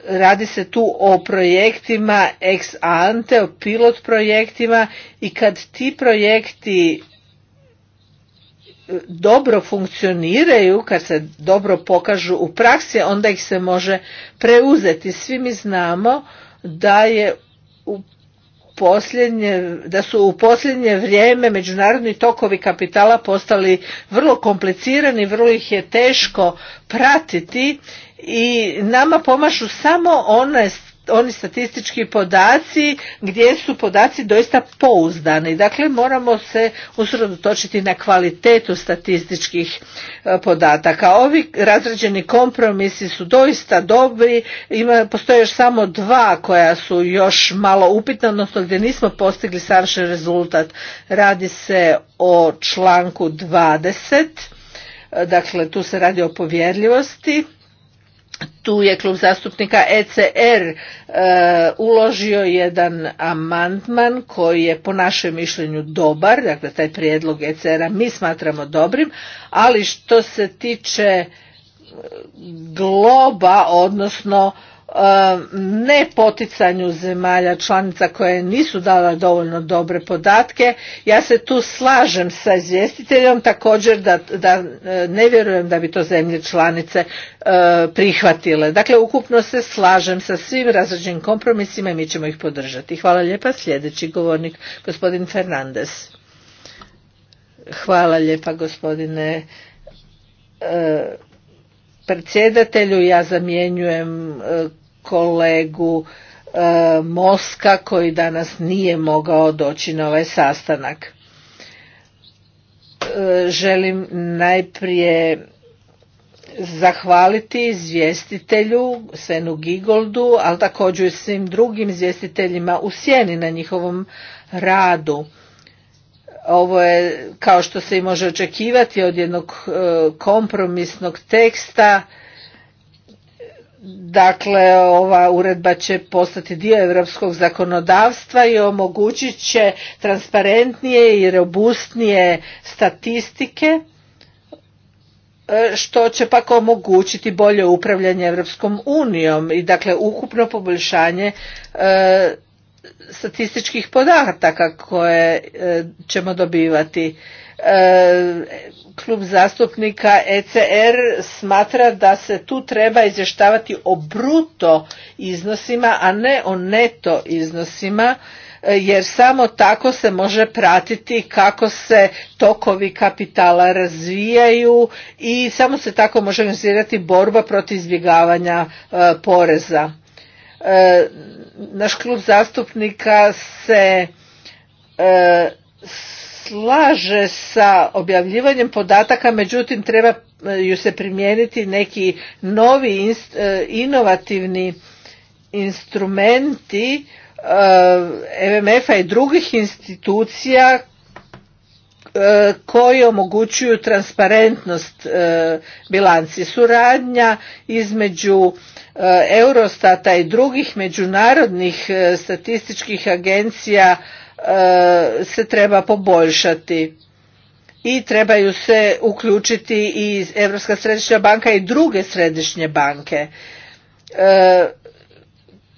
radi se tu o projektima ex ante, o pilot projektima i kad ti projekti e, dobro funkcioniraju, kad se dobro pokažu u praksi, onda ih se može preuzeti. Svi mi znamo da je u posljednje, da su u posljednje vrijeme međunarodni tokovi kapitala postali vrlo komplicirani, vrlo ih je teško pratiti i nama pomažu samo one oni statistički podaci gdje su podaci doista pouzdani. Dakle, moramo se usredotočiti na kvalitetu statističkih e, podataka. Ovi razređeni kompromisi su doista dobri, Ima, postoje još samo dva koja su još malo upitna, odnosno gdje nismo postigli savršen rezultat. Radi se o članku 20, e, dakle tu se radi o povjerljivosti tu je klub zastupnika ECR e, uložio jedan amandman koji je po našem mišljenju dobar, dakle taj prijedlog ECR-a mi smatramo dobrim, ali što se tiče globa, odnosno Um, ne poticanju zemalja članica koje nisu dala dovoljno dobre podatke. Ja se tu slažem sa izvjestiteljom također da, da e, ne vjerujem da bi to zemlje članice e, prihvatile. Dakle, ukupno se slažem sa svim razređenim kompromisima i mi ćemo ih podržati. Hvala lijepa. Sljedeći govornik, gospodin Fernandez. Hvala lijepa, gospodine e, predsjedatelju. Ja zamjenjujem e, kolegu e, Moska koji danas nije mogao doći na ovaj sastanak. E, želim najprije zahvaliti izvjestitelju Svenu Gigoldu, ali također i svim drugim izvjestiteljima u sjeni na njihovom radu. Ovo je, kao što se i može očekivati od jednog e, kompromisnog teksta, Dakle, ova uredba će postati dio europskog zakonodavstva i omogućit će transparentnije i robustnije statistike, e, što će pak omogućiti bolje upravljanje Europskom unijom i dakle ukupno poboljšanje e, statističkih podataka koje e, ćemo dobivati. E, klub zastupnika ECR smatra da se tu treba izvještavati o bruto iznosima, a ne o neto iznosima, e, jer samo tako se može pratiti kako se tokovi kapitala razvijaju i samo se tako može organizirati borba protiv izbjegavanja poreza. E, naš klub zastupnika se e, slaže sa objavljivanjem podataka, međutim trebaju e, se primijeniti neki novi inovativni instrumenti MMF-a i drugih institucija koji omogućuju transparentnost bilanci suradnja između Eh, Eurostata i drugih međunarodnih eh, statističkih agencija eh, se treba poboljšati i trebaju se uključiti i Europska središnja banka i druge središnje banke.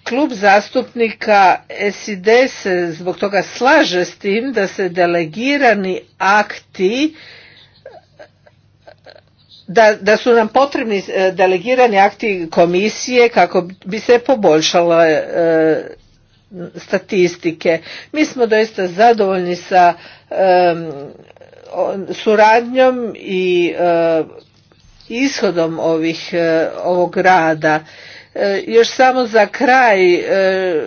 Klub zastupnika SID se zbog toga slaže s tim da se delegirani akti da, da su nam potrebni e, delegirani akti komisije kako bi se poboljšala e, statistike. Mi smo doista zadovoljni sa suradnjom i e, ishodom ovih, ovog rada. Još samo za kraj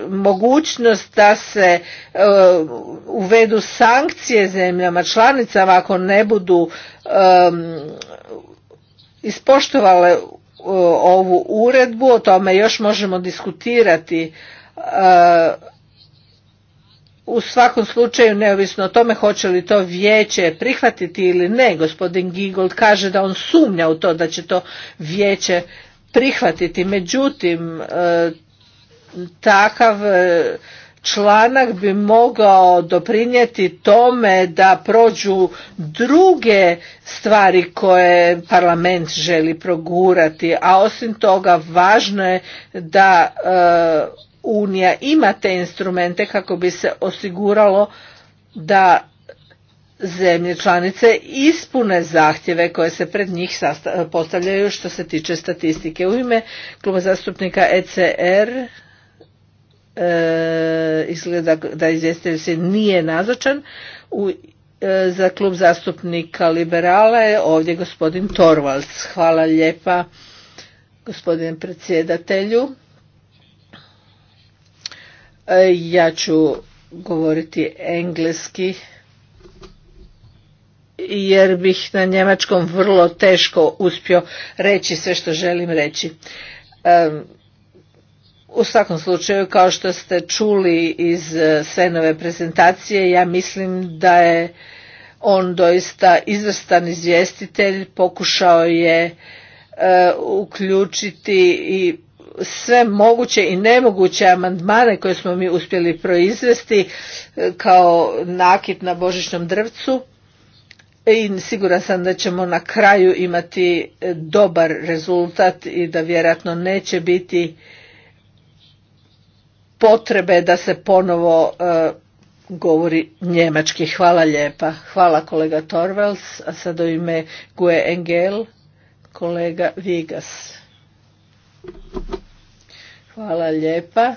mogućnost da se uvedu sankcije zemljama članicama ako ne budu ispoštovale e, ovu uredbu, o tome još možemo diskutirati e, u svakom slučaju neovisno o tome hoće li to vijeće prihvatiti ili ne, gospodin Gigold kaže da on sumnja u to da će to vijeće prihvatiti. Međutim, e, takav članak bi mogao doprinijeti tome da prođu druge stvari koje parlament želi progurati, a osim toga važno je da e, Unija ima te instrumente kako bi se osiguralo da zemlje članice ispune zahtjeve koje se pred njih postavljaju što se tiče statistike. U ime kluba zastupnika ECR E, izgleda da izvjestitelj se nije nazočan u e, za klub zastupnika liberala je ovdje gospodin Torvalds. Hvala lijepa gospodine predsjedatelju. E, ja ću govoriti engleski jer bih na njemačkom vrlo teško uspio reći sve što želim reći. U svakom slučaju, kao što ste čuli iz e, nove prezentacije, ja mislim da je on doista izvrstan izvjestitelj, pokušao je e, uključiti i sve moguće i nemoguće amandmane koje smo mi uspjeli proizvesti e, kao nakit na božićnom drvcu i siguran sam da ćemo na kraju imati dobar rezultat i da vjerojatno neće biti potrebe da se ponovo e, govori njemački. Hvala lijepa. Hvala kolega Torvels, a sad u ime Gue Engel, kolega Vigas. Hvala lijepa.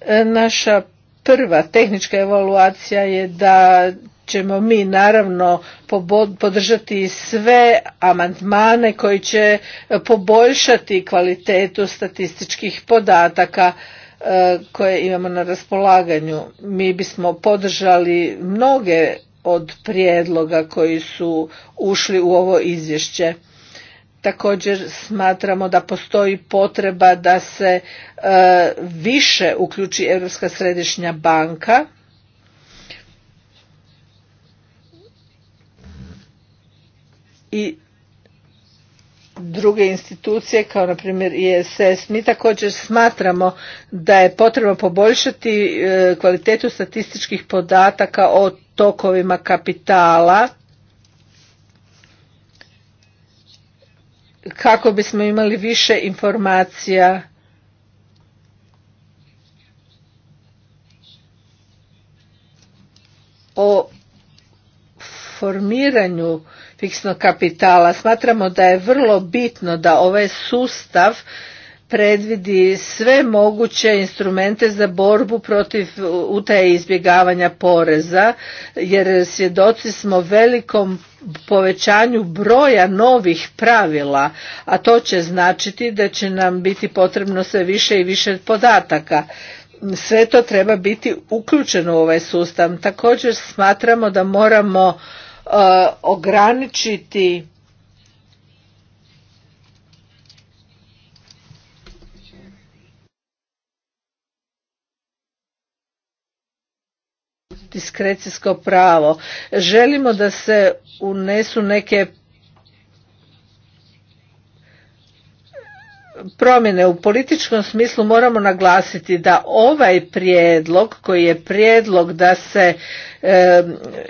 E, naša prva tehnička evaluacija je da ćemo mi naravno podržati sve amandmane koji će e, poboljšati kvalitetu statističkih podataka e, koje imamo na raspolaganju. Mi bismo podržali mnoge od prijedloga koji su ušli u ovo izvješće. Također smatramo da postoji potreba da se e, više uključi Europska središnja banka i druge institucije kao na primjer ISS. Mi također smatramo da je potrebno poboljšati e, kvalitetu statističkih podataka o tokovima kapitala kako bismo imali više informacija o formiranju fiksnog kapitala. Smatramo da je vrlo bitno da ovaj sustav predvidi sve moguće instrumente za borbu protiv utaje izbjegavanja poreza, jer svjedoci smo velikom povećanju broja novih pravila, a to će značiti da će nam biti potrebno sve više i više podataka. Sve to treba biti uključeno u ovaj sustav. Također smatramo da moramo Uh, ograničiti diskrecijsko pravo. Želimo da se unesu neke promjene u političkom smislu moramo naglasiti da ovaj prijedlog koji je prijedlog da se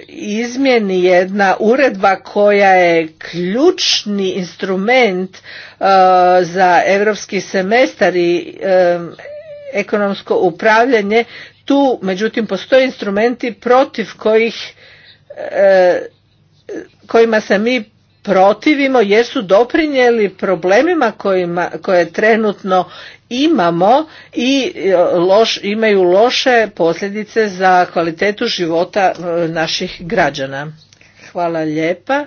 izmijeni izmjeni jedna uredba koja je ključni instrument e, za europski semestar i ekonomsko upravljanje tu međutim postoje instrumenti protiv kojih e, kojima se mi protivimo jer su doprinijeli problemima kojima, koje trenutno imamo i e, loš, imaju loše posljedice za kvalitetu života e, naših građana. Hvala lijepa. E,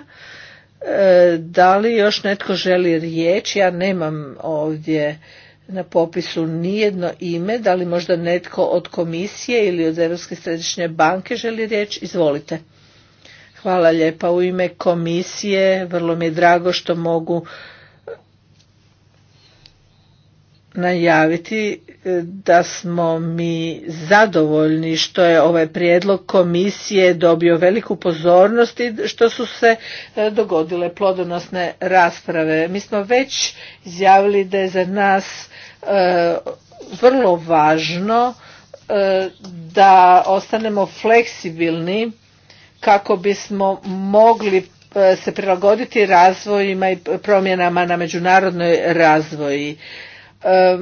da li još netko želi riječ? Ja nemam ovdje na popisu nijedno ime. Da li možda netko od komisije ili od Europske središnje banke želi riječ? Izvolite. Hvala lijepa u ime komisije. Vrlo mi je drago što mogu najaviti e, da smo mi zadovoljni što je ovaj prijedlog komisije dobio veliku pozornost i što su se e, dogodile plodonosne rasprave. Mi smo već izjavili da je za nas e, vrlo važno da ostanemo fleksibilni kako bismo mogli e, se prilagoditi razvojima i promjenama na međunarodnoj razvoji. E,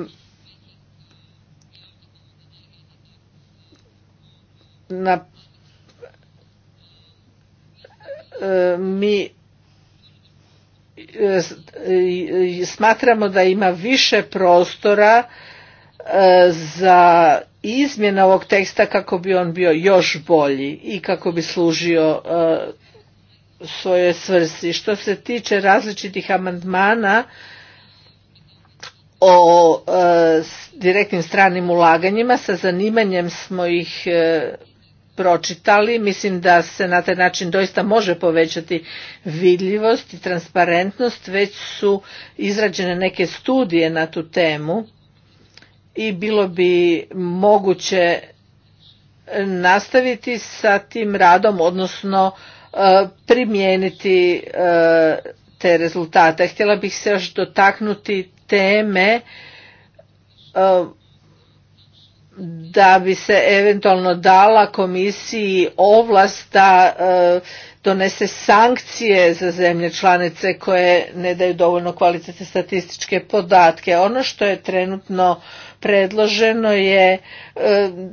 e, mi smatramo da ima više prostora za izmjena ovog teksta kako bi on bio još bolji i kako bi služio e, svojoj svrsi. Što se tiče različitih amandmana o e, direktnim stranim ulaganjima, sa zanimanjem smo ih e, pročitali. Mislim da se na taj način doista može povećati vidljivost i transparentnost. Već su izrađene neke studije na tu temu i bilo bi moguće nastaviti sa tim radom, odnosno e, primijeniti e, te rezultate. Htjela bih se još dotaknuti teme e, da bi se eventualno dala komisiji ovlast da donese sankcije za zemlje članice koje ne daju dovoljno kvalitete statističke podatke. Ono što je trenutno predloženo je e,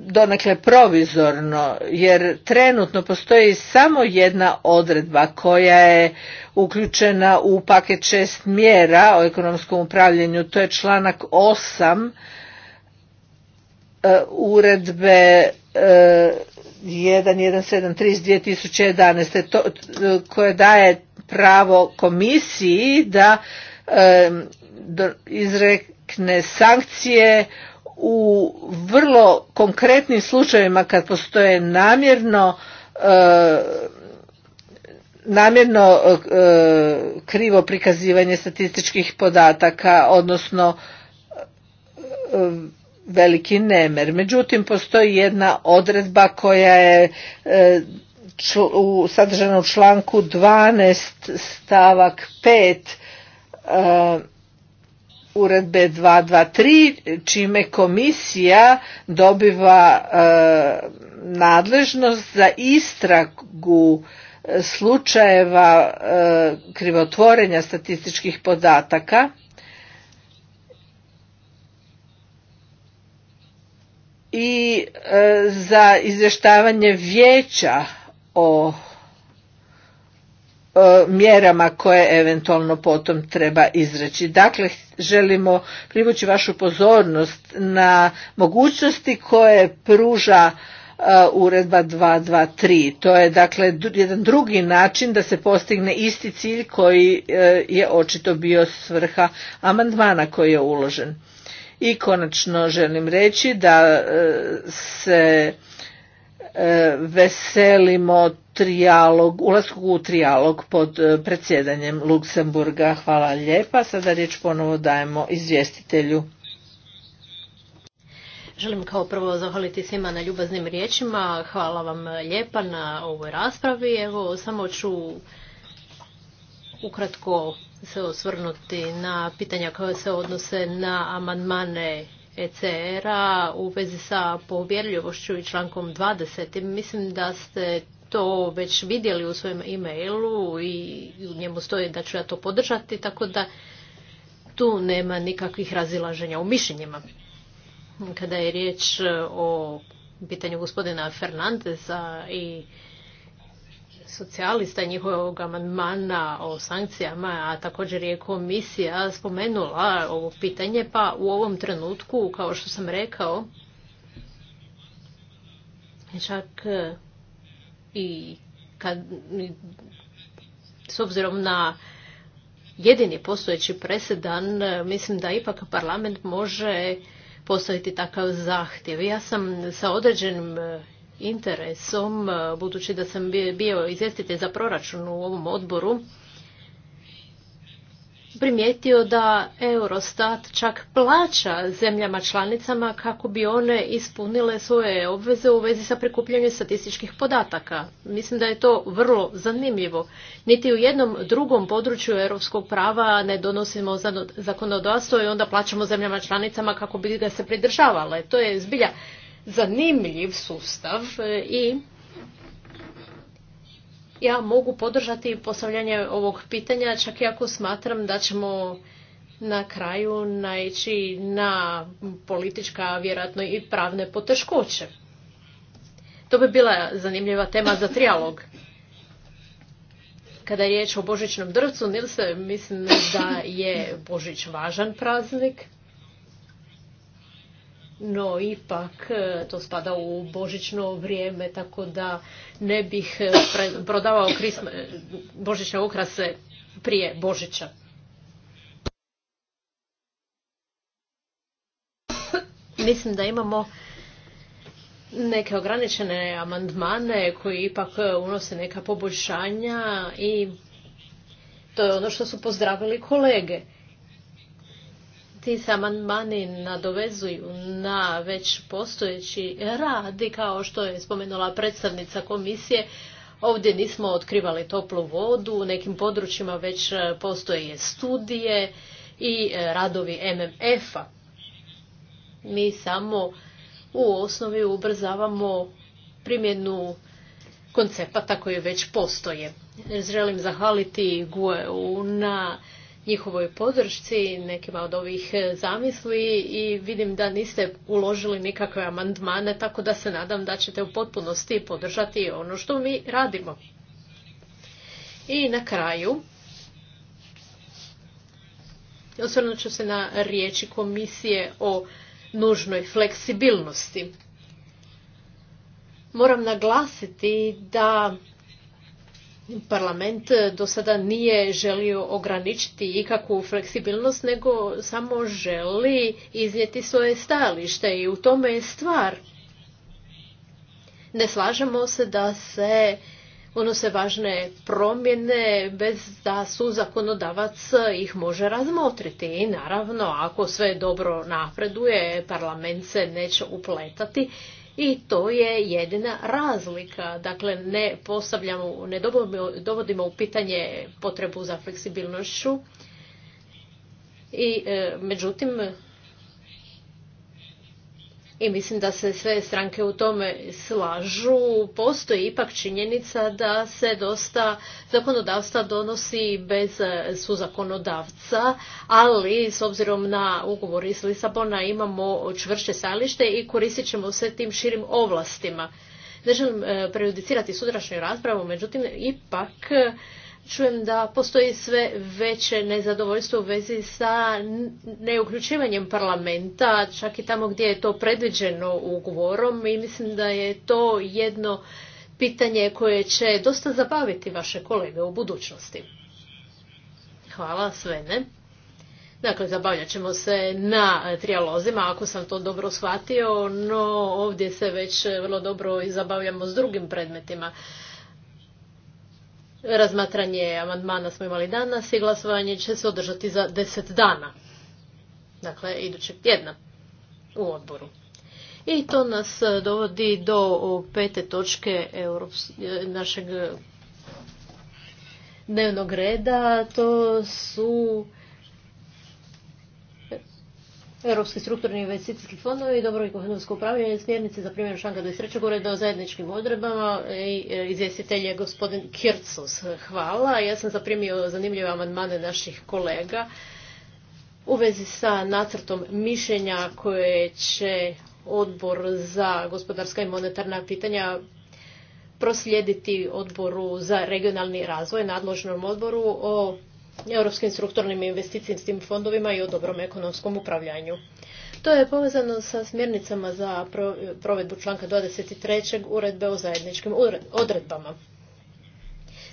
donekle provizorno jer trenutno postoji samo jedna odredba koja je uključena u paket šest mjera o ekonomskom upravljanju to je članak 8 e, uredbe 1173 e, 2011. koje daje pravo komisiji da izre, sankcije u vrlo konkretnim slučajevima kad postoje namjerno e, namjerno e, krivo prikazivanje statističkih podataka odnosno e, veliki nemer. Međutim, postoji jedna odredba koja je u sadržanom članku 12 stavak 5 uredbe 223 čime komisija dobiva e, nadležnost za istragu e, slučajeva e, krivotvorenja statističkih podataka i za izvještavanje vijeća o E, mjerama koje eventualno potom treba izreći. Dakle, želimo privući vašu pozornost na mogućnosti koje pruža e, uredba 223. To je dakle jedan drugi način da se postigne isti cilj koji e, je očito bio svrha amandmana koji je uložen. I konačno želim reći da se E, veselimo trijalog, ulasku u trijalog pod e, predsjedanjem Luksemburga. Hvala lijepa. Sada riječ ponovo dajemo izvjestitelju. Želim kao prvo zahvaliti svima na ljubaznim riječima. Hvala vam lijepa na ovoj raspravi. Evo, samo ću ukratko se osvrnuti na pitanja koje se odnose na amandmane ECR-a u vezi sa povjerljivošću i člankom 20. Mislim da ste to već vidjeli u svojem e-mailu i u njemu stoji da ću ja to podržati, tako da tu nema nikakvih razilaženja u mišljenjima. Kada je riječ o pitanju gospodina Fernandeza i socijalista i njihovog amandmana o sankcijama, a također je komisija spomenula ovo pitanje, pa u ovom trenutku, kao što sam rekao, čak eh, i kad, s obzirom na jedini postojeći presedan, eh, mislim da ipak parlament može postaviti takav zahtjev. Ja sam sa određenim eh, interesom, e, budući da sam bio izvjestitelj za proračun u ovom odboru, primijetio da Eurostat čak plaća zemljama članicama kako bi one ispunile svoje obveze u vezi sa prikupljanjem statističkih podataka. Mislim da je to vrlo zanimljivo. Niti u jednom drugom području europskog prava ne donosimo zakonodavstvo i onda plaćamo zemljama članicama kako bi ga se pridržavale. To je zbilja zanimljiv sustav e, i ja mogu podržati postavljanje ovog pitanja, čak i ako smatram da ćemo na kraju naići na politička, vjerojatno i pravne poteškoće. To bi bila zanimljiva tema za trijalog. Kada je riječ o božićnom drvcu, se mislim da je božić važan praznik no ipak e, to spada u božićno vrijeme, tako da ne bih e, prodavao e, božićne ukrase prije božića. Mislim da imamo neke ograničene amandmane koji ipak unose neka poboljšanja i to je ono što su pozdravili kolege ti se amandmani nadovezuju na već postojeći rad i kao što je spomenula predstavnica komisije, ovdje nismo otkrivali toplu vodu, u nekim područjima već postoje studije i radovi MMF-a. Mi samo u osnovi ubrzavamo primjenu koncepata koji već postoje. Želim zahvaliti GUE-u na njihovoj podršci nekima od ovih e, zamisli i vidim da niste uložili nikakve amandmane, tako da se nadam da ćete u potpunosti podržati ono što mi radimo. I na kraju, osvrnut ću se na riječi komisije o nužnoj fleksibilnosti. Moram naglasiti da parlament e, do sada nije želio ograničiti ikakvu fleksibilnost, nego samo želi iznijeti svoje stajalište i u tome je stvar. Ne slažemo se da se unose važne promjene bez da su zakonodavac ih može razmotriti. I naravno, ako sve dobro napreduje, parlament se neće upletati i to je jedina razlika. Dakle, ne postavljamo, ne dovodimo u pitanje potrebu za fleksibilnošću. I e, međutim, i mislim da se sve stranke u tome slažu. Postoji ipak činjenica da se dosta zakonodavstva donosi bez e, suzakonodavca, ali s obzirom na ugovor iz Lisabona imamo čvršće stajalište i koristit ćemo se tim širim ovlastima. Ne želim e, prejudicirati sutrašnju raspravu, međutim ipak čujem da postoji sve veće nezadovoljstvo u vezi sa neuključivanjem parlamenta, čak i tamo gdje je to predviđeno ugovorom i mislim da je to jedno pitanje koje će dosta zabaviti vaše kolege u budućnosti. Hvala Svene. Dakle, zabavljat ćemo se na trijalozima, ako sam to dobro shvatio, no ovdje se već vrlo dobro i zabavljamo s drugim predmetima. Razmatranje amandmana smo imali danas i glasovanje će se održati za deset dana. Dakle, idućeg tjedna u odboru. I to nas e, dovodi do pete točke e, našeg dnevnog reda. To su Europski strukturni investicijski fondovi, dobro i kohedonsko upravljanje, smjernice za primjenu članka 23. gore o zajedničkim odredbama i e, izvjestitelj je gospodin Kircus Hvala. Ja sam zaprimio zanimljive amandmane naših kolega u vezi sa nacrtom mišljenja koje će odbor za gospodarska i monetarna pitanja proslijediti odboru za regionalni razvoj, nadložnom odboru o europskim strukturnim investicijskim fondovima i o dobrom ekonomskom upravljanju. To je povezano sa smjernicama za provedbu članka 23. uredbe o zajedničkim odredbama.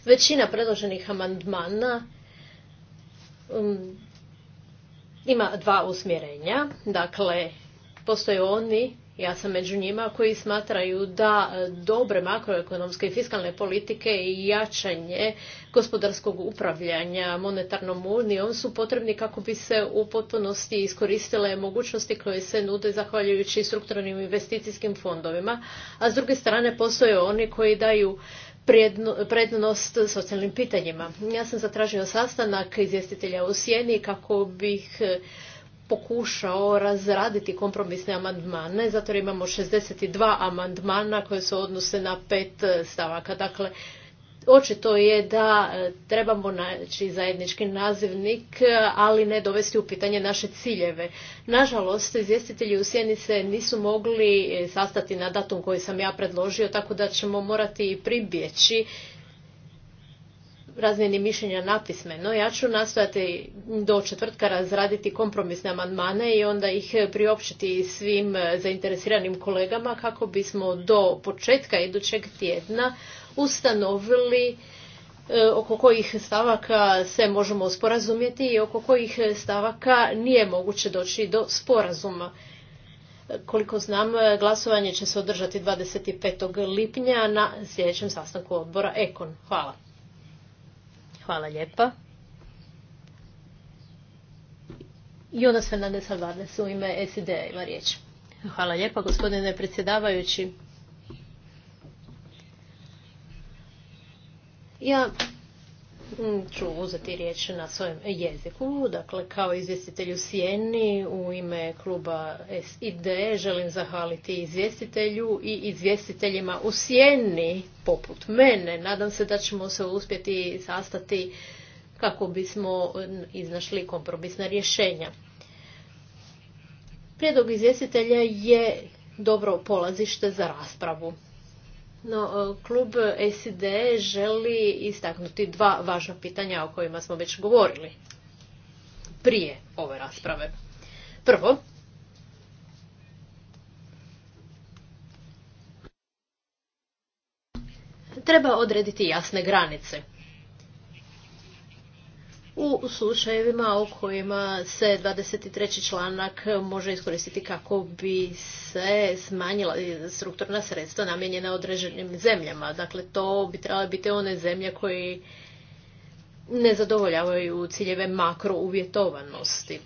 Većina predloženih amandmana um, ima dva usmjerenja. Dakle, postoje oni ja sam među njima koji smatraju da e, dobre makroekonomske i fiskalne politike i jačanje gospodarskog upravljanja monetarnom unijom su potrebni kako bi se u potpunosti iskoristile mogućnosti koje se nude zahvaljujući strukturnim investicijskim fondovima, a s druge strane postoje oni koji daju prednost socijalnim pitanjima. Ja sam zatražio sastanak izvjestitelja u Sjeni kako bih e, pokušao razraditi kompromisne amandmane, zato jer imamo 62 amandmana koje se odnose na pet stavaka. Dakle, očito je da e, trebamo naći zajednički nazivnik, e, ali ne dovesti u pitanje naše ciljeve. Nažalost, izvjestitelji u Sjeni nisu mogli e, sastati na datum koji sam ja predložio, tako da ćemo morati pribjeći razmjeni mišljenja napismeno. Ja ću nastojati do četvrtka razraditi kompromisne amandmane i onda ih priopćiti svim zainteresiranim kolegama kako bismo do početka idućeg tjedna ustanovili e, oko kojih stavaka se možemo sporazumjeti i oko kojih stavaka nije moguće doći do sporazuma. Koliko znam, glasovanje će se održati 25. lipnja na sljedećem sastanku odbora Ekon. Hvala. Hvala lijepa. Jonas Fernandez Alvarez u ime SID ima riječ. Hvala lijepa gospodine predsjedavajući. Ja ću uzeti riječ na svojem jeziku. Dakle, kao izvjestitelju Sijeni u ime kluba SID želim zahvaliti izvjestitelju i izvjestiteljima u Sijeni poput mene. Nadam se da ćemo se uspjeti sastati kako bismo iznašli kompromisna rješenja. Prijedlog izvjestitelja je dobro polazište za raspravu. No, e, klub SID želi istaknuti dva važna pitanja o kojima smo već govorili prije ove rasprave. Prvo, treba odrediti jasne granice u slučajevima u kojima se 23. članak može iskoristiti kako bi se smanjila strukturna sredstva namijenjena određenim zemljama. Dakle, to bi trebale biti one zemlje koje ne zadovoljavaju ciljeve makrouvjetovanosti.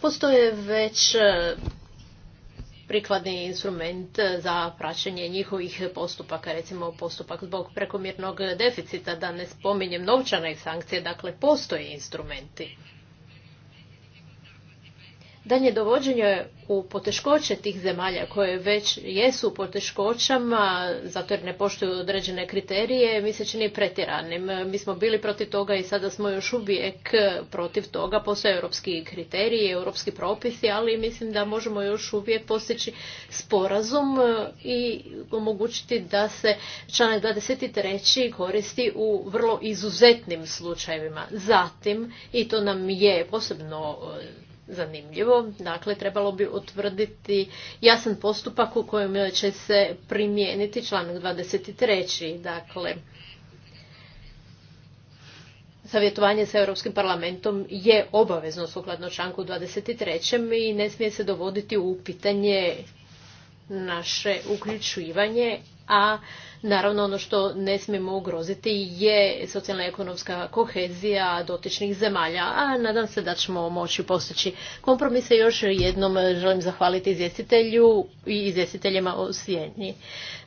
Postoje već prikladni instrument za praćenje njihovih postupaka, recimo postupak zbog prekomjernog deficita, da ne spominjem novčane sankcije, dakle postoje instrumenti danje dovođenje u poteškoće tih zemalja koje već jesu u poteškoćama, zato jer ne poštuju određene kriterije, mi se čini pretjeranim. Mi smo bili protiv toga i sada smo još uvijek protiv toga. Postoje europski kriteriji, europski propisi, ali mislim da možemo još uvijek postići sporazum i omogućiti da se članak 23. koristi u vrlo izuzetnim slučajevima. Zatim, i to nam je posebno zanimljivo. Dakle, trebalo bi utvrditi jasan postupak u kojem će se primijeniti članak 23. Dakle, savjetovanje sa Europskim parlamentom je obavezno sukladno članku 23. i ne smije se dovoditi u pitanje naše uključivanje a naravno ono što ne smijemo ugroziti je socijalna ekonomska kohezija dotičnih zemalja, a nadam se da ćemo moći postići kompromise. Još jednom želim zahvaliti izvjestitelju i izvjestiteljima u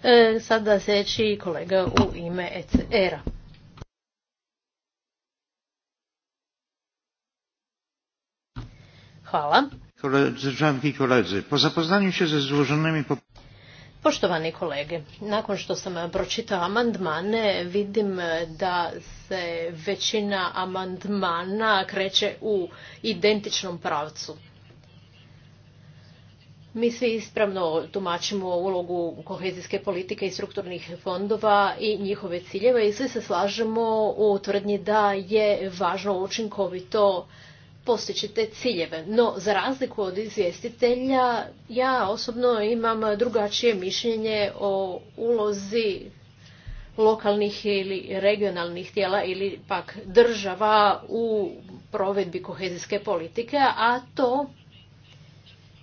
e, Sada sljedeći kolega u ime ECR-a. Hvala. po Poštovani kolege, nakon što sam pročitao amandmane, vidim da se većina amandmana kreće u identičnom pravcu. Mi svi ispravno tumačimo ulogu kohezijske politike i strukturnih fondova i njihove ciljeve i svi se slažemo u tvrdnji da je važno učinkovito postići te ciljeve. No, za razliku od izvjestitelja, ja osobno imam drugačije mišljenje o ulozi lokalnih ili regionalnih tijela ili pak država u provedbi kohezijske politike, a to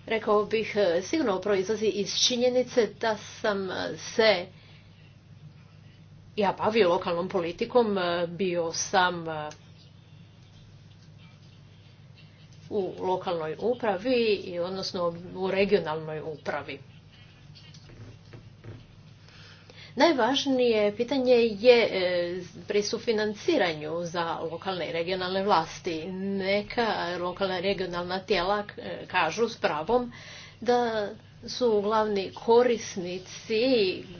rekao bih sigurno proizlazi iz činjenice da sam se ja bavio lokalnom politikom, bio sam u lokalnoj upravi i odnosno u regionalnoj upravi. Najvažnije pitanje je e, pri sufinanciranju za lokalne i regionalne vlasti. Neka lokalna i regionalna tijela e, kažu s pravom da su glavni korisnici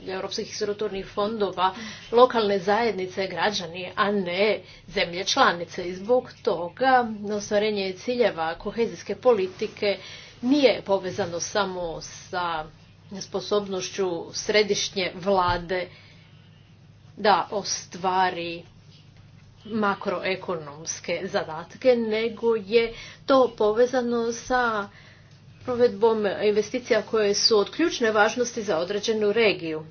europskih strukturnih fondova lokalne zajednice građani, a ne zemlje članice. I zbog toga ostvarenje ciljeva kohezijske politike nije povezano samo sa sposobnošću središnje vlade da ostvari makroekonomske zadatke, nego je to povezano sa provedbom investicija koje su od ključne važnosti za određenu regiju.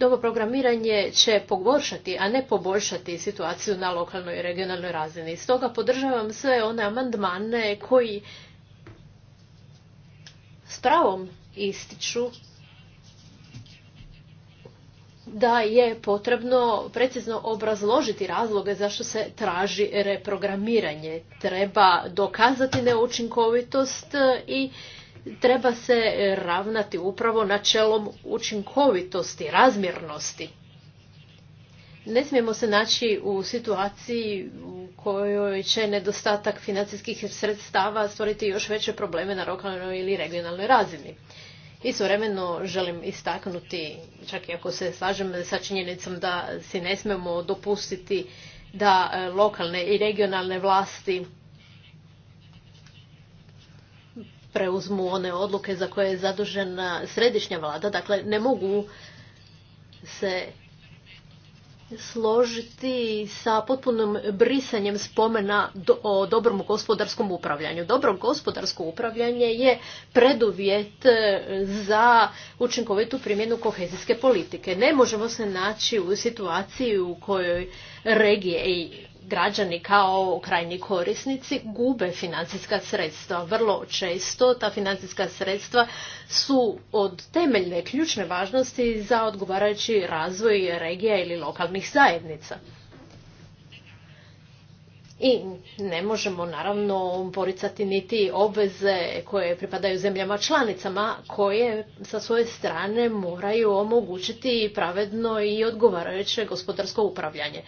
Dobro e, programiranje će pogoršati, a ne poboljšati situaciju na lokalnoj i regionalnoj razini. Stoga podržavam sve one amandmane koji s pravom ističu da je potrebno precizno obrazložiti razloge zašto se traži reprogramiranje. Treba dokazati neučinkovitost e, i treba se ravnati upravo načelom učinkovitosti, razmjernosti. Ne smijemo se naći u situaciji u kojoj će nedostatak financijskih sredstava stvoriti još veće probleme na lokalnoj ili regionalnoj razini. Istovremeno želim istaknuti, čak i ako se slažem sa činjenicom da si ne smemo dopustiti da e, lokalne i regionalne vlasti preuzmu one odluke za koje je zadužena središnja vlada. Dakle, ne mogu se složiti sa potpunom brisanjem spomena o dobrom gospodarskom upravljanju. Dobro gospodarsko upravljanje je preduvjet e, za učinkovitu primjenu kohezijske politike. Ne možemo se naći u situaciji u kojoj regije i građani kao krajni korisnici gube financijska sredstva. Vrlo često ta financijska sredstva su od temeljne ključne važnosti za odgovarajući razvoj regija ili lokalnih zajednica. I ne možemo naravno poricati niti obveze koje pripadaju zemljama članicama koje sa svoje strane moraju omogućiti pravedno i odgovarajuće gospodarsko upravljanje.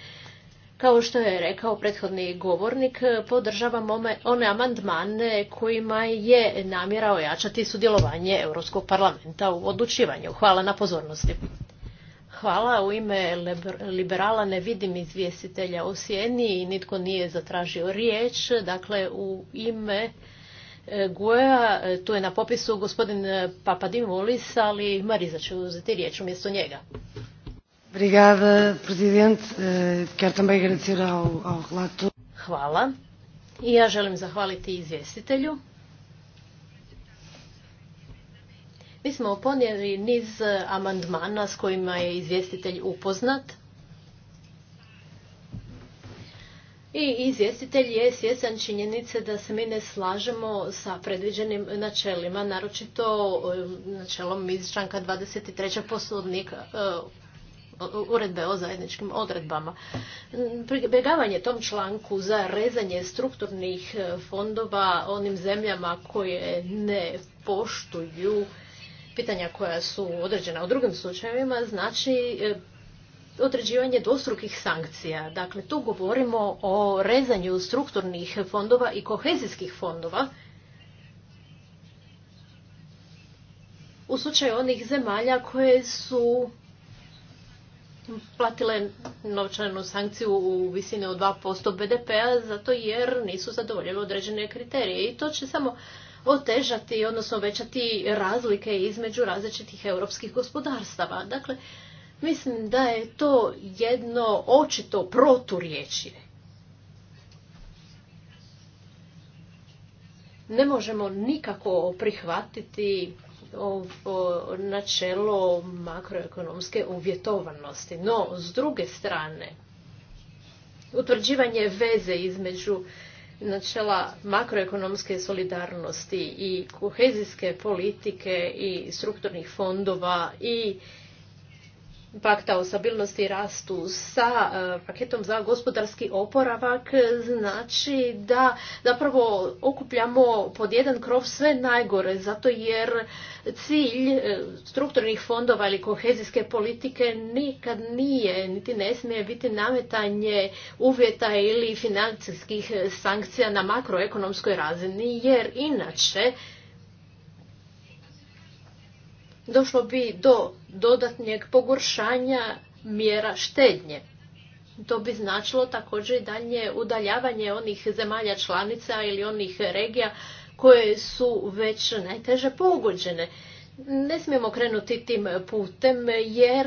Kao što je rekao prethodni govornik, podržavam one amandmane kojima je namjera ojačati sudjelovanje Europskog parlamenta u odlučivanju. Hvala na pozornosti. Hvala. U ime liberala ne vidim izvjestitelja o sjeni i nitko nije zatražio riječ. Dakle, u ime e, Guea, e, tu je na popisu gospodin e, Papadimolis, ali Mariza će uzeti riječ umjesto njega. Obrigada, presidente. Eh, quero também agradecer ao, Hvala. I ja želim zahvaliti izvjestitelju. Mi smo ponijeli niz eh, amandmana s kojima je izvjestitelj upoznat. I izvjestitelj je svjestan činjenice da se mi ne slažemo sa predviđenim načelima, naročito eh, načelom iz članka 23. poslovnika uredbe o zajedničkim odredbama. Pribjegavanje tom članku za rezanje strukturnih e, fondova onim zemljama koje ne poštuju pitanja koja su određena u drugim slučajevima znači e, određivanje dvostrukih sankcija. Dakle, tu govorimo o rezanju strukturnih fondova i kohezijskih fondova u slučaju onih zemalja koje su platile novčanu sankciju u visini od 2% BDP-a zato jer nisu zadovoljile određene kriterije. I to će samo otežati, odnosno većati razlike između različitih europskih gospodarstava. Dakle, mislim da je to jedno očito proturječje. Ne možemo nikako prihvatiti o načelo makroekonomske uvjetovanosti. No, s druge strane, utvrđivanje veze između načela makroekonomske solidarnosti i kohezijske politike i strukturnih fondova i pakta o stabilnosti i rastu sa e, paketom za gospodarski oporavak znači da zapravo okupljamo pod jedan krov sve najgore zato jer cilj e, strukturnih fondova ili kohezijske politike nikad nije niti ne smije biti nametanje uvjeta ili financijskih sankcija na makroekonomskoj razini jer inače došlo bi do dodatnjeg pogoršanja mjera štednje. To bi značilo također i daljnje udaljavanje onih zemalja članica ili onih regija koje su već najteže pogođene. Ne smijemo krenuti tim putem jer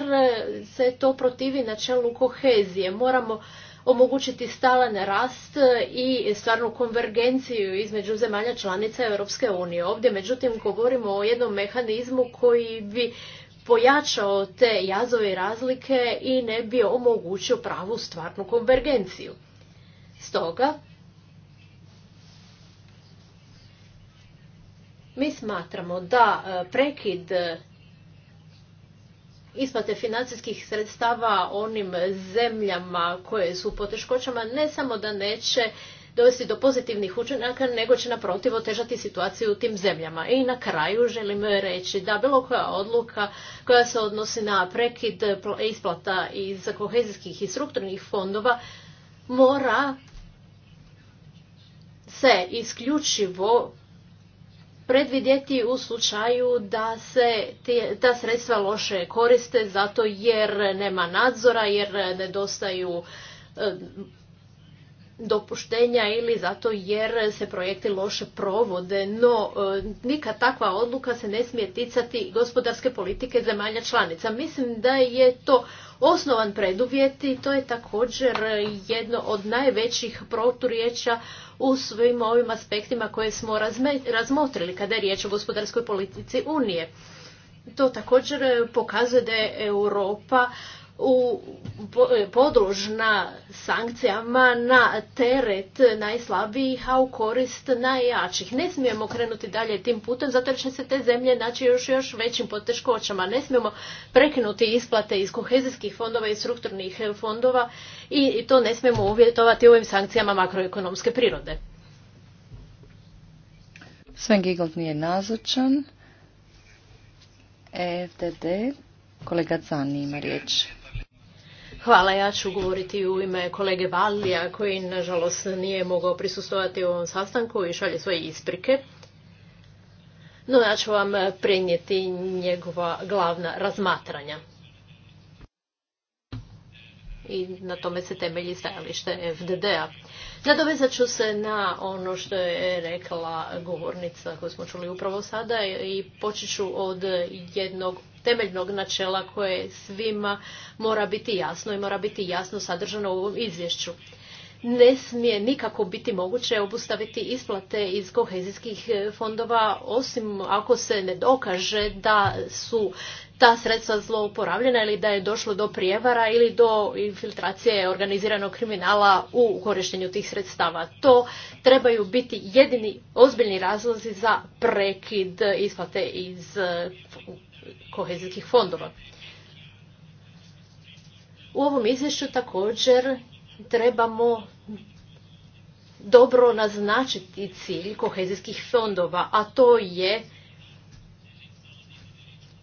se to protivi načelu kohezije. Moramo omogućiti stalan rast i stvarnu konvergenciju između zemalja članica Europske unije. Ovdje međutim govorimo o jednom mehanizmu koji bi pojačao te jazove razlike i ne bi omogućio pravu stvarnu konvergenciju. Stoga, mi smatramo da e, prekid e, isplate financijskih sredstava onim zemljama koje su u poteškoćama ne samo da neće dovesti do pozitivnih učinaka, nego će naprotiv težati situaciju u tim zemljama. I na kraju želim reći da bilo koja odluka koja se odnosi na prekid isplata iz kohezijskih i strukturnih fondova mora se isključivo predvidjeti u slučaju da se ta sredstva loše koriste zato jer nema nadzora, jer nedostaju dopuštenja ili zato jer se projekti loše provode, no e, nikad takva odluka se ne smije ticati gospodarske politike zemalja članica. Mislim da je to osnovan preduvjet i to je također jedno od najvećih proturiječa u svim ovim aspektima koje smo razmotrili kada je riječ o gospodarskoj politici Unije. To također pokazuje da je Europa u e, podružna sankcijama na teret najslabijih, a u korist najjačih. Ne smijemo krenuti dalje tim putem, zato jer će se te zemlje naći još još većim poteškoćama. Ne smijemo prekinuti isplate iz kohezijskih fondova i strukturnih fondova i to ne smijemo uvjetovati ovim sankcijama makroekonomske prirode. Sven Gigold nije nazočan. EFDD, kolega Zani ima riječ. Hvala, ja ću govoriti u ime kolege Valija koji nažalost nije mogao prisustovati u ovom sastanku i šalje svoje isprike. No ja ću vam prenijeti njegova glavna razmatranja. I na tome se temelji stajalište FDD-a. Nadovezat ću se na ono što je rekla govornica koju smo čuli upravo sada i počet ću od jednog temeljnog načela koje svima mora biti jasno i mora biti jasno sadržano u ovom izvješću. Ne smije nikako biti moguće obustaviti isplate iz kohezijskih e, fondova osim ako se ne dokaže da su ta sredstva zlouporabljena ili da je došlo do prijevara ili do infiltracije organiziranog kriminala u korištenju tih sredstava. To trebaju biti jedini ozbiljni razlozi za prekid isplate iz e, kohezijskih fondova. U ovom izvješću također trebamo dobro naznačiti cilj kohezijskih fondova, a to je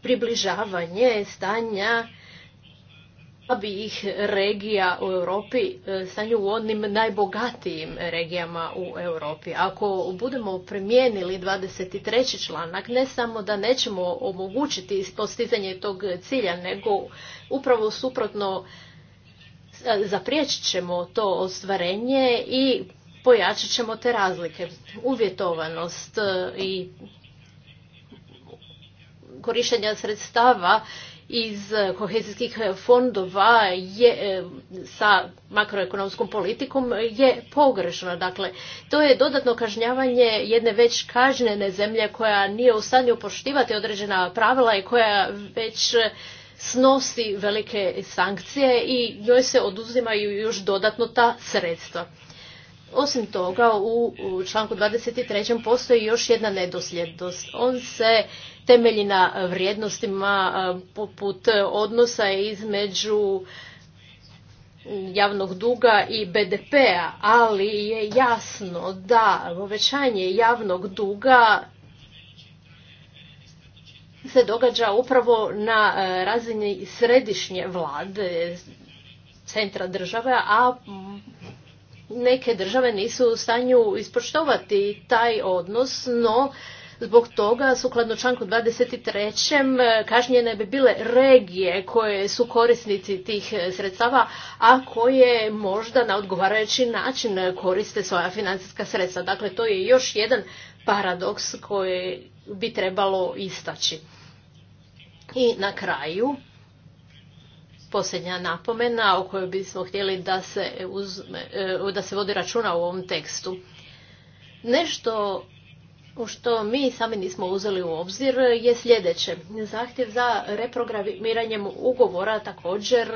približavanje stanja ih regija u Europi e, sa u onim najbogatijim regijama u Europi. Ako budemo primijenili 23. članak, ne samo da nećemo omogućiti postizanje tog cilja, nego upravo suprotno e, zapriječit ćemo to ostvarenje i pojačat ćemo te razlike. Uvjetovanost e, i korištenja sredstava iz eh, kohezijskih eh, fondova je, eh, sa makroekonomskom politikom je pogrešno. Dakle, to je dodatno kažnjavanje jedne već kažnjene zemlje koja nije u stanju poštivati određena pravila i koja već snosi velike sankcije i njoj se oduzimaju još dodatno ta sredstva. Osim toga, u članku 23. postoji još jedna nedosljednost. On se temelji na vrijednostima poput odnosa između javnog duga i BDP-a, ali je jasno da povećanje javnog duga se događa upravo na e, razini središnje vlade, centra države, a neke države nisu u stanju ispoštovati taj odnos, no Zbog toga, sukladno članku 23. kažnjene bi bile regije koje su korisnici tih e, sredstava, a koje možda na odgovarajući način koriste svoja financijska sredstva. Dakle, to je još jedan paradoks koji bi trebalo istaći. I na kraju, posljednja napomena o kojoj bismo htjeli da se, e, da se vodi računa u ovom tekstu. Nešto ono što mi sami nismo uzeli u obzir je sljedeće. Zahtjev za reprogramiranjem ugovora također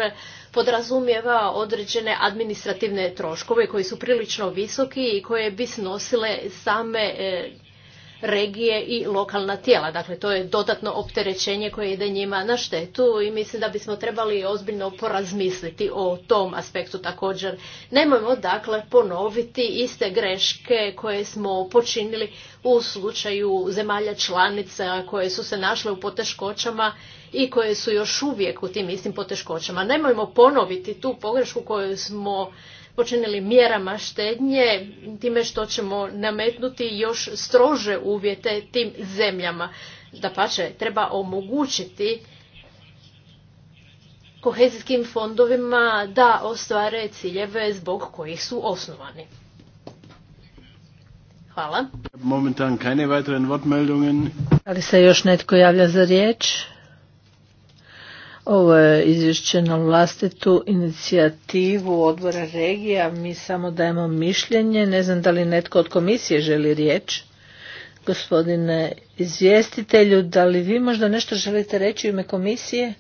podrazumijeva određene administrativne troškove koji su prilično visoki i koje bi snosile same e, regije i lokalna tijela. Dakle, to je dodatno opterećenje koje ide njima na štetu i mislim da bismo trebali ozbiljno porazmisliti o tom aspektu također. Nemojmo dakle ponoviti iste greške koje smo počinili u slučaju zemalja članica koje su se našle u poteškoćama i koje su još uvijek u tim istim poteškoćama. Nemojmo ponoviti tu pogrešku koju smo počinili mjerama štednje, time što ćemo nametnuti još strože uvjete tim zemljama. Da pače, treba omogućiti kohezijskim fondovima da ostvare ciljeve zbog kojih su osnovani. Hvala. Da li se još netko javlja za riječ? Ovo je izvješće na vlastitu inicijativu odbora regija. Mi samo dajemo mišljenje. Ne znam da li netko od komisije želi riječ. Gospodine izvjestitelju, da li vi možda nešto želite reći u ime komisije?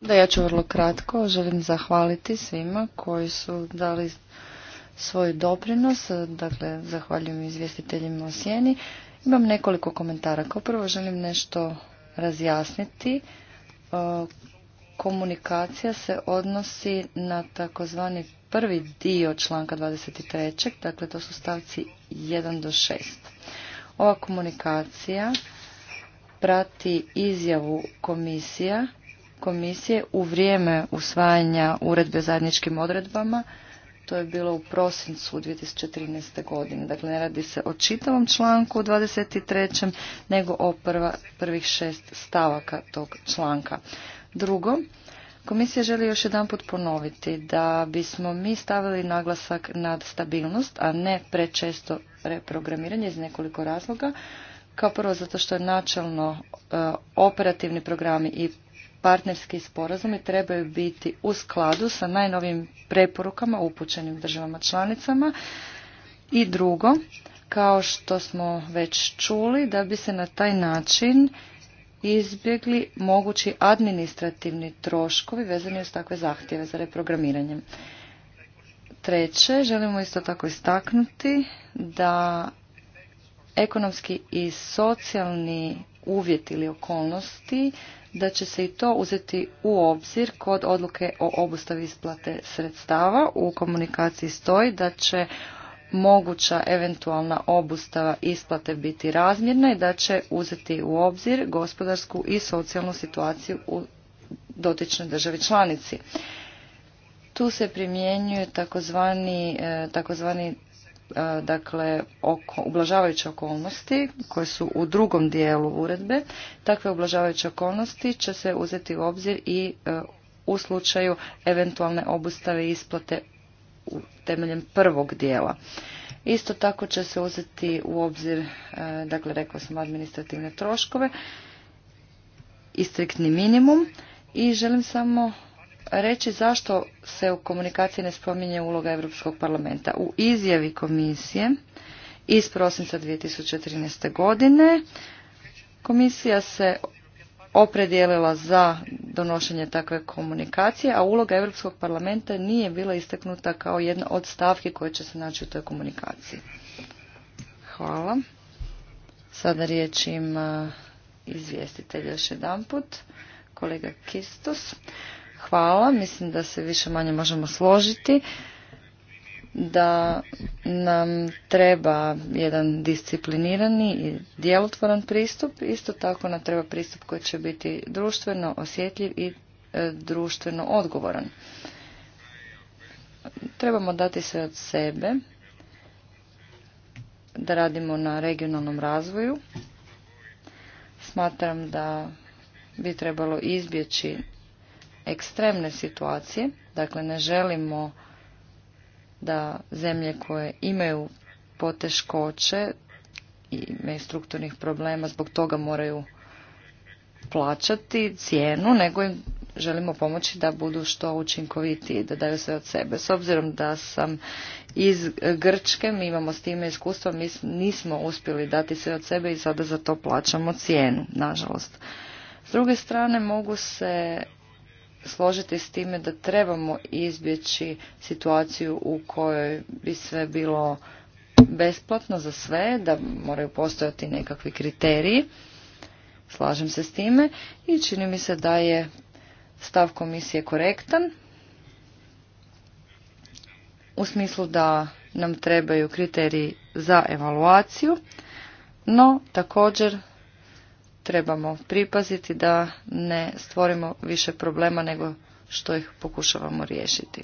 Da, ja ću vrlo kratko. Želim zahvaliti svima koji su dali svoj doprinos. Dakle, zahvaljujem izvjestiteljima o sjeni. Imam nekoliko komentara. Kao prvo želim nešto razjasniti E, komunikacija se odnosi na takozvani prvi dio članka 23. Dakle, to su stavci 1 do 6. Ova komunikacija prati izjavu komisija, komisije u vrijeme usvajanja uredbe zajedničkim odredbama to je bilo u prosincu 2013. godine. Dakle, ne radi se o čitavom članku 23. nego o prva, prvih šest stavaka tog članka. Drugo, Komisija želi još jedanput ponoviti da bismo mi stavili naglasak nad stabilnost, a ne prečesto reprogramiranje iz nekoliko razloga. Kao prvo zato što je načelno e, operativni programi i partnerski sporazumi trebaju biti u skladu sa najnovim preporukama upućenim državama članicama. I drugo, kao što smo već čuli, da bi se na taj način izbjegli mogući administrativni troškovi vezani uz takve zahtjeve za reprogramiranje. Treće, želimo isto tako istaknuti da ekonomski i socijalni uvjeti ili okolnosti da će se i to uzeti u obzir kod odluke o obustavi isplate sredstava. U komunikaciji stoji da će moguća eventualna obustava isplate biti razmjerna i da će uzeti u obzir gospodarsku i socijalnu situaciju u dotičnoj državi članici. Tu se primjenjuje takozvani e, E, dakle oko, ublažavajuće okolnosti koje su u drugom dijelu uredbe. Takve ublažavajuće okolnosti će se uzeti u obzir i e, u slučaju eventualne obustave isplate temeljem prvog dijela. Isto tako će se uzeti u obzir, e, dakle rekao sam, administrativne troškove i minimum. I želim samo reći zašto se u komunikaciji ne spominje uloga Europskog parlamenta. U izjavi komisije iz prosinca 2013. godine komisija se opredijelila za donošenje takve komunikacije, a uloga Europskog parlamenta nije bila istaknuta kao jedna od stavki koje će se naći u toj komunikaciji. Hvala. Sada riječ ima izvjestitelj još jedan put, kolega Kistos hvala. Mislim da se više manje možemo složiti da nam treba jedan disciplinirani i djelotvoran pristup. Isto tako nam treba pristup koji će biti društveno osjetljiv i e, društveno odgovoran. Trebamo dati sve od sebe da radimo na regionalnom razvoju. Smatram da bi trebalo izbjeći ekstremne situacije, dakle ne želimo da zemlje koje imaju poteškoće i imaju strukturnih problema zbog toga moraju plaćati cijenu, nego im želimo pomoći da budu što učinkovitiji, da daju sve od sebe. S obzirom da sam iz Grčke, mi imamo s time iskustva, mi nismo uspjeli dati sve od sebe i sada za to plaćamo cijenu, nažalost. S druge strane mogu se složiti s time da trebamo izbjeći situaciju u kojoj bi sve bilo besplatno za sve, da moraju postojati nekakvi kriteriji. Slažem se s time i čini mi se da je stav komisije korektan u smislu da nam trebaju kriteriji za evaluaciju, no također trebamo pripaziti da ne stvorimo više problema nego što ih pokušavamo riješiti.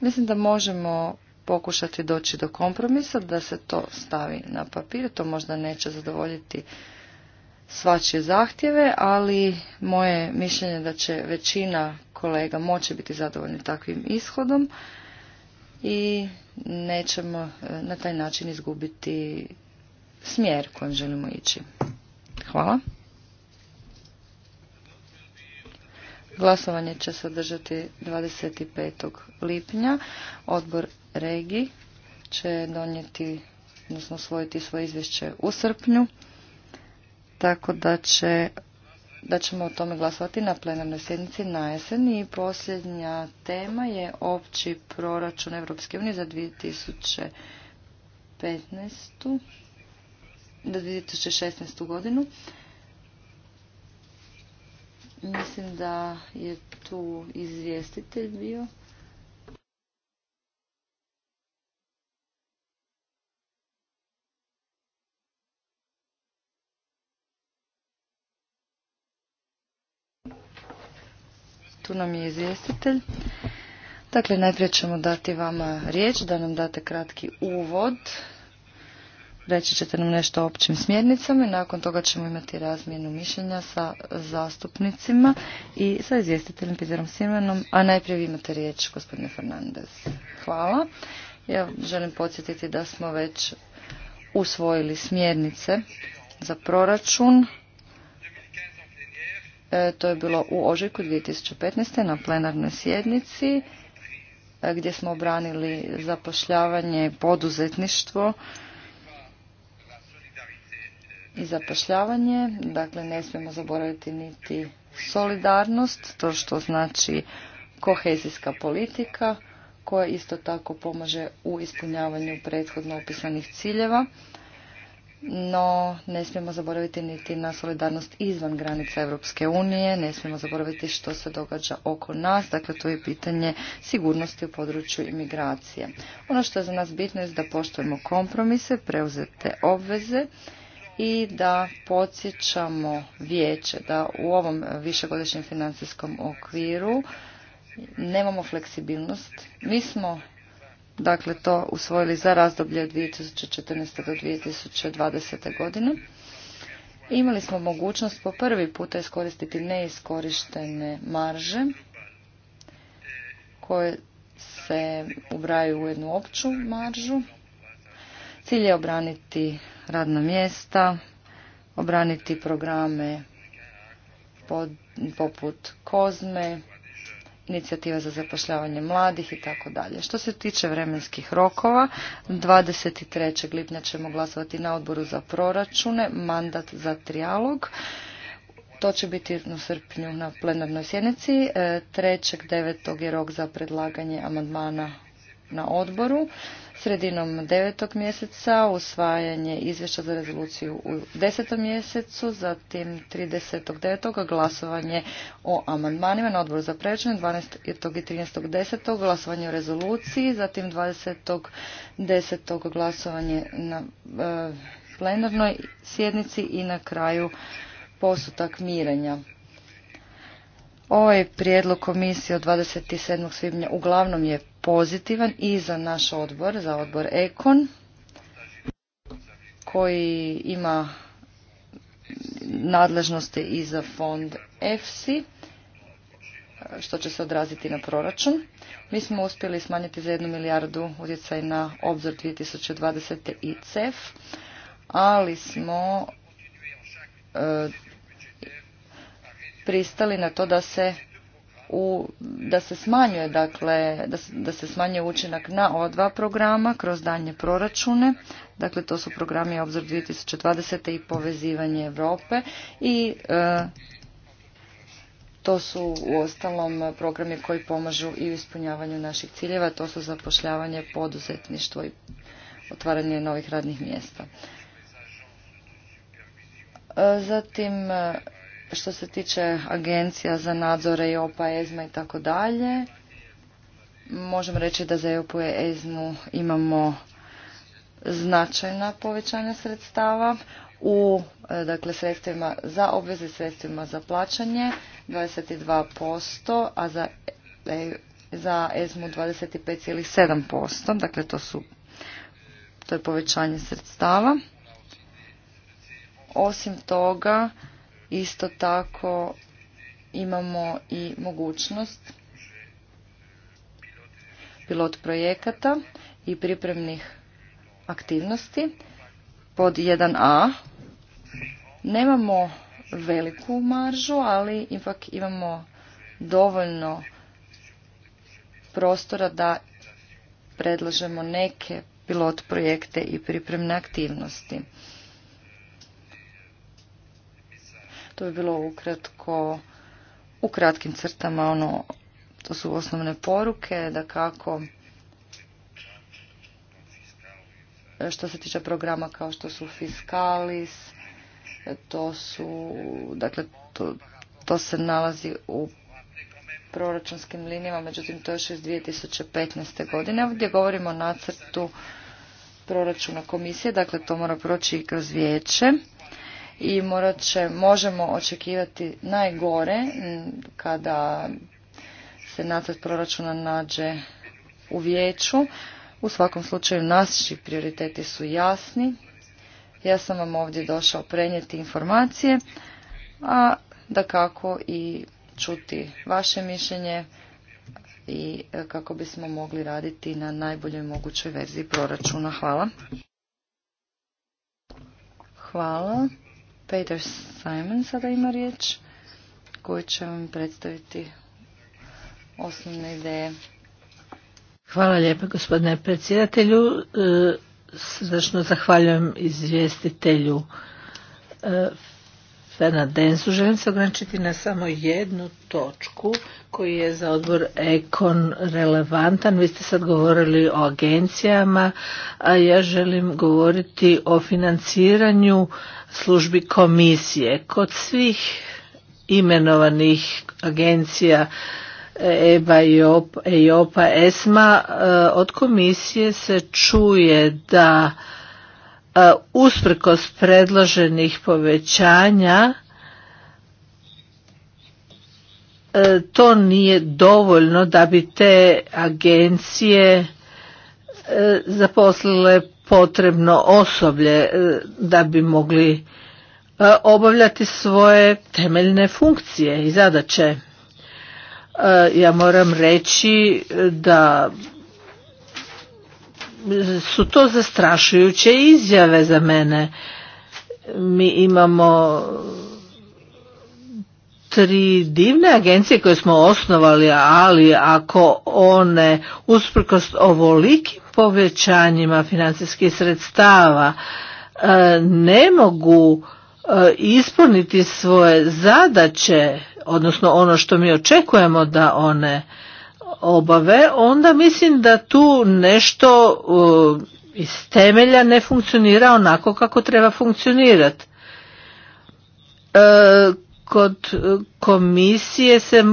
Mislim da možemo pokušati doći do kompromisa, da se to stavi na papir. To možda neće zadovoljiti svačije zahtjeve, ali moje mišljenje da će većina kolega moći biti zadovoljni takvim ishodom i nećemo eh, na taj način izgubiti smjer kojim želimo ići. Hvala. Glasovanje će se održati 25. lipnja. Odbor Regi će donijeti, odnosno osvojiti svoje izvješće u srpnju, tako da, će, da ćemo o tome glasovati na plenarnoj sjednici na jesen. I posljednja tema je opći proračun Europske unije za 2015 do 2016. godinu. Mislim da je tu izvjestitelj bio. Tu nam je izvjestitelj. Dakle, najprije ćemo dati vama riječ, da nam date kratki uvod reći ćete nam nešto o općim smjernicama i nakon toga ćemo imati razmjenu mišljenja sa zastupnicima i sa izvjestiteljem Pizerom Simenom, a najprije vi imate riječ, gospodine Fernandez. Hvala. Ja želim podsjetiti da smo već usvojili smjernice za proračun. E, to je bilo u ožujku 2015. na plenarnoj sjednici e, gdje smo obranili zapošljavanje poduzetništvo i zapošljavanje. Dakle, ne smijemo zaboraviti niti solidarnost, to što znači kohezijska politika koja isto tako pomaže u ispunjavanju prethodno opisanih ciljeva. No, ne smijemo zaboraviti niti na solidarnost izvan granica Europske unije, ne smijemo zaboraviti što se događa oko nas, dakle to je pitanje sigurnosti u području imigracije. Ono što je za nas bitno je da poštujemo kompromise, preuzete obveze i da podsjećamo vijeće da u ovom višegodišnjem financijskom okviru nemamo fleksibilnost. Mi smo dakle to usvojili za razdoblje od 2014. do 2020. godine. Imali smo mogućnost po prvi puta iskoristiti neiskorištene marže koje se ubraju u jednu opću maržu Cilj je obraniti radna mjesta, obraniti programe poput Kozme, inicijativa za zapošljavanje mladih i tako dalje. Što se tiče vremenskih rokova, 23. lipnja ćemo glasovati na odboru za proračune, mandat za trijalog. To će biti u srpnju na plenarnoj sjednici. 9. E, je rok za predlaganje amandmana na odboru sredinom devetog mjeseca, usvajanje izvješća za rezoluciju u desetom mjesecu, zatim 39. glasovanje o amandmanima na odboru za prečanje, 12. i 13.10. glasovanje o rezoluciji, zatim 20.10. glasovanje na e, plenarnoj sjednici i na kraju posutak mirenja. Ovaj prijedlog komisije od 27. svibnja uglavnom je pozitivan i za naš odbor, za odbor Ekon, koji ima nadležnosti i za fond EFSI, što će se odraziti na proračun. Mi smo uspjeli smanjiti za jednu milijardu utjecaj na obzor 2020. i CEF, ali smo e, pristali na to da se u, da se smanjuje dakle da se, da se smanjuje učinak na ova dva programa kroz danje proračune dakle to su programi obzor 2020 i povezivanje Europe i e, to su ostalom programi koji pomažu i u ispunjavanju naših ciljeva to su zapošljavanje poduzetništvo i otvaranje novih radnih mjesta e, zatim što se tiče agencija za nadzore i opa ezma i tako dalje možemo reći da za EOP i imamo značajna povećanja sredstava u e, dakle sredstvima za obveze sredstvima za plaćanje 22%, a za e, za ESMU 25,7%, dakle to su to je povećanje sredstava. Osim toga, Isto tako imamo i mogućnost pilot projekata i pripremnih aktivnosti pod 1a. Nemamo veliku maržu, ali ipak imamo dovoljno prostora da predlažemo neke pilot projekte i pripremne aktivnosti. To je bilo ukratko, u kratkim crtama ono, to su osnovne poruke, da kako što se tiče programa kao što su Fiskalis, to su, dakle, to, to se nalazi u proračunskim linijama, međutim to je još iz 2015. godine. Ovdje govorimo o nacrtu proračuna komisije, dakle to mora proći i kroz vijeće i morat možemo očekivati najgore kada se nacrt proračuna nađe u vijeću. U svakom slučaju naši prioriteti su jasni. Ja sam vam ovdje došao prenijeti informacije, a da kako i čuti vaše mišljenje i kako bismo mogli raditi na najboljoj mogućoj verziji proračuna. Hvala. Hvala. Peter Simon sada ima riječ koji će vam predstaviti osnovne ideje. Hvala lijepa gospodine predsjedatelju. E, srdačno zahvaljujem izvjestitelju e, na Densu. Želim se ograničiti na samo jednu točku koji je za odbor Ekon relevantan. Vi ste sad govorili o agencijama, a ja želim govoriti o financiranju službi komisije. Kod svih imenovanih agencija EBA, EOPA, ESMA, od komisije se čuje da E, usprkos predloženih povećanja e, to nije dovoljno da bi te agencije e, zaposlile potrebno osoblje da bi mogli obavljati svoje temeljne funkcije i zadaće. Ja moram reći da su to zastrašujuće izjave za mene. Mi imamo tri divne agencije koje smo osnovali, ali ako one usprkos ovolikim povećanjima financijskih sredstava e, ne mogu e, ispuniti svoje zadaće, odnosno ono što mi očekujemo da one obave, onda mislim da tu nešto iz temelja ne funkcionira onako kako treba funkcionirati. E, kod komisije se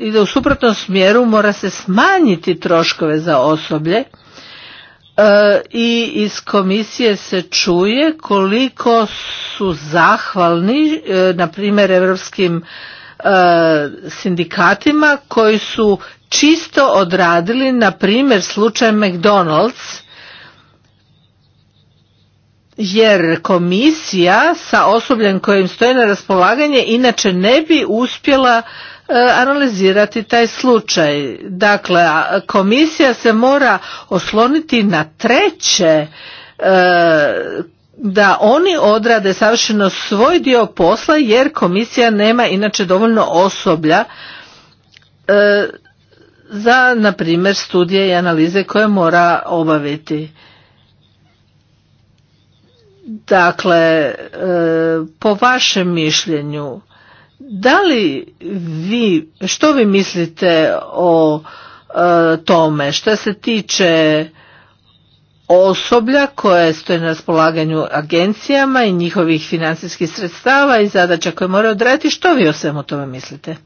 ide u suprotnom smjeru, mora se smanjiti troškove za osoblje e, i iz komisije se čuje koliko su zahvalni, e, na primjer, evropskim sindikatima koji su čisto odradili, na primjer slučaj McDonald's, jer komisija sa osobljem kojim stoji na raspolaganje inače ne bi uspjela e, analizirati taj slučaj. Dakle, komisija se mora osloniti na treće e, da oni odrade savršeno svoj dio posla jer komisija nema inače dovoljno osoblja e, za, na primjer, studije i analize koje mora obaviti. Dakle, e, po vašem mišljenju, da li vi, što vi mislite o e, tome što se tiče osoblja koje stoje na raspolaganju agencijama i njihovih financijskih sredstava i zadaća koje moraju odraditi, što vi o svemu tome mislite?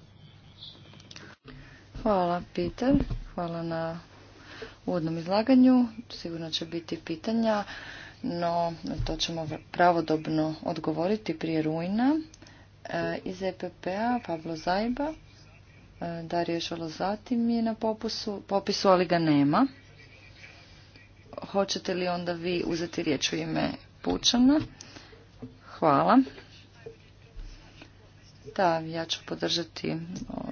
Hvala Peter, hvala na uvodnom izlaganju. Sigurno će biti pitanja, no to ćemo pravodobno odgovoriti prije rujna. E, iz EPP-a Pablo Zajba, e, Dario mi je na popisu, ali ga nema. Hoćete li onda vi uzeti riječ u ime Pučana? Hvala. Da, ja ću podržati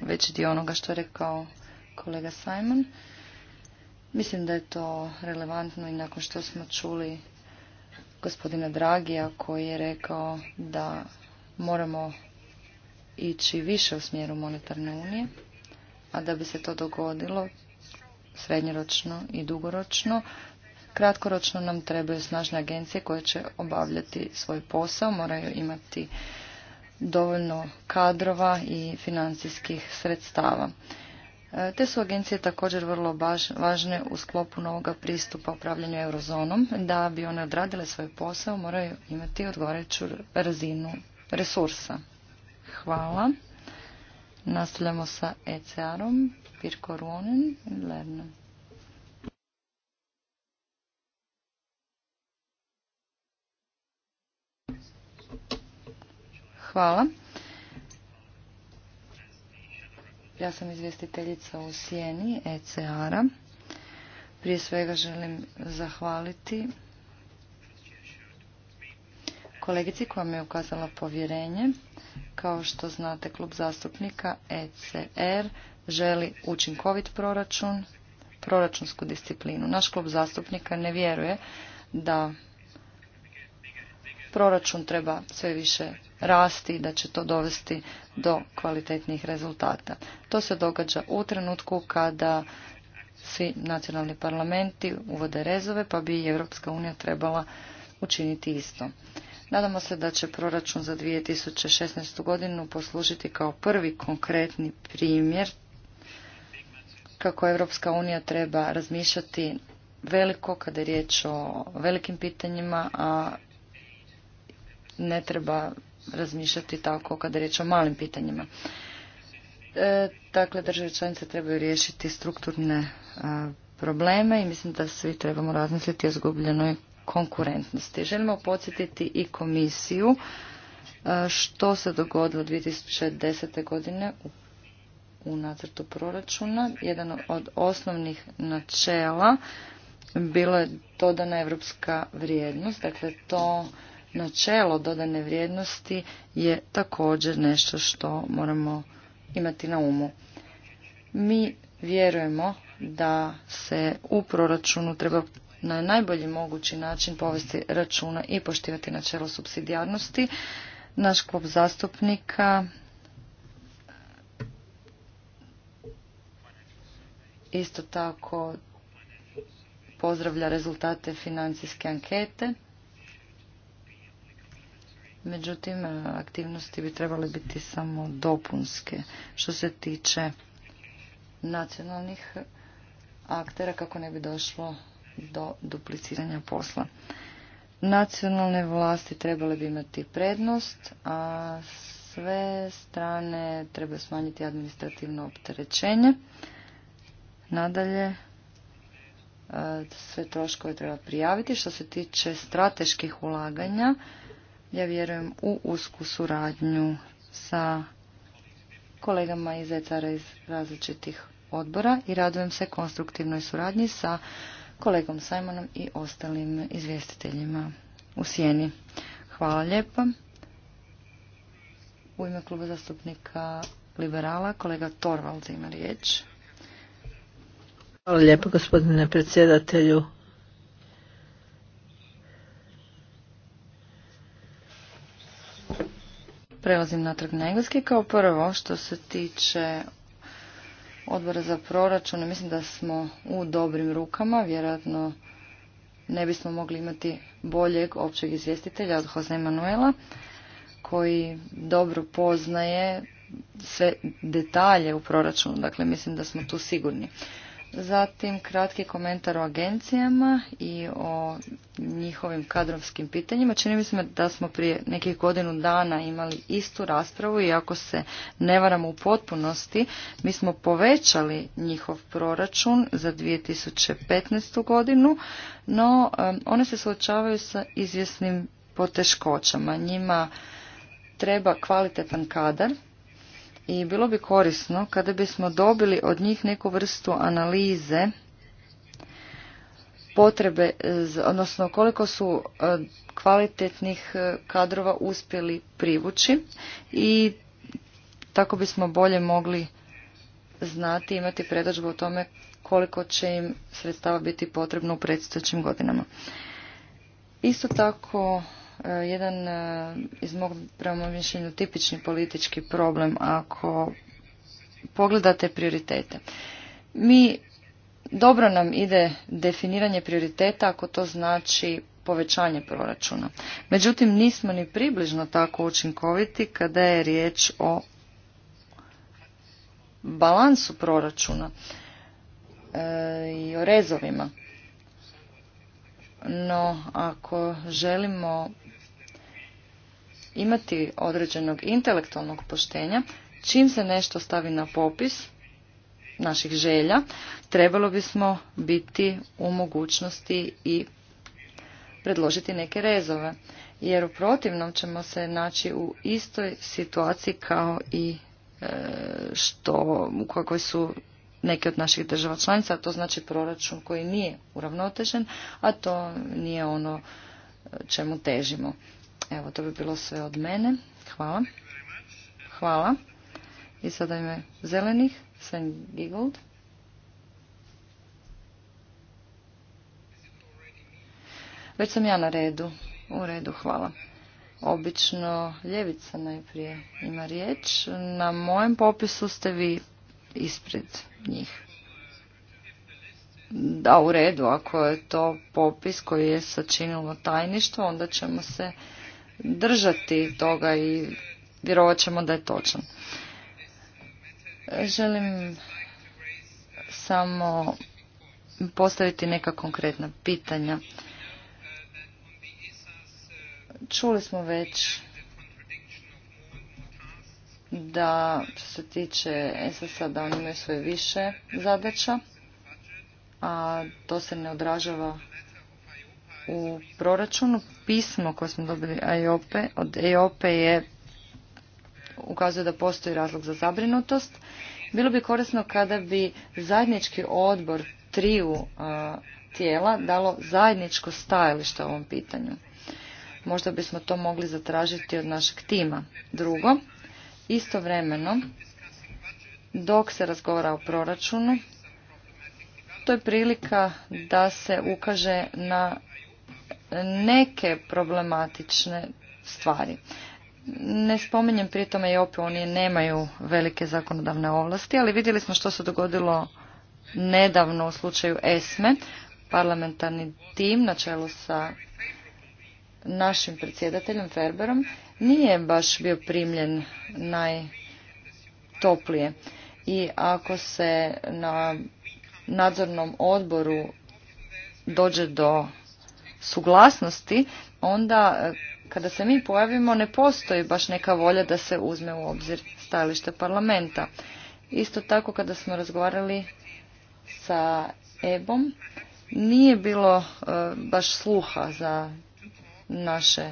veći dio onoga što je rekao kolega Simon. Mislim da je to relevantno i nakon što smo čuli gospodina Dragija koji je rekao da moramo ići više u smjeru monetarne unije, a da bi se to dogodilo srednjoročno i dugoročno, kratkoročno nam trebaju snažne agencije koje će obavljati svoj posao, moraju imati dovoljno kadrova i financijskih sredstava. E, te su agencije također vrlo važne u sklopu novog pristupa upravljanju eurozonom. Da bi one odradile svoj posao moraju imati odgovarajuću razinu resursa. Hvala. Nastavljamo sa ECR-om. Pirko Ruonen Hvala. Ja sam izvjestiteljica u Sijeni, ECR-a. Prije svega želim zahvaliti kolegici koja mi je ukazala povjerenje. Kao što znate, klub zastupnika ECR želi učinkovit proračun, proračunsku disciplinu. Naš klub zastupnika ne vjeruje da proračun treba sve više rasti i da će to dovesti do kvalitetnih rezultata. To se događa u trenutku kada svi nacionalni parlamenti uvode rezove, pa bi i Europska unija trebala učiniti isto. Nadamo se da će proračun za 2016. godinu poslužiti kao prvi konkretni primjer kako Europska unija treba razmišljati veliko kada je riječ o velikim pitanjima, a ne treba razmišljati tako kada je riječ o malim pitanjima. E, dakle, države članice trebaju riješiti strukturne e, probleme i mislim da svi trebamo razmisliti o zgubljenoj konkurentnosti. Želimo podsjetiti i komisiju e, što se dogodilo 2010. godine u, u nacrtu proračuna. Jedan od osnovnih načela bilo je dodana evropska vrijednost, dakle to načelo dodane vrijednosti je također nešto što moramo imati na umu. Mi vjerujemo da se u proračunu treba na najbolji mogući način povesti računa i poštivati načelo subsidijarnosti. Naš klub zastupnika isto tako pozdravlja rezultate financijske ankete međutim e, aktivnosti bi trebale biti samo dopunske što se tiče nacionalnih aktera kako ne bi došlo do dupliciranja posla. Nacionalne vlasti trebale bi imati prednost, a sve strane treba smanjiti administrativno opterećenje. Nadalje, e, sve troškove treba prijaviti. Što se tiče strateških ulaganja, ja vjerujem u usku suradnju sa kolegama iz ECR-a iz različitih odbora i radujem se konstruktivnoj suradnji sa kolegom Simonom i ostalim izvjestiteljima u sjeni. Hvala lijepa. U ime kluba zastupnika liberala kolega Torvald ima riječ. Hvala lijepo gospodine predsjedatelju. Prelazim natrag na engleski. Kao prvo, što se tiče odbora za proračun, mislim da smo u dobrim rukama. Vjerojatno ne bismo mogli imati boljeg općeg izvjestitelja od Jose Manuela, koji dobro poznaje sve detalje u proračunu. Dakle, mislim da smo tu sigurni. Zatim kratki komentar o agencijama i o njihovim kadrovskim pitanjima. Čini mi se da smo prije nekih godinu dana imali istu raspravu i ako se ne varamo u potpunosti, mi smo povećali njihov proračun za 2015. godinu, no one se suočavaju sa izvjesnim poteškoćama. Njima treba kvalitetan kadar i bilo bi korisno kada bismo dobili od njih neku vrstu analize potrebe, odnosno koliko su e, kvalitetnih e, kadrova uspjeli privući i tako bismo bolje mogli znati i imati predođbu o tome koliko će im sredstava biti potrebno u predstojećim godinama. Isto tako Eh, jedan eh, iz mog prema mišljenju tipični politički problem ako pogledate prioritete. Mi dobro nam ide definiranje prioriteta ako to znači povećanje proračuna. Međutim, nismo ni približno tako učinkoviti kada je riječ o balansu proračuna eh, i o rezovima. No, ako želimo imati određenog intelektualnog poštenja, čim se nešto stavi na popis naših želja, trebalo bismo biti u mogućnosti i predložiti neke rezove. Jer u protivnom ćemo se naći u istoj situaciji kao i e, što u kakvoj su neke od naših država članica, a to znači proračun koji nije uravnotežen, a to nije ono čemu težimo. Evo, to bi bilo sve od mene. Hvala. Hvala. I sada ime zelenih, Sven Giggold. Već sam ja na redu. U redu, hvala. Obično ljevica najprije ima riječ. Na mojem popisu ste vi ispred njih. Da, u redu. Ako je to popis koji je sačinilo tajništvo, onda ćemo se držati toga i vjerovat ćemo da je točan. Želim samo postaviti neka konkretna pitanja. Čuli smo već da što se tiče ss da oni imaju sve više zadaća, a to se ne odražava u proračunu pismo koje smo dobili od EOP je ukazuje da postoji razlog za zabrinutost. Bilo bi korisno kada bi zajednički odbor triju e, tijela dalo zajedničko stajalište ovom pitanju. Možda bismo to mogli zatražiti od našeg tima. Drugo, istovremeno, dok se razgovara o proračunu, to je prilika da se ukaže na neke problematične stvari. Ne spominjem tome i opet oni nemaju velike zakonodavne ovlasti, ali vidjeli smo što se dogodilo nedavno u slučaju ESME. Parlamentarni tim na čelu sa našim predsjedateljem Ferberom nije baš bio primljen najtoplije. I ako se na nadzornom odboru dođe do suglasnosti, onda e, kada se mi pojavimo ne postoji baš neka volja da se uzme u obzir stajalište parlamenta. Isto tako kada smo razgovarali sa EBOM, nije bilo e, baš sluha za naše,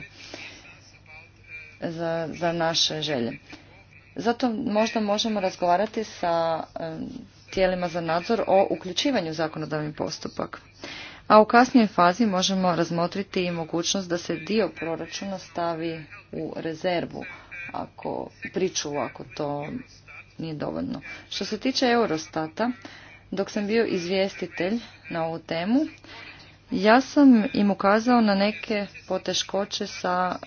za, za naše želje. Zato možda možemo razgovarati sa e, tijelima za nadzor o uključivanju zakonodavnih postupak a u kasnijoj fazi možemo razmotriti i mogućnost da se dio proračuna stavi u rezervu, ako priču, ako to nije dovoljno. Što se tiče Eurostata, dok sam bio izvjestitelj na ovu temu, ja sam im ukazao na neke poteškoće sa e,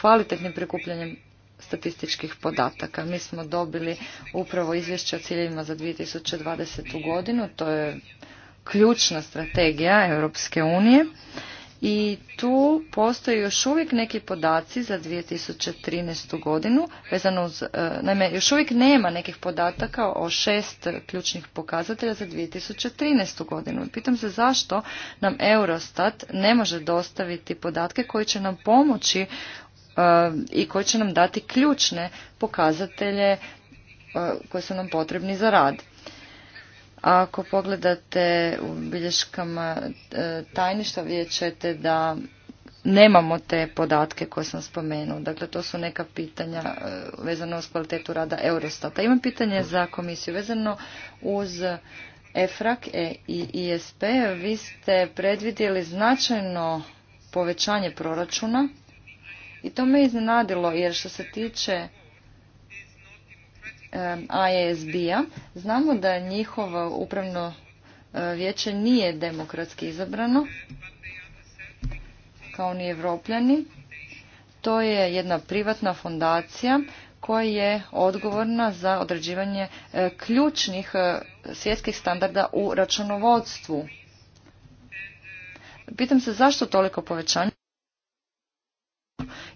kvalitetnim prikupljanjem statističkih podataka. Mi smo dobili upravo izvješće o ciljevima za 2020. godinu, to je ključna strategija Europske unije i tu postoje još uvijek neki podaci za 2013. godinu vezano uz, e, naime, još uvijek nema nekih podataka o šest ključnih pokazatelja za 2013. godinu. Pitam se zašto nam Eurostat ne može dostaviti podatke koji će nam pomoći e, i koji će nam dati ključne pokazatelje e, koji su nam potrebni za rad ako pogledate u bilješkama e, tajništva vidjet ćete da nemamo te podatke koje sam spomenuo. Dakle, to su neka pitanja e, vezano uz kvalitetu rada Eurostata. Imam pitanje za komisiju vezano uz EFRAK e, i ISP. Vi ste predvidjeli značajno povećanje proračuna i to me iznenadilo jer što se tiče iasb a znamo da njihovo upravno e, vijeće nije demokratski izabrano, kao ni evropljani. To je jedna privatna fondacija koja je odgovorna za određivanje e, ključnih e, svjetskih standarda u računovodstvu. Pitam se zašto toliko povećanje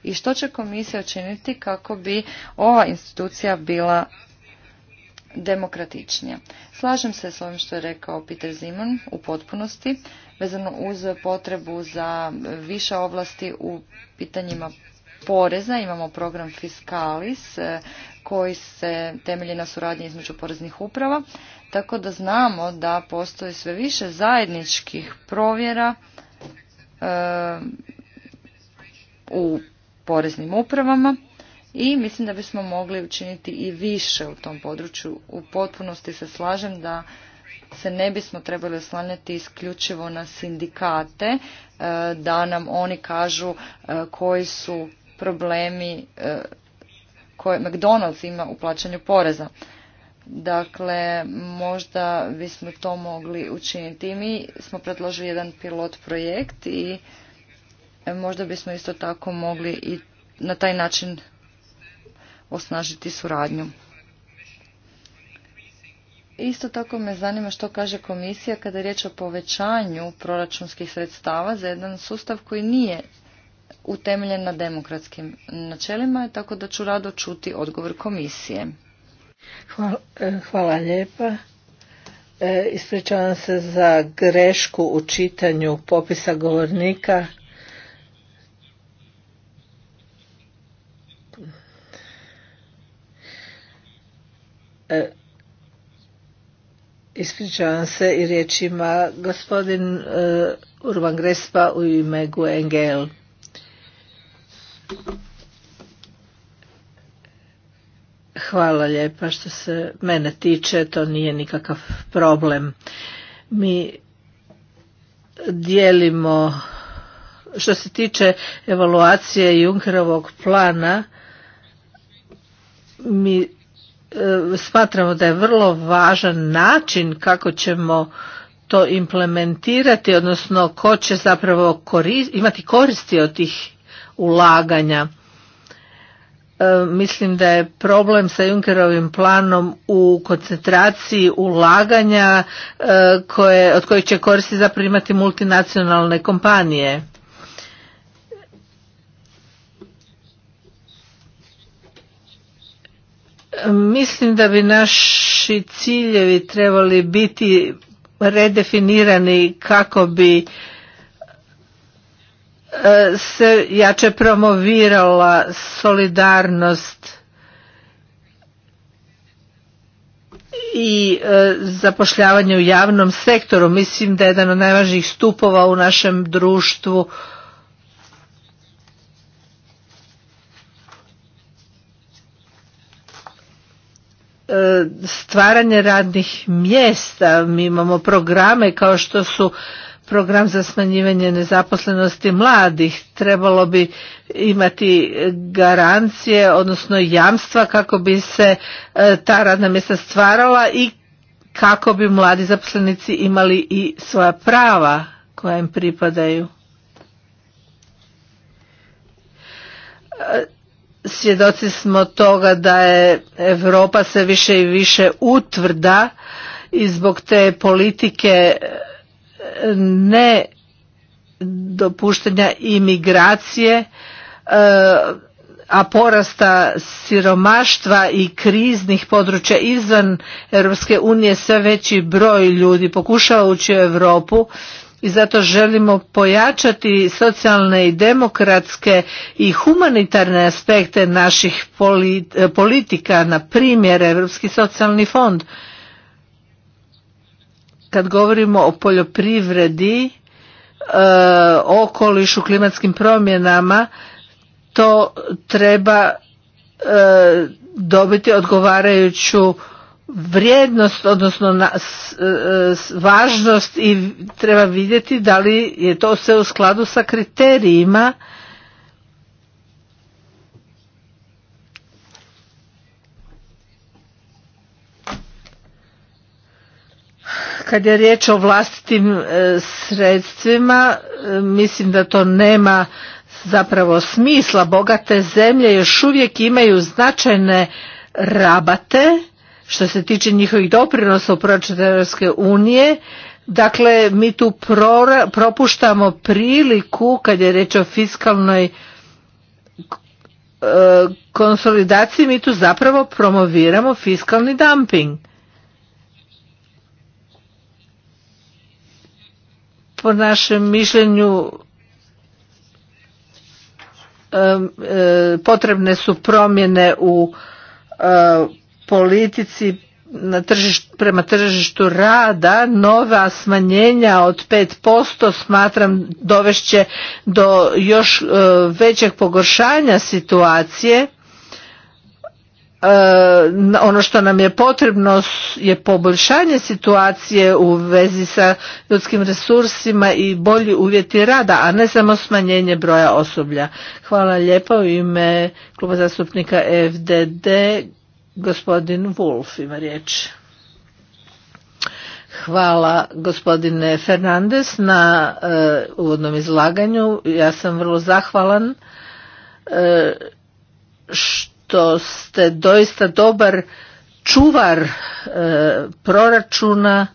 i što će komisija učiniti kako bi ova institucija bila demokratičnija. Slažem se s ovim što je rekao Peter Zimon u potpunosti, vezano uz potrebu za više ovlasti u pitanjima poreza. Imamo program Fiscalis e, koji se temelji na suradnji između poreznih uprava, tako da znamo da postoji sve više zajedničkih provjera e, u poreznim upravama i mislim da bismo mogli učiniti i više u tom području. U potpunosti se slažem da se ne bismo trebali oslanjati isključivo na sindikate, e, da nam oni kažu e, koji su problemi e, koje McDonald's ima u plaćanju poreza. Dakle, možda bismo to mogli učiniti. I mi smo predložili jedan pilot projekt i možda bismo isto tako mogli i na taj način osnažiti suradnju. Isto tako me zanima što kaže komisija kada je riječ o povećanju proračunskih sredstava za jedan sustav koji nije utemeljen na demokratskim načelima, tako da ću rado čuti odgovor komisije. Hvala, e, hvala lijepa. E, ispričavam se za grešku u čitanju popisa govornika. E, ispričavam se i riječima gospodin e, Urban Grespa u ime Guengel. Hvala lijepa što se mene tiče, to nije nikakav problem. Mi dijelimo što se tiče evaluacije Junkerovog plana mi E, smatramo da je vrlo važan način kako ćemo to implementirati, odnosno ko će zapravo imati koristi od tih ulaganja. E, mislim da je problem sa Junkerovim planom u koncentraciji ulaganja e, koje, od kojih će koristi zapravo imati multinacionalne kompanije. Mislim da bi naši ciljevi trebali biti redefinirani kako bi e, se jače promovirala solidarnost i e, zapošljavanje u javnom sektoru. Mislim da je jedan od najvažnijih stupova u našem društvu E, stvaranje radnih mjesta. Mi imamo programe kao što su program za smanjivanje nezaposlenosti mladih. Trebalo bi imati garancije, odnosno jamstva kako bi se e, ta radna mjesta stvarala i kako bi mladi zaposlenici imali i svoja prava koja im pripadaju. E, svjedoci smo toga da je Europa sve više i više utvrda i zbog te politike e, ne dopuštanja imigracije e, a porasta siromaštva i kriznih područja izvan Europske unije sve veći broj ljudi pokušava ući u Europu i zato želimo pojačati socijalne i demokratske i humanitarne aspekte naših e, politika, na primjer Europski socijalni fond. Kad govorimo o poljoprivredi, e, okolišu, klimatskim promjenama, to treba e, dobiti odgovarajuću vrijednost, odnosno na, e, važnost i treba vidjeti da li je to sve u skladu sa kriterijima kad je riječ o vlastitim e, sredstvima e, mislim da to nema zapravo smisla bogate zemlje još uvijek imaju značajne rabate što se tiče njihovih doprinosa u proračun Europske unije, dakle mi tu propuštamo priliku kad je reč o fiskalnoj e, konsolidaciji, mi tu zapravo promoviramo fiskalni dumping. Po našem mišljenju e, e, potrebne su promjene u politici na tržišt, prema tržištu rada nova smanjenja od 5% smatram dovešće do još e, većeg pogoršanja situacije. E, ono što nam je potrebno je poboljšanje situacije u vezi sa ljudskim resursima i bolji uvjeti rada, a ne samo smanjenje broja osoblja. Hvala lijepa u ime kluba zastupnika FDD Gospodin Wolf ima riječ. Hvala gospodine Fernandez na e, uvodnom izlaganju. Ja sam vrlo zahvalan e, što ste doista dobar čuvar e, proračuna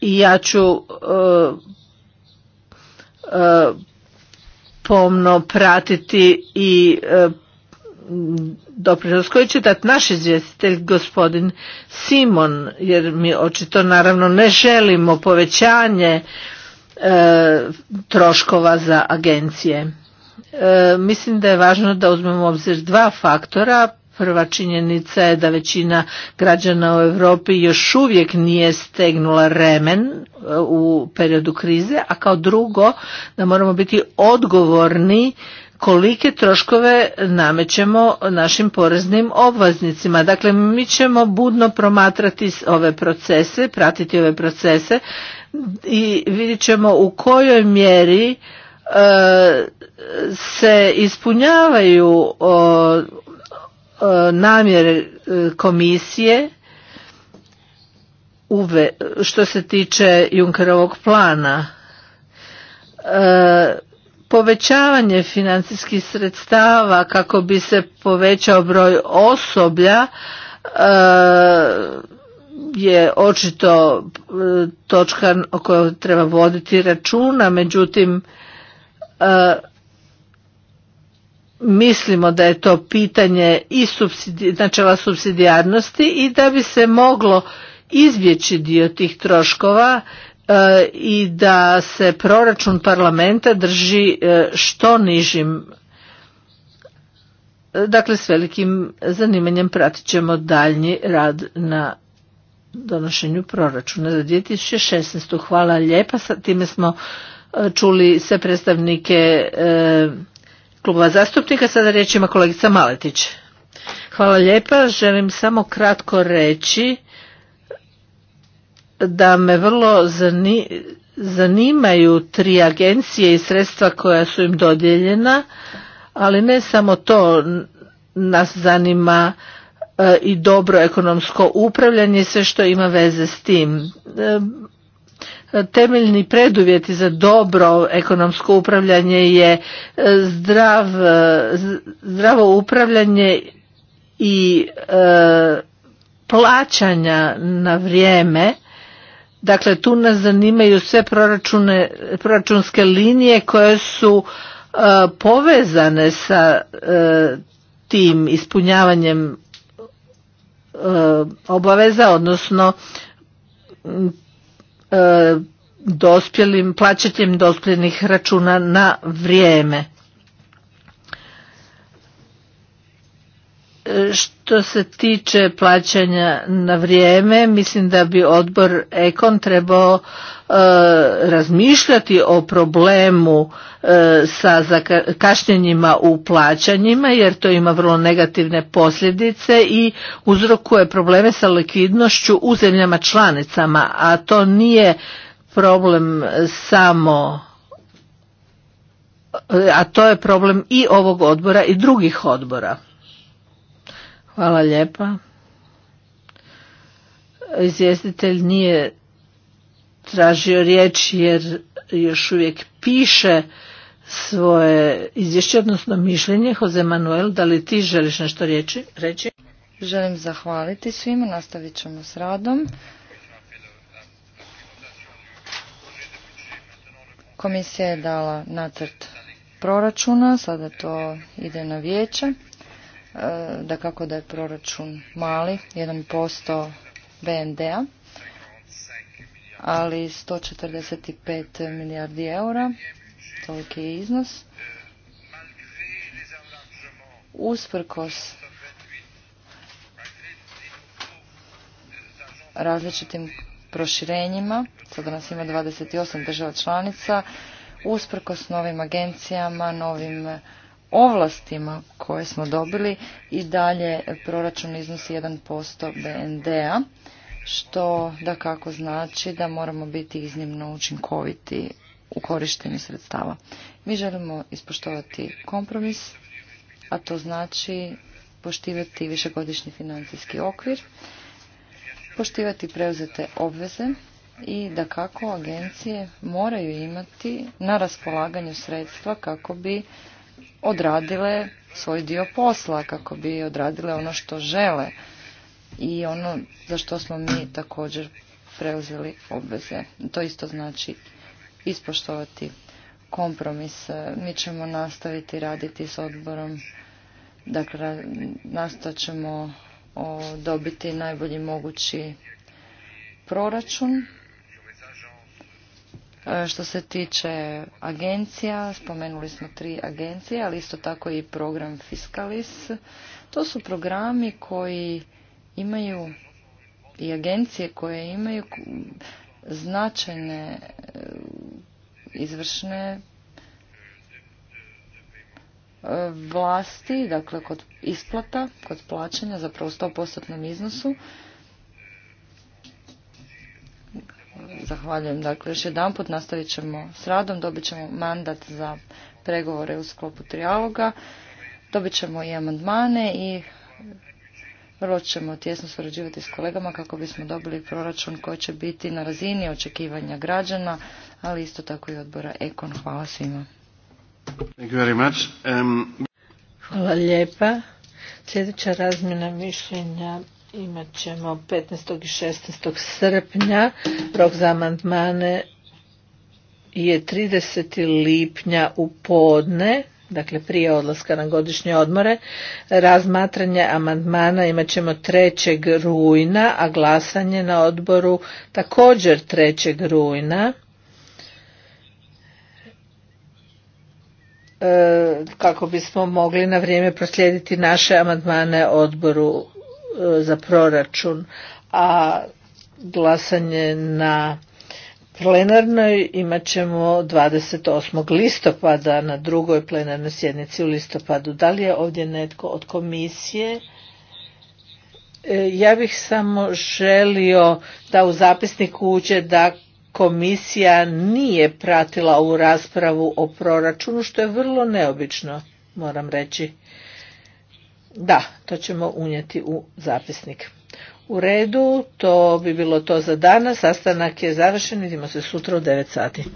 i ja ću pomno pratiti i e, doprinos koji će dati naš izvjestitelj gospodin Simon jer mi očito naravno ne želimo povećanje e, troškova za agencije. E, mislim da je važno da uzmemo u obzir dva faktora. Prva činjenica je da većina građana u Europi još uvijek nije stegnula remen uh, u periodu krize, a kao drugo da moramo biti odgovorni kolike troškove namećemo našim poreznim obveznicima. Dakle, mi ćemo budno promatrati ove procese, pratiti ove procese i vidjet ćemo u kojoj mjeri uh, se ispunjavaju uh, E, namjere e, komisije što se tiče Junkerovog plana. E, povećavanje financijskih sredstava kako bi se povećao broj osoblja je očito točka o kojoj treba voditi računa, međutim mislimo da je to pitanje i načela subsidijarnosti i da bi se moglo izbjeći dio tih troškova e, i da se proračun parlamenta drži e, što nižim. E, dakle, s velikim zanimanjem pratit ćemo daljnji rad na donošenju proračuna za 2016. Hvala lijepa, sa time smo čuli sve predstavnike klubova zastupnika. Sada riječ ima kolegica Maletić. Hvala lijepa. Želim samo kratko reći da me vrlo zanimaju tri agencije i sredstva koja su im dodijeljena, ali ne samo to nas zanima e, i dobro ekonomsko upravljanje sve što ima veze s tim. E, temeljni preduvjeti za dobro ekonomsko upravljanje je e, zdrav, e, zdravo upravljanje i e, plaćanja na vrijeme. Dakle, tu nas zanimaju sve proračunske linije koje su e, povezane sa tim ispunjavanjem obaveza, odnosno E, dospjelim, plaćanjem dospjelih računa na vrijeme. E, što se tiče plaćanja na vrijeme, mislim da bi odbor Ekon trebao E, razmišljati o problemu e, sa kašnjenjima u plaćanjima jer to ima vrlo negativne posljedice i uzrokuje probleme sa likvidnošću u zemljama članicama, a to nije problem samo a to je problem i ovog odbora i drugih odbora. Hvala lijepa. Izvjestitelj nije tražio riječ jer još uvijek piše svoje izvješće, odnosno mišljenje. Jose Manuel, da li ti želiš nešto reći? Želim zahvaliti svima, nastavit ćemo s radom. Komisija je dala nacrt proračuna, sada to ide na vijeće. E, da kako da je proračun mali, 1% BND-a ali 145 milijardi eura, toliki je iznos. Usprkos različitim proširenjima, sada nas ima 28 država članica, usprkos novim agencijama, novim ovlastima koje smo dobili i dalje proračun iznosi 1% BND-a što da kako znači da moramo biti iznimno učinkoviti u korištenju sredstava. Mi želimo ispoštovati kompromis, a to znači poštivati višegodišnji financijski okvir, poštivati preuzete obveze i da kako agencije moraju imati na raspolaganju sredstva kako bi odradile svoj dio posla, kako bi odradile ono što žele i ono za što smo mi također preuzeli obveze. To isto znači ispoštovati kompromis. Mi ćemo nastaviti raditi s odborom, dakle nastat ćemo dobiti najbolji mogući proračun. E, što se tiče agencija, spomenuli smo tri agencije, ali isto tako i program Fiscalis. To su programi koji imaju i agencije koje imaju značajne e, izvršne e, vlasti, dakle kod isplata, kod plaćanja zapravo u 100% iznosu. Zahvaljujem. Dakle, još jedan put nastavit ćemo s radom, dobit ćemo mandat za pregovore u sklopu trijaloga, dobit ćemo i amandmane i vrlo ćemo tjesno surađivati s kolegama kako bismo dobili proračun koji će biti na razini očekivanja građana, ali isto tako i odbora Ekon. Hvala svima. Um, Hvala lijepa. Sljedeća razmjena mišljenja imat ćemo 15. i 16. srpnja. Rok za amandmane je 30. lipnja u podne dakle prije odlaska na godišnje odmore. Razmatranje amandmana imat ćemo 3. rujna, a glasanje na odboru također 3. rujna. E, kako bismo mogli na vrijeme proslijediti naše amandmane odboru e, za proračun, a glasanje na plenarnoj imat ćemo 28. listopada na drugoj plenarnoj sjednici u listopadu. Da li je ovdje netko od komisije? E, ja bih samo želio da u zapisnik uđe da komisija nije pratila ovu raspravu o proračunu, što je vrlo neobično, moram reći. Da, to ćemo unijeti u zapisnik. U redu, to bi bilo to za danas. Sastanak je završen, vidimo se sutra u 9 sati.